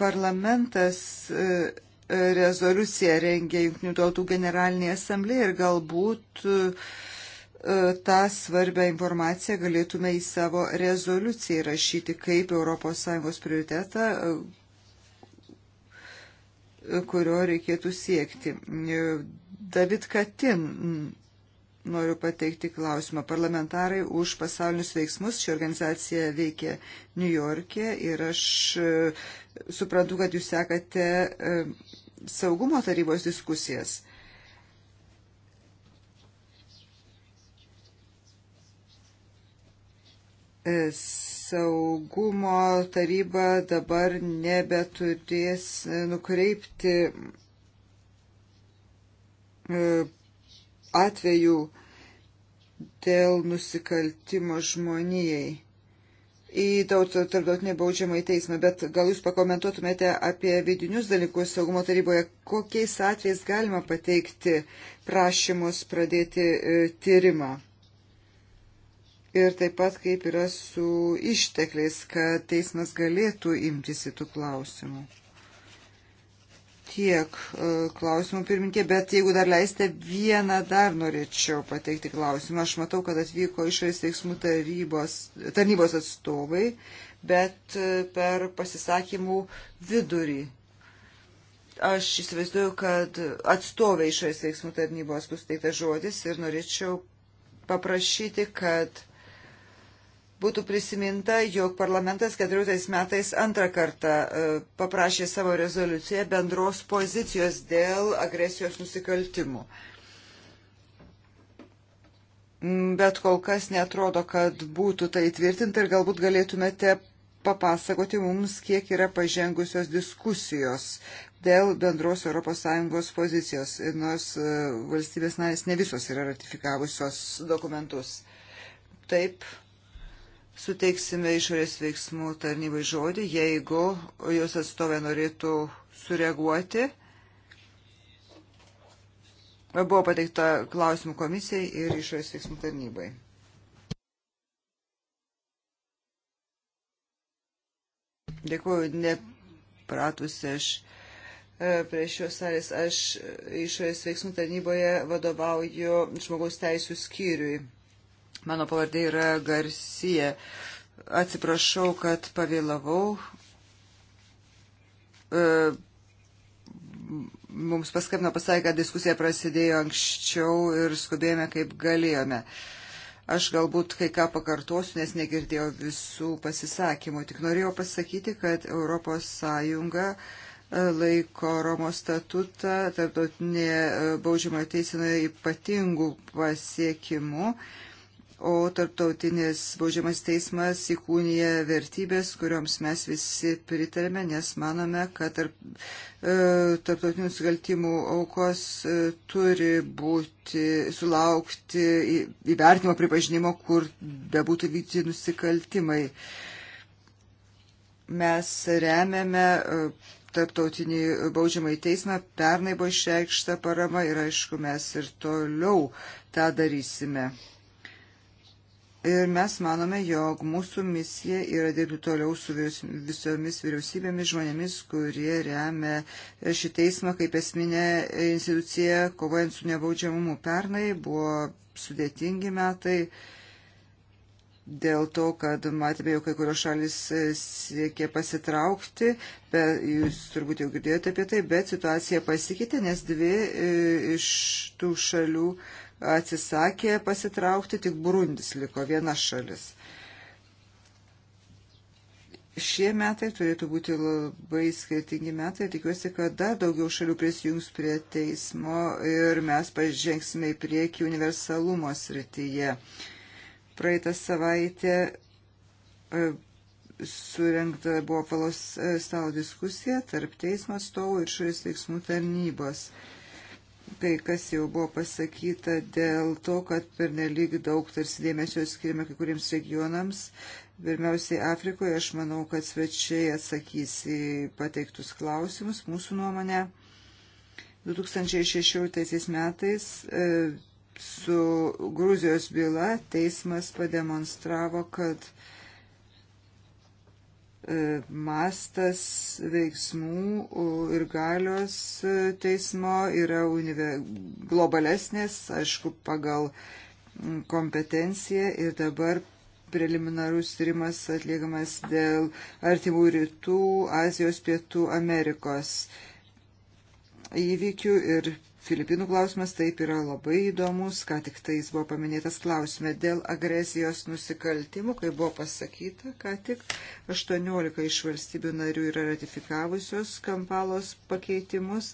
parlamentas. E, rezoliuciją rengia Junktinių tautų generalinė asamblėja ir galbūt E, tą svarbę informaciją galėtume į savo rezoliuciją rašyti kaip ES prioritetą, e, kurio reikėtų siekti. E, David Katin, noriu pateikti klausimą. Parlamentarai už pasaulinius veiksmus, ši organizacija veikia New York'e ir aš suprantu, kad jūs sekate saugumo tarybos diskusijas E, saugumo taryba dabar nebeturės e, nukreipti e, atvejų dėl nusikaltimo žmonijai į tarptautinį baudžiamąjį teismą, bet gal jūs pakomentuotumėte apie vidinius dalykus saugumo taryboje, kokiais atvejais galima pateikti prašymus pradėti tyrimą ir taip pat kaip yra su ištekliais, kad teismas galėtų imtis į tų klausimų. Tiek e, klausimų pirminkė, bet jeigu dar leiste, vieną dar norėčiau pateikti klausimą. Aš matau, kad atvyko išorės veiksmų tarybos, tarnybos atstovai, bet e, per pasisakymų vidurį. Aš įsivaizduoju, kad atstovai išorės veiksmų tarnybos bus teiktas žodis ir norėčiau paprašyti, kad būtų prisiminta, jog parlamentas 14 metais antrą kartą e, paprašė savo rezoliuciją bendros pozicijos dėl agresijos nusikaltimų. Mm, bet kol kas netrodo, kad būtų tai tvirtinta ir galbūt galėtumėte papasakoti mums, kiek yra pažengusios diskusijos dėl bendros ES pozicijos, nors e, valstybės narės ne visos yra ratifikavusios dokumentus. Taip, suteiksime išorės veiksmų tarnybai žodį, jeigu jos atstovė norėtų sureaguoti. Buvo pateikta klausimų komisijai ir išorės veiksmų tarnybai. Dėkuoju, nepratusi aš e, prie šios salės. Aš išorės veiksmų tarnyboje vadovauju žmogaus teisų skyriui. Mano pavardė yra Garcija. Atsiprašau, kad pavėlavau. E, mums paskambino pasakė, kad diskusija prasidėjo anksčiau ir skubėjome kaip galėjome. Aš galbūt kai ką pakartosiu, nes negirdėjau visų pasisakymų. Tik norėjau pasakyti, kad ES e, laiko Romos statutą tarptautinėje e, baudžiamoje teisinoje ypatingų pasiekimų. E, o tarptautinis baudžiamas teismas įkūnija vertybės, kurioms mes visi pritarėme, nes manome, kad tarp, e, tarptautinių nusikaltimų aukos e, turi būti, sulaukti įvertimo pripažinimo, kur bebūtų vykti nusikaltimai. Mes remiame e, tarptautinį baudžiamąjį teismą, pernai buvo išreikšta parama ir aišku, mes ir toliau tą darysime. Ir mes manome, jog mūsų misija yra dirbti toliau su visomis vyriausybėmis, žmonėmis, kurie remia šį teismą kaip esminę instituciją, kovojant su nebaudžiamumu. Pernai buvo sudėtingi metai dėl to, kad matėme jau kai kurios šalis siekė pasitraukti, bet jūs turbūt jau girdėjote apie tai, bet situacija pasikeitė, nes dvi e, iš tų šalių atsisakė pasitraukti, tik Burundis liko viena šalis. Šie metai turėtų būti labai skirtingi metai. Tikiuosi, kad dar daugiau šalių prisijungs prie teismo ir mes pažengsime į priekį universalumo srityje. Praeitą savaitę e, surinkta buvo palos e, stalo diskusija tarp teismo atstovų ir šalies veiksmų tarnybos kai kas jau buvo pasakyta dėl to, kad pernelyg daug tarsi dėmesio skiriame kai kuriems regionams. Pirmiausiai Afrikoje aš manau, kad svečiai atsakys į pateiktus klausimus mūsų nuomonę. 2016 metais e, su Gruzijos byla teismas pademonstravo, kad E, mastas veiksmų ir galios e, teismo yra globalesnės, aišku, pagal kompetenciją ir dabar preliminarus tyrimas atliekamas dėl artimų rytų, Azijos, Pietų Amerikos įvykių ir Filipinų klausimas taip yra labai įdomus, ką tik tai jis buvo paminėtas klausime dėl agresijos nusikaltimų, kai buvo pasakyta, ką tik 18 iš valstybių narių yra ratifikavusios Kampalos pakeitimus.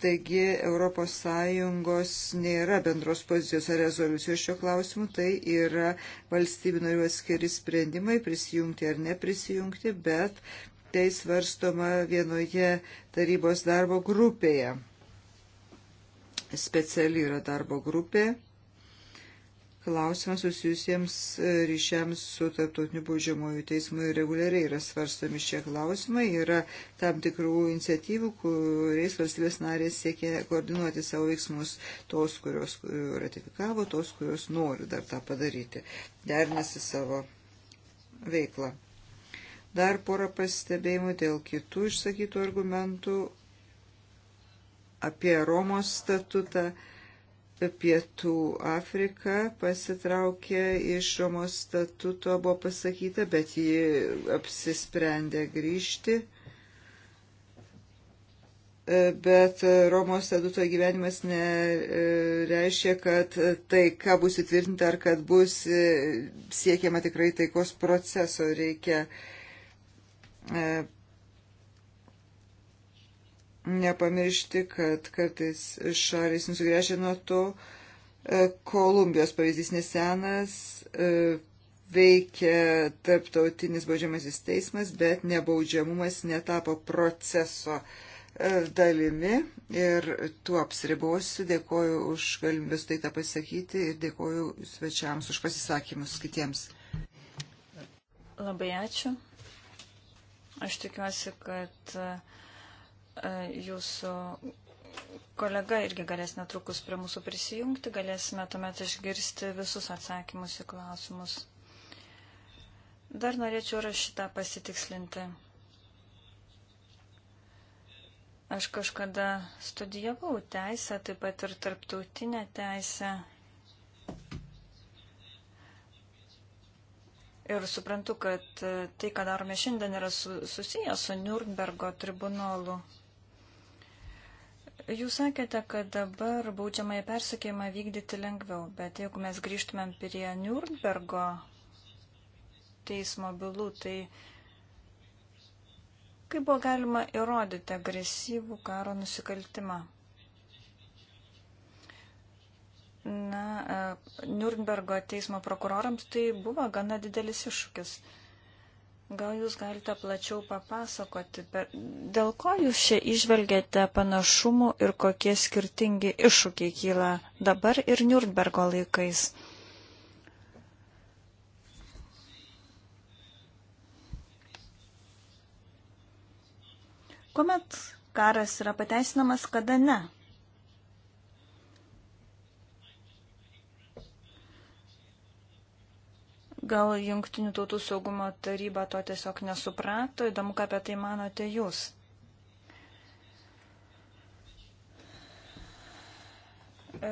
Taigi ES nėra bendros pozicijos ar rezoliucijos šio klausimu, tai yra valstybių narių atskiri sprendimai prisijungti ar neprisijungti, bet tai svarstoma vienoje tarybos darbo grupėje speciali yra darbo grupė klausimams susijusiems e, ryšiams su tarptautiniu baudžiamojų teismu ir reguliariai yra svarstomi šie klausimai. Yra tam tikrų iniciatyvų, kuriais valstybės narės siekia koordinuoti savo veiksmus tos, kurios ratifikavo, tos, kurios nori dar tą padaryti, derinasi savo veiklą. Dar porą pastebėjimų dėl kitų išsakytų argumentų apie Romos statutą. Pietų Afrika pasitraukė iš Romos statuto, buvo pasakyta, bet ji apsisprendė grįžti. E, bet Romos statuto gyvenimas nereiškia, e, kad taika bus įtvirtinta ar kad bus e, siekiama tikrai taikos proceso. Reikia nepamiršti, kad kartais šalis nusigręžia nuo to. E, Kolumbijos pavyzdys nesenas, e, veikia tarptautinis baudžiamasis teismas, bet nebaudžiamumas netapo proceso e, dalimi ir tuo apsiribosiu. Dėkoju už galimybę tai tą pasakyti ir dėkoju svečiams už pasisakymus kitiems. Labai ačiū. Aš tikiuosi, kad uh, E, jūsų kolega irgi galės netrukus prie mūsų prisijungti, galėsime tuomet išgirsti visus atsakymus į klausimus. Dar norėčiau rašytą pasitikslinti. Aš kažkada studijavau teisę, taip pat ir tarptautinę teisę. Ir suprantu, kad tai, ką darome šiandien, yra susijęs su Nürnbergo tribunolu. Jūs sakėte, kad dabar baudžiamąją persikėjimą vykdyti lengviau, bet jeigu mes grįžtumėm prie Nürnbergo teismo bylų, tai kaip buvo galima įrodyti agresyvų karo nusikaltimą? Na, e, Nürnbergo teismo prokurorams tai buvo gana didelis iššūkis. Gal jūs galite plačiau papasakoti, per, dėl ko jūs čia išvelgėte panašumų ir kokie skirtingi iššūkiai kyla dabar ir Nürnbergo laikais? Komet karas yra pateisinamas, kada ne? Gal Junktinių tautų saugumo taryba to tiesiog nesuprato, įdomu, ką apie tai manote jūs. E,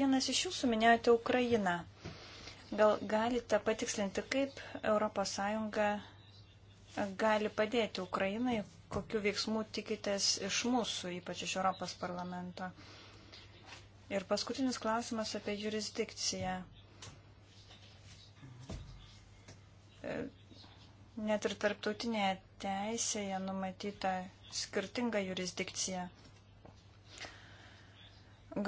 vienas iš jūsų minėjote Ukrainą. Gal galite patikslinti, kaip ES gali padėti Ukrainai, kokiu veiksmu tikitės iš mūsų, ypač iš Europos parlamento. Ir paskutinis klausimas apie jurisdikciją. net ir tarptautinėje teisėje numatyta skirtinga jurisdikcija.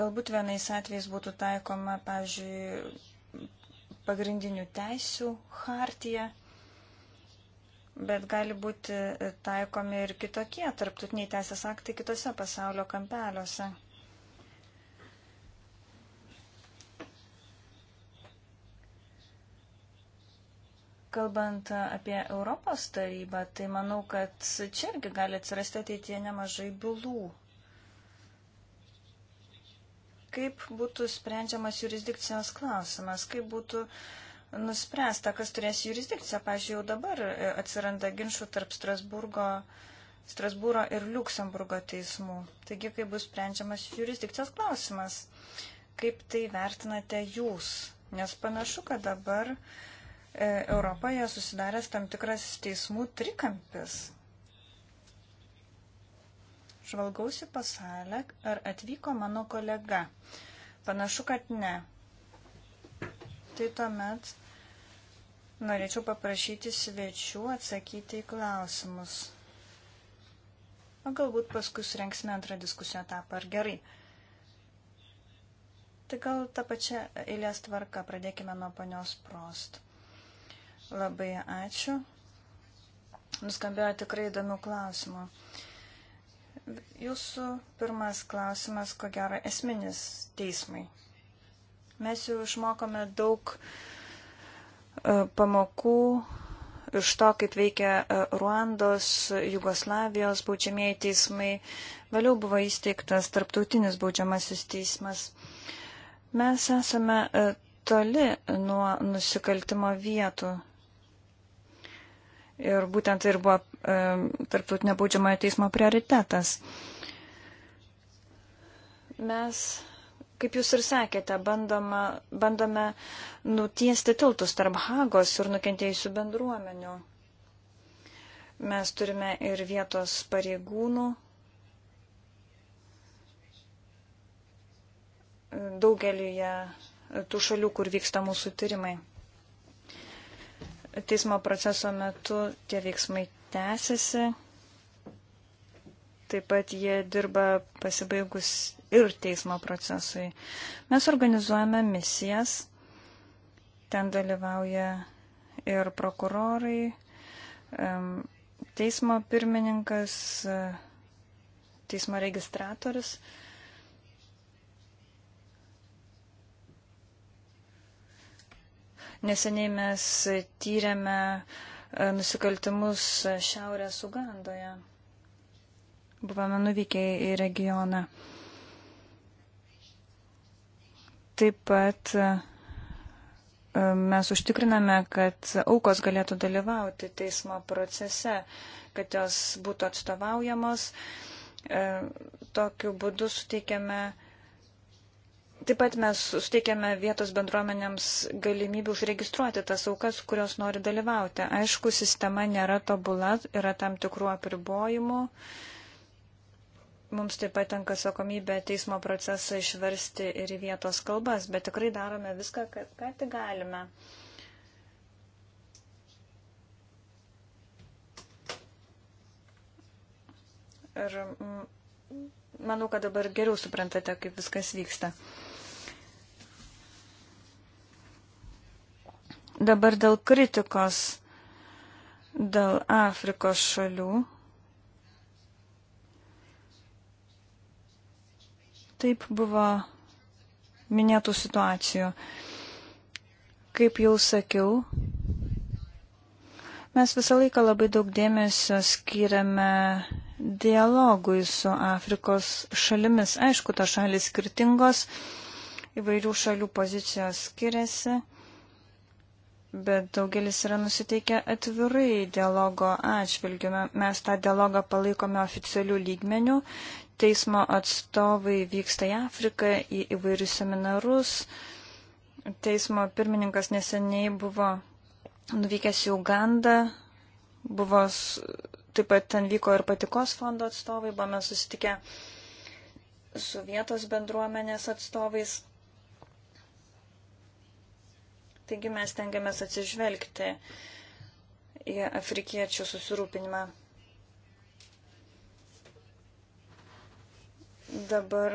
Galbūt vienais atvejais būtų taikoma, pavyzdžiui, pagrindinių teisių hartija, bet gali būti taikomi ir kitokie tarptautiniai teisės aktai kitose pasaulio kampeliuose. Kalbant apie Europos tarybą, tai manau, kad čia irgi gali atsirasti ateitie nemažai bylų. Kaip būtų sprendžiamas jurisdikcijos klausimas, kaip būtų nuspręsta, kas turės jurisdikciją. Pavyzdžiui, jau dabar atsiranda ginčių tarp Strasburgo, Strasbūro ir Luksemburgo teismų. Taigi, kaip bus sprendžiamas jurisdikcijos klausimas, kaip tai vertinate jūs? Nes panašu, kad dabar uh, E, Europoje susidaręs tam tikras teismų trikampis. Žvalgausi pasalę, ar atvyko mano kolega. Panašu, kad ne. Tai tuomet norėčiau paprašyti svečių atsakyti į klausimus. O galbūt paskui surenksime antrą diskusijų etapą, ar gerai. Tai gal tą pačią eilės tvarką pradėkime nuo panios prost. Labai ačiū. Nuskambėjo tikrai įdomių klausimų. Jūsų pirmas klausimas, ko gero, esminis teismai. Mes jau išmokome daug e, pamokų iš to, kaip veikia e, Ruandos, Jugoslavijos baudžiamieji teismai. Vėliau buvo įsteigtas tarptautinis baudžiamasis teismas. Mes esame e, toli nuo nusikaltimo vietų. Ir būtent tai ir buvo e, tarptautinio baudžiamojo teismo prioritetas. Mes, kaip jūs ir sakėte, bandoma, bandome nutiesti tiltus tarp Hagos ir nukentėjusių bendruomenių. Mes turime ir vietos pareigūnų. Daugelį tų šalių, kur vyksta mūsų tyrimai. Teismo proceso metu tie veiksmai tęsiasi. Taip pat jie dirba pasibaigus ir teismo procesui. Mes organizuojame misijas. Ten dalyvauja ir prokurorai, teismo pirmininkas, teismo registratorius. Neseniai mes tyrėme e, nusikaltimus e, Šiaurės Ugandoje. Buvome nuvykę į regioną. Taip pat e, mes užtikriname, kad aukos galėtų dalyvauti teismo procese, kad jos būtų atstovaujamos. Tokiu būdu suteikiame Taip pat mes suteikėme vietos bendruomenėms galimybę užregistruoti tas aukas, kurios nori dalyvauti. Aišku, sistema nėra tobula, yra tam tikrų apribojimų. Mums taip pat tenka sakomybė teismo procesą išversti ir į vietos kalbas, bet tikrai darome viską, ką, ką tik galime. Ir mm, manau, kad dabar geriau suprantate, kaip viskas vyksta. Dabar dėl kritikos dėl Afrikos šalių. Taip buvo minėtų situacijų. Kaip jau sakiau, mes visą laiką labai daug dėmesio skiriame dialogui su Afrikos šalimis. Aišku, tos šalis skirtingos, įvairių šalių pozicijos skiriasi bet daugelis yra nusiteikę atvirai dialogo atžvilgiu. Mes tą dialogą palaikome oficialių lygmenių. Teismo atstovai vyksta į Afriką, į įvairius seminarus. Teismo pirmininkas neseniai buvo nuvykęs į Ugandą. Buvo, taip pat ten vyko ir patikos fondo atstovai, buvome susitikę su vietos bendruomenės atstovais. Taigi mes tengiamės atsižvelgti į afrikiečių susirūpinimą. Dabar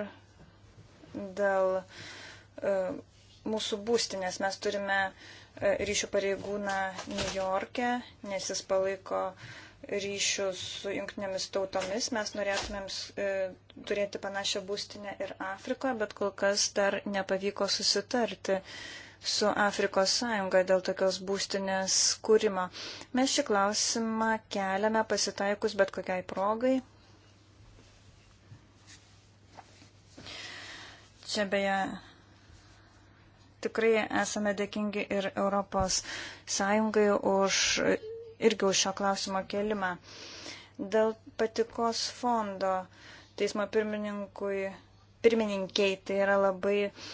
dėl e, mūsų būstinės mes turime e, ryšių pareigūną New York'e, nes jis palaiko ryšius su jungtinėmis tautomis. Mes norėtumėm e, turėti panašią būstinę ir Afrikoje, bet kol kas dar nepavyko susitarti. Uh, su Afrikos sąjunga dėl tokios būstinės kūrimo. Mes šį klausimą keliame pasitaikus bet kokiai progai. Čia beje tikrai esame dėkingi ir Europos sąjungai už irgi už šio klausimo kelimą. Dėl patikos fondo teismo pirmininkui, pirmininkiai tai yra labai uh,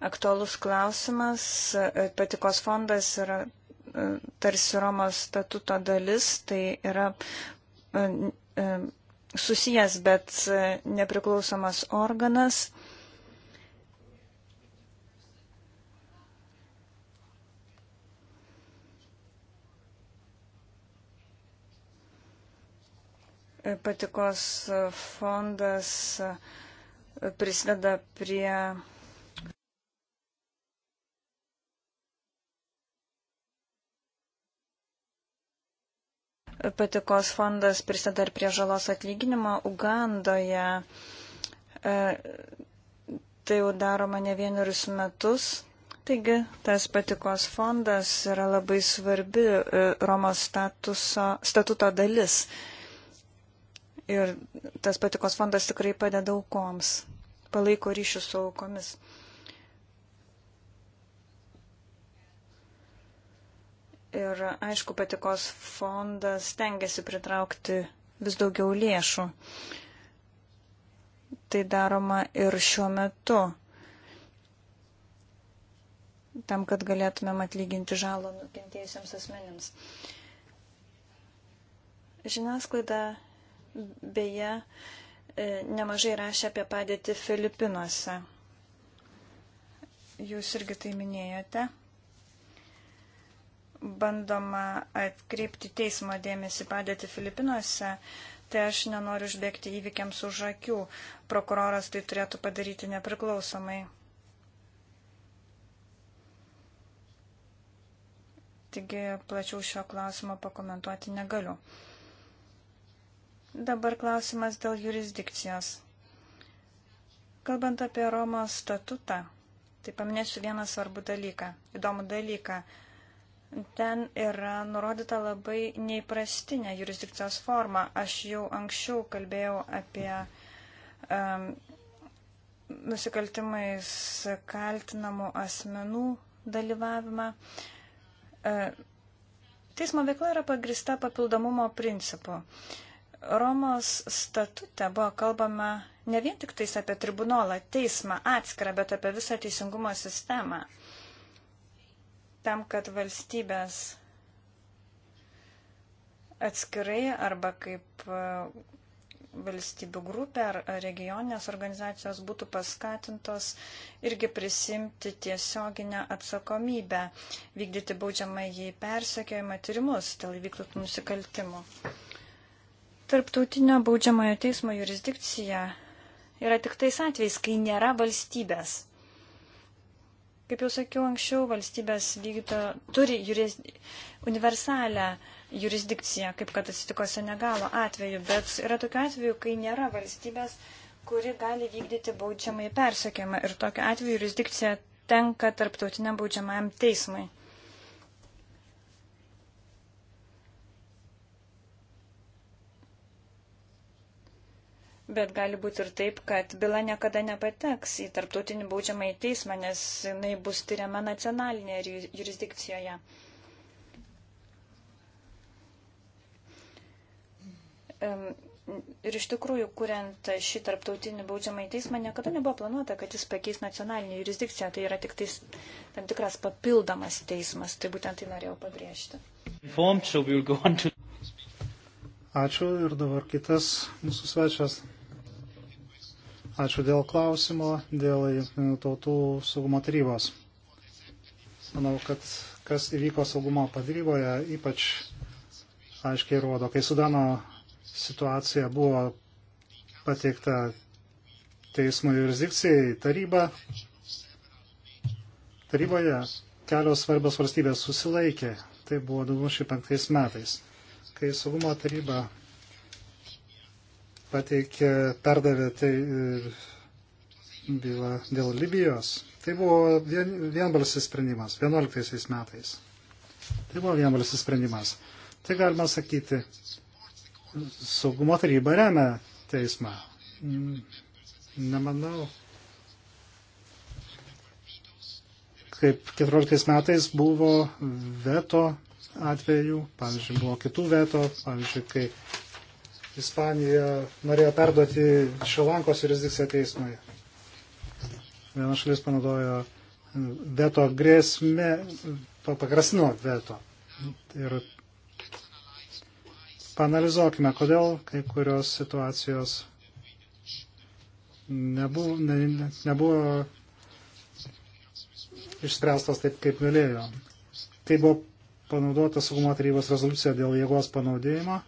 aktualus klausimas. Patikos fondas yra e, tarsi Romos statuto dalis, tai yra e, e, susijęs, bet nepriklausomas organas. patikos fondas prisideda prie patikos fondas prisideda ir prie žalos atlyginimo Ugandoje. E, tai jau daroma ne vienerius metus. Taigi, tas patikos fondas yra labai svarbi e, Romos statuso, statuto dalis. Ir tas patikos fondas tikrai padeda aukoms, palaiko ryšius su aukomis. Ir aišku, patikos fondas tengiasi pritraukti vis daugiau lėšų. Tai daroma ir šiuo metu, tam, kad galėtumėm atlyginti žalą nukentėjusiems asmenims. Žiniasklaida beje e, nemažai rašė apie padėtį Filipinuose. Jūs irgi tai minėjote bandoma atkreipti teismo dėmesį padėti Filipinuose, tai aš nenoriu užbėgti įvykiams už akių. Prokuroras tai turėtų padaryti nepriklausomai. Taigi plačiau šio klausimo pakomentuoti negaliu. Dabar klausimas dėl jurisdikcijos. Kalbant apie Romos statutą, tai paminėsiu vieną svarbų dalyką, įdomų dalyką ten yra nurodyta labai neįprastinė jurisdikcijos forma. Aš jau anksčiau kalbėjau apie um, nusikaltimais kaltinamų asmenų dalyvavimą. Uh, teismo veikla yra pagrista papildomumo principu. Romos statute buvo kalbama ne vien tik tais apie tribunolą, teismą atskirą, bet apie visą teisingumo sistemą. Uh, tam, kad valstybės atskirai arba kaip e, valstybių grupė ar regioninės organizacijos būtų paskatintos irgi prisimti tiesioginę atsakomybę, vykdyti baudžiamą jį persekiojimą tyrimus dėl įvykdytų nusikaltimų. Tarptautinio baudžiamojo teismo jurisdikcija yra tik tais atvejais, kai nėra valstybės. Kaip jau sakiau anksčiau, valstybės vykdyto turi juris, universalią jurisdikciją, kaip kad atsitiko Senegalo atveju, bet yra tokių atvejų, kai nėra valstybės, kuri gali vykdyti baudžiamąjį persekiojimą ir tokiu atveju jurisdikcija tenka tarptautiniam baudžiamajam teismui. Bet gali būti ir taip, kad byla niekada nepateks į tarptautinį baudžiamą į teismą, nes jinai bus tyriama nacionalinėje jurisdikcijoje. Ir iš tikrųjų, kuriant šį tarptautinį baudžiamą į teismą, niekada nebuvo planuota, kad jis pakeis nacionalinį jurisdikciją. Tai yra tik tais, tam tikras papildomas teismas. Tai būtent tai norėjau pabrėžti. Ačiū ir dabar kitas mūsų svečias. Ačiū dėl klausimo, dėl e, tautų saugumo tarybos. Manau, kad kas įvyko saugumo padaryboje, ypač aiškiai rodo, kai Sudano situacija buvo pateikta teismo jurisdikcijai, taryba, taryboje kelios svarbios valstybės susilaikė. Tai buvo 2005 metais, kai saugumo taryba pateikė, perdavė tai e, bylą dėl Libijos. Tai buvo vien, vienbalsis sprendimas 11 metais. Tai buvo vienbalsis sprendimas. Tai galima sakyti, saugumo taryba remia teismą. Nemanau. Kaip 14 metais buvo veto atveju, pavyzdžiui, buvo kitų veto, pavyzdžiui, kai Ispanija norėjo perduoti Šilankos jurisdikciją teismui. Viena šalis panaudojo veto grėsmę, pakrasino veto. Ir panalizuokime, kodėl kai kurios situacijos nebuvo, ne, ne, nebuvo išspręstos taip, kaip galėjo. Tai buvo panaudota saugumo tarybos rezoliucija dėl jėgos panaudėjimo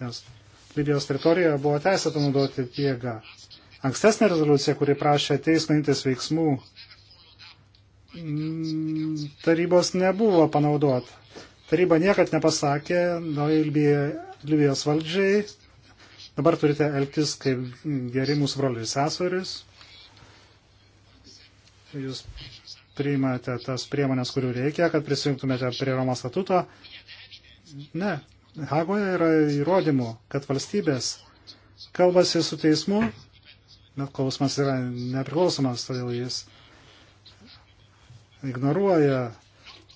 nes Libijos teritorijoje buvo teisėta naudoti jėgą. Ankstesnė rezoliucija, kuri prašė teismą imtis veiksmų, mm, tarybos nebuvo panaudota. Taryba niekad nepasakė, no Libijos valdžiai, dabar turite elgtis kaip geri mūsų broliai ir seserys. Jūs priimate tas priemonės, kurių reikia, kad prisijungtumėte prie Romos statuto. Ne, Hagoje yra įrodymų, kad valstybės kalbasi su teismu, bet klausimas yra nepriklausomas, todėl jis ignoruoja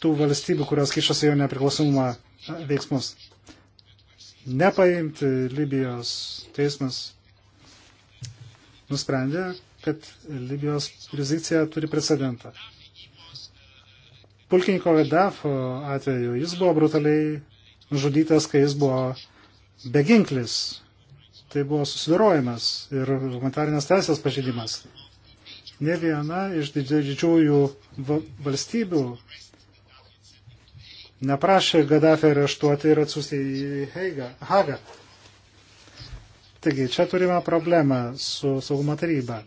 tų valstybių, kurios kišasi jo nepriklausomumą veiksmus. Nepaimti Libijos teismas nusprendė, kad Libijos jurisdikcija turi precedentą. Pulkininko Gaddafo atveju jis buvo brutaliai nužudytas, kai jis buvo beginklis. Tai buvo susidarojimas ir humanitarinės teisės pažydimas. Ne viena iš didžiųjų valstybių neprašė Gaddafį areštuoti ir atsiųsti į Hagą. Taigi, čia turime problemą su saugumo taryba.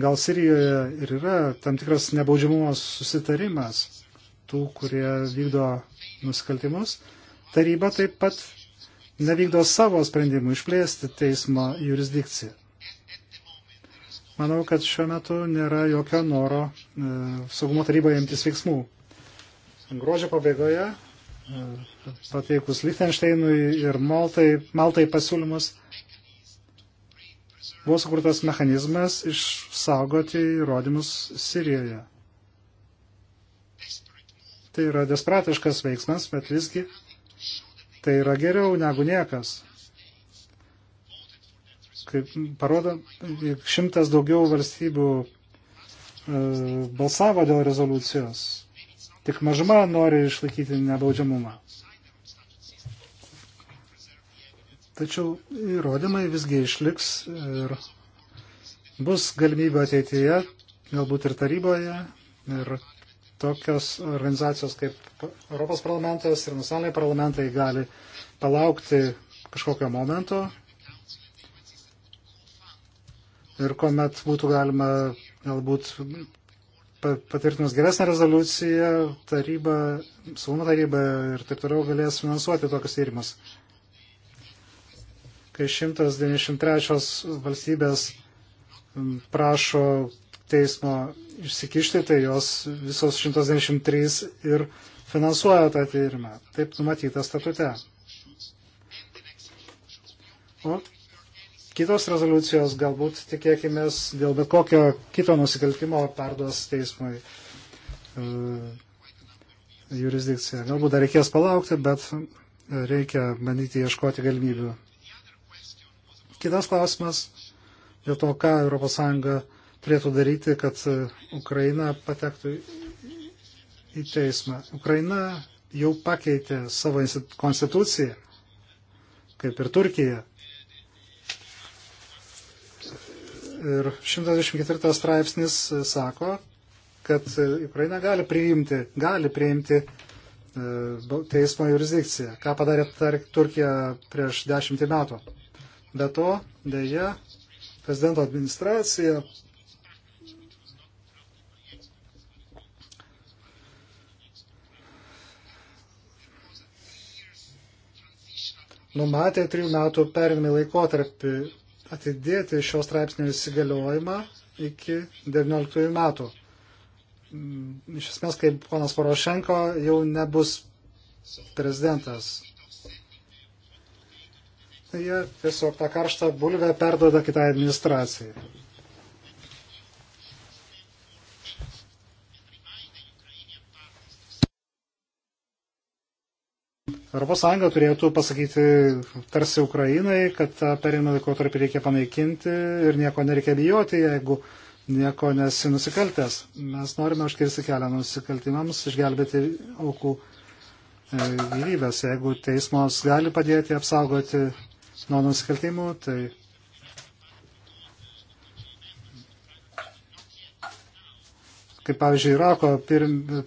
Gal Sirijoje ir yra tam tikras nebaudžiamumas susitarimas tų, kurie vykdo nusikaltimus. Taryba taip pat nevykdo savo sprendimų išplėsti teismo jurisdikciją. Manau, kad šiuo metu nėra jokio noro e, saugumo taryboje imtis veiksmų. Gruodžio pabaigoje, e, pateikus Liechtensteinui ir Maltai, Maltai pasiūlymus, buvo sukurtas mechanizmas išsaugoti įrodymus Sirijoje. Tai yra desperatiškas veiksmas, bet visgi tai yra geriau negu niekas. Kaip parodo, šimtas daugiau valstybių e, balsavo dėl rezoliucijos. Tik mažuma nori išlaikyti nebaudžiamumą. Tačiau įrodymai visgi išliks ir bus galimybė ateityje, galbūt ir taryboje, ir tokios organizacijos kaip Europos parlamentas ir nacionaliniai parlamentai gali palaukti kažkokio momento ir kuomet būtų galima galbūt patvirtinus geresnę rezoliuciją, taryba, saugumo taryba ir taip toliau galės finansuoti tokius tyrimus kai 193 valstybės prašo teismo išsikišti, tai jos visos 193 ir finansuoja tą tyrimą. Taip numatyta statute. O kitos rezoliucijos galbūt tikėkime dėl bet kokio kito nusikaltimo perduos teismui uh, jurisdikciją. Galbūt dar reikės palaukti, bet reikia bandyti ieškoti galimybių. Kitas klausimas dėl to, ką ES turėtų daryti, kad e, Ukraina patektų į teismą. Ukraina jau pakeitė savo konstituciją, kaip ir Turkija. Ir 124 straipsnis e, sako, kad e, Ukraina gali priimti, gali priimti teismo jurisdikciją, ką padarė Turkija prieš dešimtį metų. Be to, dėja, prezidento administracija numatė trijų metų perinamį laikotarpį atidėti šios straipsnio įsigaliojimą iki 19 metų. Mm, iš esmės, kaip ponas Porošenko jau nebus prezidentas tai jie tiesiog tą karštą bulvę perdoda kitai administracijai. Europos Sąjunga turėtų pasakyti tarsi Ukrainai, kad tą perimą laikotarpį reikia panaikinti ir nieko nereikia bijoti, jeigu nieko nesi nusikaltęs. Mes norime užkirsti kelią nusikaltimams, išgelbėti aukų e, gyvybės. Jeigu teismos gali padėti apsaugoti nuo nusikaltimų, tai kaip pavyzdžiui Irako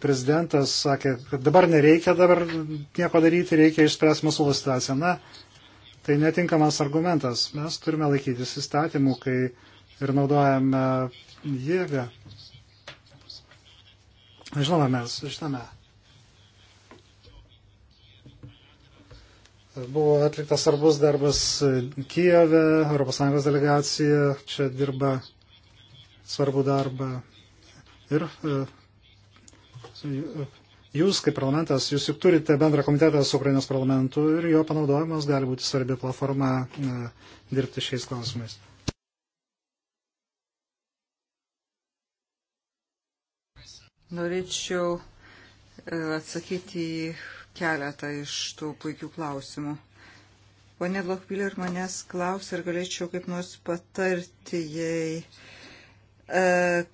prezidentas sakė, kad dabar nereikia dabar nieko daryti, reikia išspręsti mūsų situaciją. Na, tai netinkamas argumentas. Mes turime laikytis įstatymų, kai ir naudojame jėgą. Žinoma, mes žinome. Buvo atliktas svarbus darbas Kijove, ES delegacija čia dirba svarbu darbą. Ir e, jūs, kaip parlamentas, jūs juk turite bendrą komitetą su Ukrainos parlamentu ir jo panaudojimas gali būti svarbi platforma e, dirbti šiais klausimais. Norėčiau e, atsakyti į keletą iš tų puikių klausimų. Pone Lokvilė ir manęs klausė, ar galėčiau kaip nors patarti jai, e,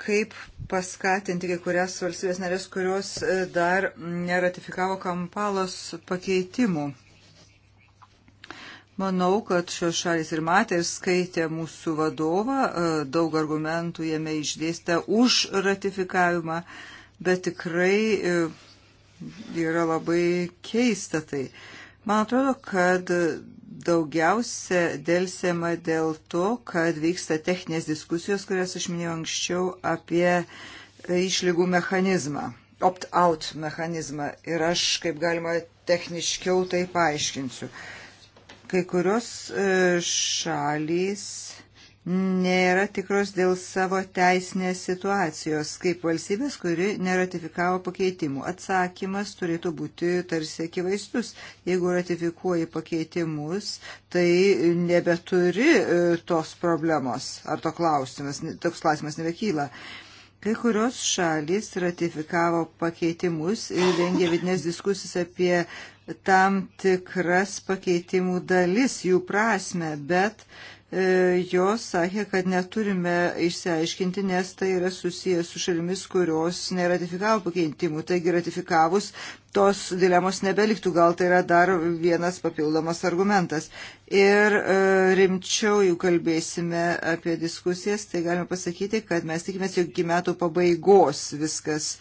kaip paskatinti kai kurias valstybės narės, kurios e, dar neratifikavo kampalos pakeitimų. Manau, kad šios šalis ir matė ir skaitė mūsų vadovą, e, daug argumentų jame išdėstė už ratifikavimą, bet tikrai yra labai keista tai. Man atrodo, kad daugiausia dėlsiama dėl to, kad vyksta techninės diskusijos, kurias aš minėjau anksčiau, apie išlygų mechanizmą, opt-out mechanizmą. Ir aš kaip galima techniškiau tai paaiškinsiu. Kai kurios e, šalys nėra tikros dėl savo teisinės situacijos, kaip valstybės, kuri neratifikavo pakeitimų. Atsakymas turėtų būti tarsi akivaizdus. Jeigu ratifikuoji pakeitimus, tai nebeturi e, tos problemos ar to klausimas, toks klausimas nebekyla. Kai kurios šalys ratifikavo pakeitimus ir rengė vidinės diskusijas apie tam tikras pakeitimų dalis, jų prasme, bet uh, E, jos sakė, kad neturime išsiaiškinti, nes tai yra susijęs su šalimis, kurios neratifikavo pakeitimų. Taigi ratifikavus tos dilemos nebeliktų, gal tai yra dar vienas papildomas argumentas. Ir e, rimčiau jau kalbėsime apie diskusijas, tai galime pasakyti, kad mes tikimės, jog iki metų pabaigos viskas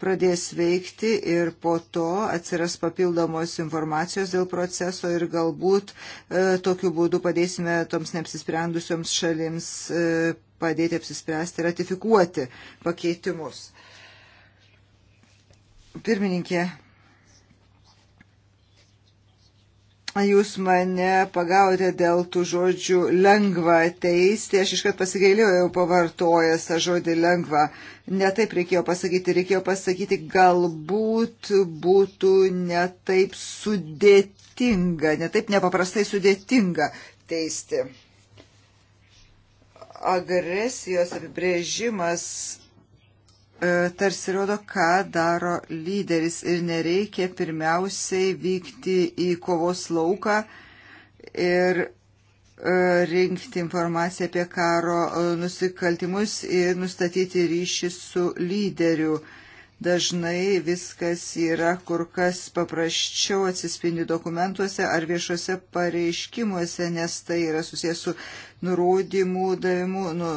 pradės veikti ir po to atsiras papildomos informacijos dėl proceso ir galbūt e, tokiu būdu padėsime toms neapsisprendusioms šalims e, padėti apsispręsti, ratifikuoti pakeitimus. Pirmininkė, Jūs mane pagavote dėl tų žodžių lengva teisti. Aš iškart pasigailėjau pavartojęs tą žodį lengva. Netaip reikėjo pasakyti. Reikėjo pasakyti, galbūt būtų netaip sudėtinga, netaip nepaprastai sudėtinga teisti. Agresijos apibrėžimas E, tarsi rodo, ką daro lyderis ir nereikia pirmiausiai vykti į kovos lauką ir e, rinkti informaciją apie karo e, nusikaltimus ir nustatyti ryšį su lyderiu dažnai viskas yra kur kas paprasčiau atsispindi dokumentuose ar viešuose pareiškimuose, nes tai yra susijęs su nurodymų davimu, nu,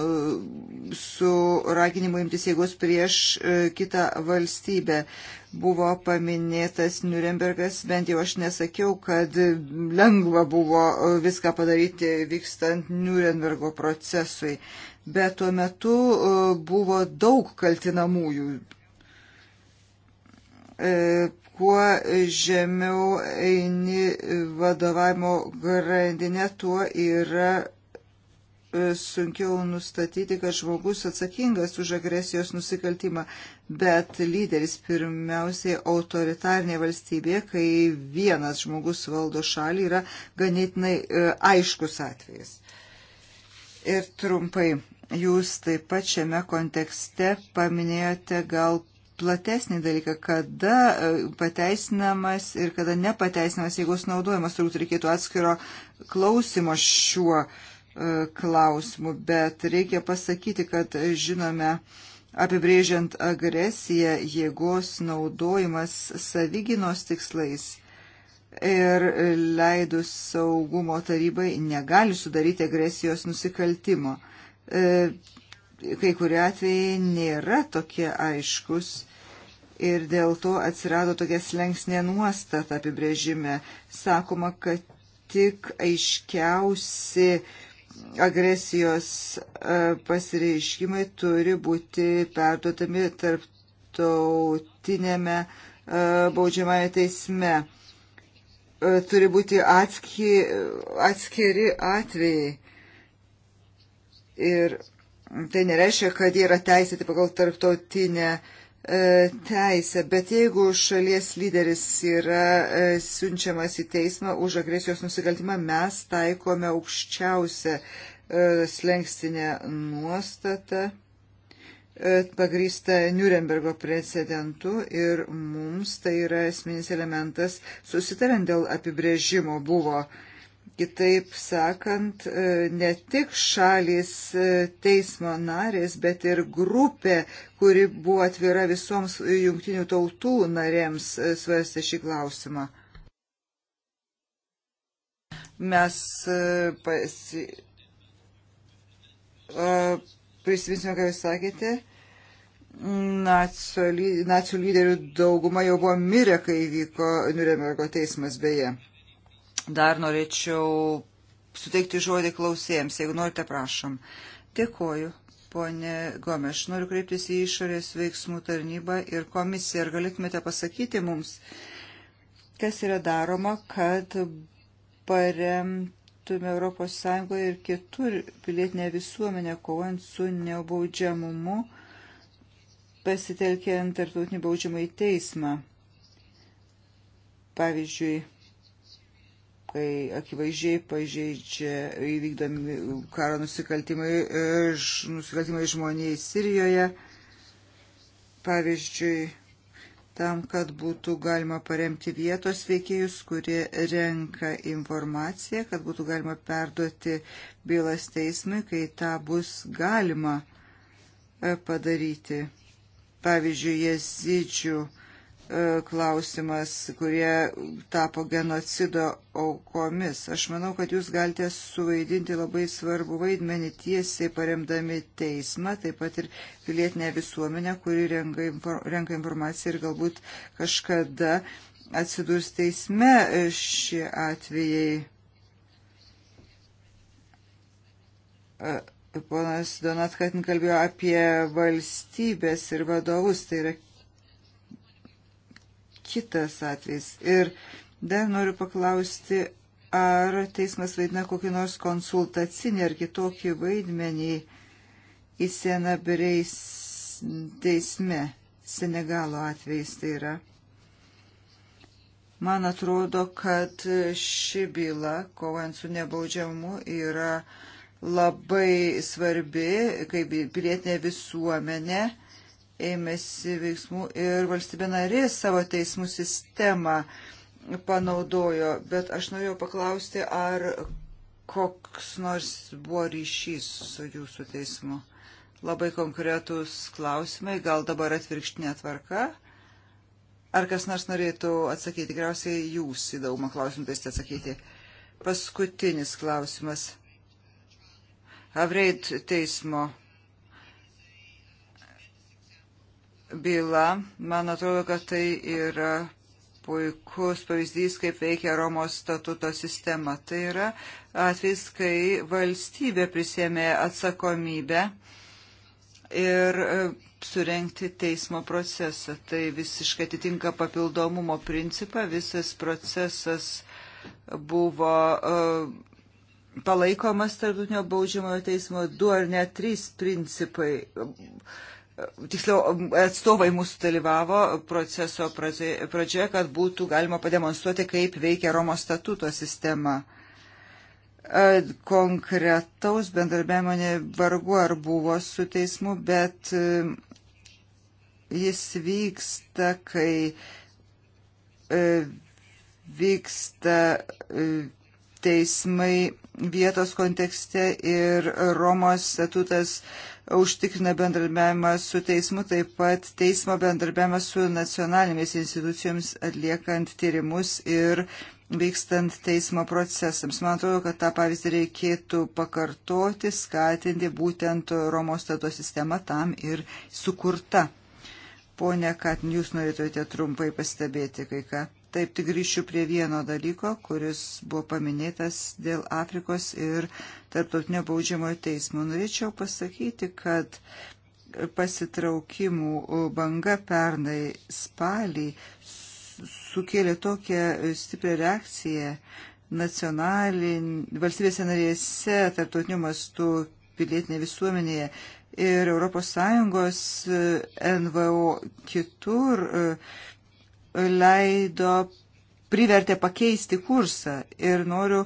su raginimu imtis jėgos prieš e, kitą valstybę. Buvo paminėtas Nurembergas, bent jau aš nesakiau, kad lengva buvo e, viską padaryti vykstant Nurembergo procesui bet tuo metu e, buvo daug kaltinamųjų, E, kuo žemiau eini vadovavimo grandinė, tuo yra e, sunkiau nustatyti, kad žmogus atsakingas už agresijos nusikaltimą, bet lyderis pirmiausiai autoritarnė valstybė, kai vienas žmogus valdo šalį, yra ganėtinai e, aiškus atvejis. Ir trumpai, jūs taip pat šiame kontekste paminėjote gal platesnį dalyką, kada e, pateisinamas ir kada nepateisinamas, jeigu jis naudojamas, turbūt reikėtų atskiro klausimo šiuo e, klausimu, bet reikia pasakyti, kad e, žinome, apibrėžiant agresiją, jėgos naudojimas savyginos tikslais ir leidus saugumo tarybai negali sudaryti agresijos nusikaltimo. Kai kurie atvejai nėra tokie aiškus ir dėl to atsirado tokia slengsnė nuostata apibrėžime. Sakoma, kad tik aiškiausi agresijos e, pasireiškimai turi būti perduotami tarptautinėme baudžiamąją teisme. E, turi būti atski, atskiri atvejai. Ir tai nereiškia, kad jie yra teisėti pagal tarptautinę uh, E, teisę, bet jeigu šalies lyderis yra e, siunčiamas į teismą už agresijos nusikaltimą, mes taikome aukščiausią e, slengstinę nuostatą pagrįsta Nürnbergo precedentu ir mums tai yra esminis elementas susitarant dėl apibrėžimo buvo uh, Kitaip sakant, e, ne tik šalis e, teismo narės, bet ir grupė, kuri buvo atvira visoms jungtinių tautų narėms e, svarstė šį klausimą. Mes pasi... prisiminsime, ką jūs sakėte. Nacių lyderių dauguma jau buvo mirę, kai vyko Nurembergo teismas beje. Dar norėčiau suteikti žodį klausėjams, jeigu norite, prašom. Dėkoju, ponė Gomeš. Noriu kreiptis į išorės veiksmų tarnybą ir komisiją. Ar galėtumėte pasakyti mums, kas yra daroma, kad paremtume ES ir kitur pilietinę visuomenę kovant su nebaudžiamumu, pasitelkiant tarptautinį baudžiamą į teismą. Pavyzdžiui, kai akivaizdžiai pažeidžia įvykdami karo nusikaltimai, e, nusikaltimai žmoniai Sirijoje. Pavyzdžiui, tam, kad būtų galima paremti vietos veikėjus, kurie renka informaciją, kad būtų galima perduoti bylas teismui, kai tą bus galima e, padaryti. Pavyzdžiui, jezidžių E, klausimas, kurie tapo genocido aukomis. Aš manau, kad jūs galite suvaidinti labai svarbu vaidmenį tiesiai paremdami teismą, taip pat ir pilietinę visuomenę, kuri renka, renka informaciją ir galbūt kažkada atsidurs teisme e, šie atvejai. E, ponas Donat Katin kalbėjo apie valstybės ir vadovus, tai yra kitas atvejs. Ir dar noriu paklausti, ar teismas vaidina kokį nors konsultacinį ar kitokį vaidmenį į Senabireis teisme, Senegalo atvejais tai yra. Man atrodo, kad ši byla, kovant su nebaudžiamu, yra labai svarbi, kaip pilietinė visuomenė ėmėsi veiksmų ir valstybė narė savo teismų sistemą panaudojo, bet aš norėjau paklausti, ar koks nors buvo ryšys su jūsų teismu. Labai konkretus klausimai, gal dabar atvirkštinė tvarka. Ar kas nors norėtų atsakyti? Tikriausiai jūs į daugumą klausimų turėsite atsakyti. Paskutinis klausimas. Avreit teismo byla, man atrodo, kad tai yra puikus pavyzdys, kaip veikia Romos statuto sistema. Tai yra atvejs, kai valstybė prisėmė atsakomybę ir e, surenkti teismo procesą. Tai visiškai atitinka papildomumo principą. Visas procesas buvo e, palaikomas tarptautinio baudžiamojo teismo du ar net trys principai tiksliau, atstovai mūsų dalyvavo proceso pradžioje, kad būtų galima pademonstruoti, kaip veikia Romos statuto sistema. E, konkretaus bendarbiavimo nevargu ar buvo su teismu, bet e, jis vyksta, kai e, vyksta teismai vietos kontekste ir Romos statutas uh, užtikrina bendradarbiavimą su teismu, taip pat teismo bendradarbiavimą su nacionalinėmis institucijomis atliekant tyrimus ir vykstant teismo procesams. Man atrodo, kad tą pavyzdį reikėtų pakartoti, skatinti būtent Romos stato sistema tam ir sukurta. Pone Katin, jūs norėtumėte trumpai pastebėti kai ką. Taip tik grįšiu prie vieno dalyko, kuris buvo paminėtas dėl Afrikos ir tarptautinio baudžiamojo teismo. Norėčiau pasakyti, kad pasitraukimų banga pernai spalį sukėlė tokią stiprią reakciją valstybėse narėse, tarptautiniu mastu, pilietinė visuomenėje ir ES NVO e, kitur e, leido, privertė pakeisti kursą ir noriu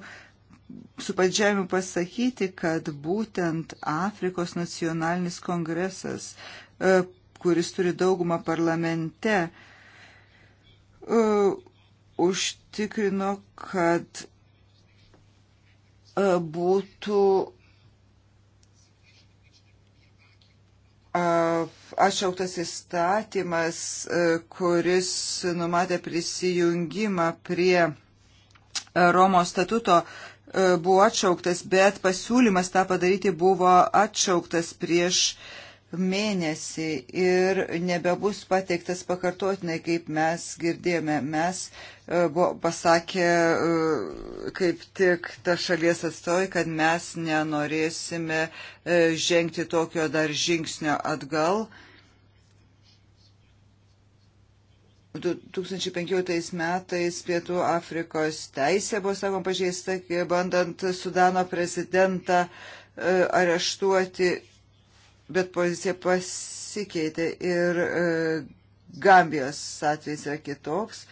su padžiavimu pasakyti, kad būtent Afrikos nacionalinis kongresas, e, kuris turi daugumą parlamente, e, užtikrino, kad e, būtų atšauktas įstatymas, e, kuris numatė prisijungimą prie e, Romos statuto, e, buvo atšauktas, bet pasiūlymas tą padaryti buvo atšauktas prieš uh, mėnesį ir nebebus pateiktas pakartotinai, kaip mes girdėjome. Mes e, buvo pasakę e, kaip tik ta šalies atstovai, kad mes nenorėsime e, žengti tokio dar žingsnio atgal. 2015 metais Pietų Afrikos teisė buvo, sakom, pažeista, bandant Sudano prezidentą areštuoti bet pozicija pasikeitė ir e, Gambijos atvejs yra kitoks.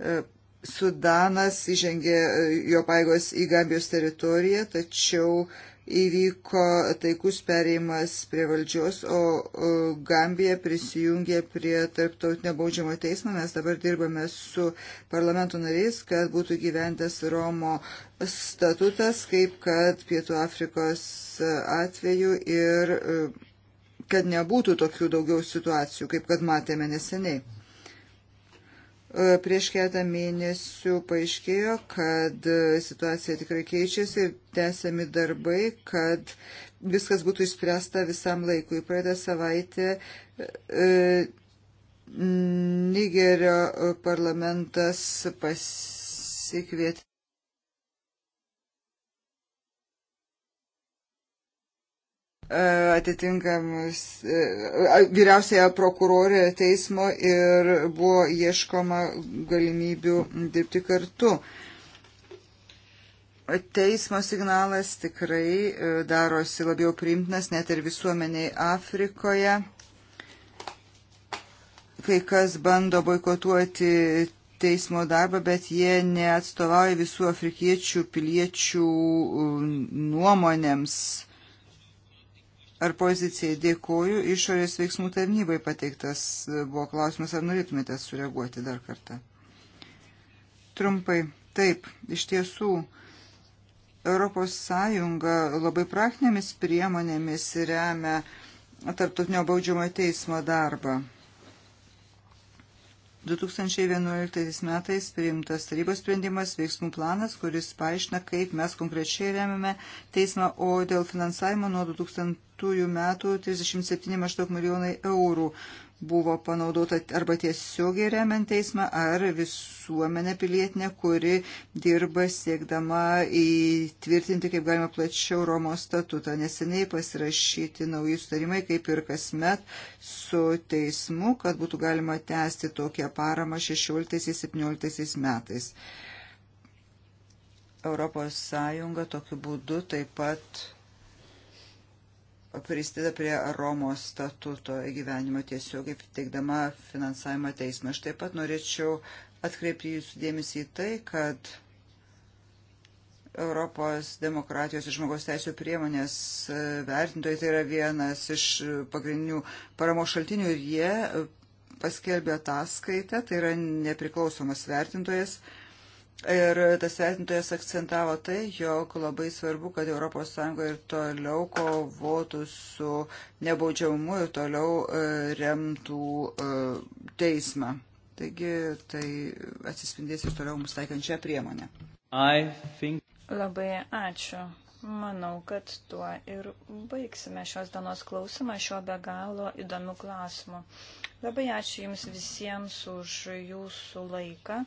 E, Sudanas įžengė e, jo paėgos į Gambijos teritoriją, tačiau įvyko taikus perėjimas prie valdžios, o Gambija prisijungė prie tarptautinio baudžiamo teismo. Mes dabar dirbame su parlamento nariais, kad būtų gyventas Romo statutas, kaip kad Pietų Afrikos atveju ir kad nebūtų tokių daugiau situacijų, kaip kad matėme neseniai. E, prieš keletą mėnesių paaiškėjo, kad e, situacija tikrai keičiasi ir tęsiami darbai, kad viskas būtų išspręsta visam laikui. Praeitą savaitę e, Nigerio e, parlamentas pasikvietė E, atitinkamus e, vyriausiąją prokurorę teismo ir buvo ieškoma galimybių dirbti kartu. Teismo signalas tikrai e, darosi labiau priimtinas net ir visuomeniai Afrikoje. Kai kas bando boikotuoti teismo darbą, bet jie neatstovauja visų afrikiečių piliečių nuomonėms ar pozicijai. Dėkoju, išorės veiksmų tarnybai pateiktas e, buvo klausimas, ar norėtumėte sureaguoti dar kartą. Trumpai, taip, iš tiesų, Europos Sąjunga labai praktinėmis priemonėmis remia tarptautinio baudžiamo teismo darbą. 2011 metais priimtas tarybos sprendimas veiksmų planas, kuris paaiškina, kaip mes konkrečiai remiame teismą, o dėl finansavimo nuo 2000 metų 37 maždaug milijonai eurų buvo panaudota arba tiesiogiai remiant teismą, ar visuomenę pilietinę, kuri dirba siekdama įtvirtinti kaip galima plačiau Romos statutą. Neseniai pasirašyti nauji sutarimai, kaip ir kasmet, su teismu, kad būtų galima tęsti tokią paramą 16-17 metais. Europos Sąjunga tokiu būdu taip pat prisideda prie Romos statuto įgyvenimo tiesiog kaip teikdama finansavimą teismą. Aš taip pat norėčiau atkreipti jūsų dėmesį į tai, kad Europos demokratijos ir žmogaus teisų priemonės e, vertintojai tai yra vienas iš pagrindinių paramos šaltinių ir jie paskelbė ataskaitę, tai yra nepriklausomas vertintojas Ir tas vertintojas akcentavo tai, jog labai svarbu, kad ES ir toliau kovotų su nebaudžiamumu ir toliau e, remtų e, teismą. Taigi tai atsispindės ir toliau mums taikančią priemonę. Think... Labai ačiū. Manau, kad tuo ir baigsime šios dienos klausimą šio be galo įdomių klausimų. Labai ačiū Jums visiems už Jūsų laiką.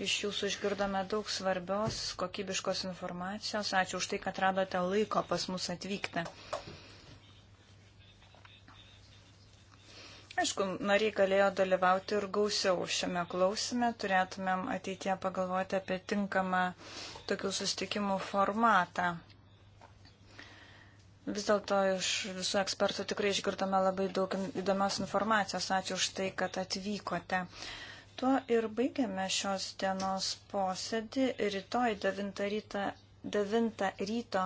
Iš jūsų išgirdome daug svarbios, kokybiškos informacijos. Ačiū už tai, kad radote laiko pas mus atvykti. Aišku, nariai galėjo dalyvauti ir gausiau šiame klausime. Turėtumėm ateitie pagalvoti apie tinkamą tokių sustikimų formatą. Vis dėlto iš visų ekspertų tikrai išgirdome labai daug įdomios informacijos. Ačiū už tai, kad atvykote. Tuo ir baigiame šios dienos posėdį. Rytoj 9 ryto, 9 ryto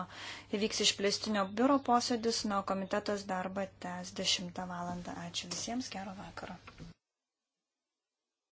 įvyks išplėstinio biuro posėdis, nuo komitetas darbą tęs 10 val. Ačiū visiems, gero vakaro.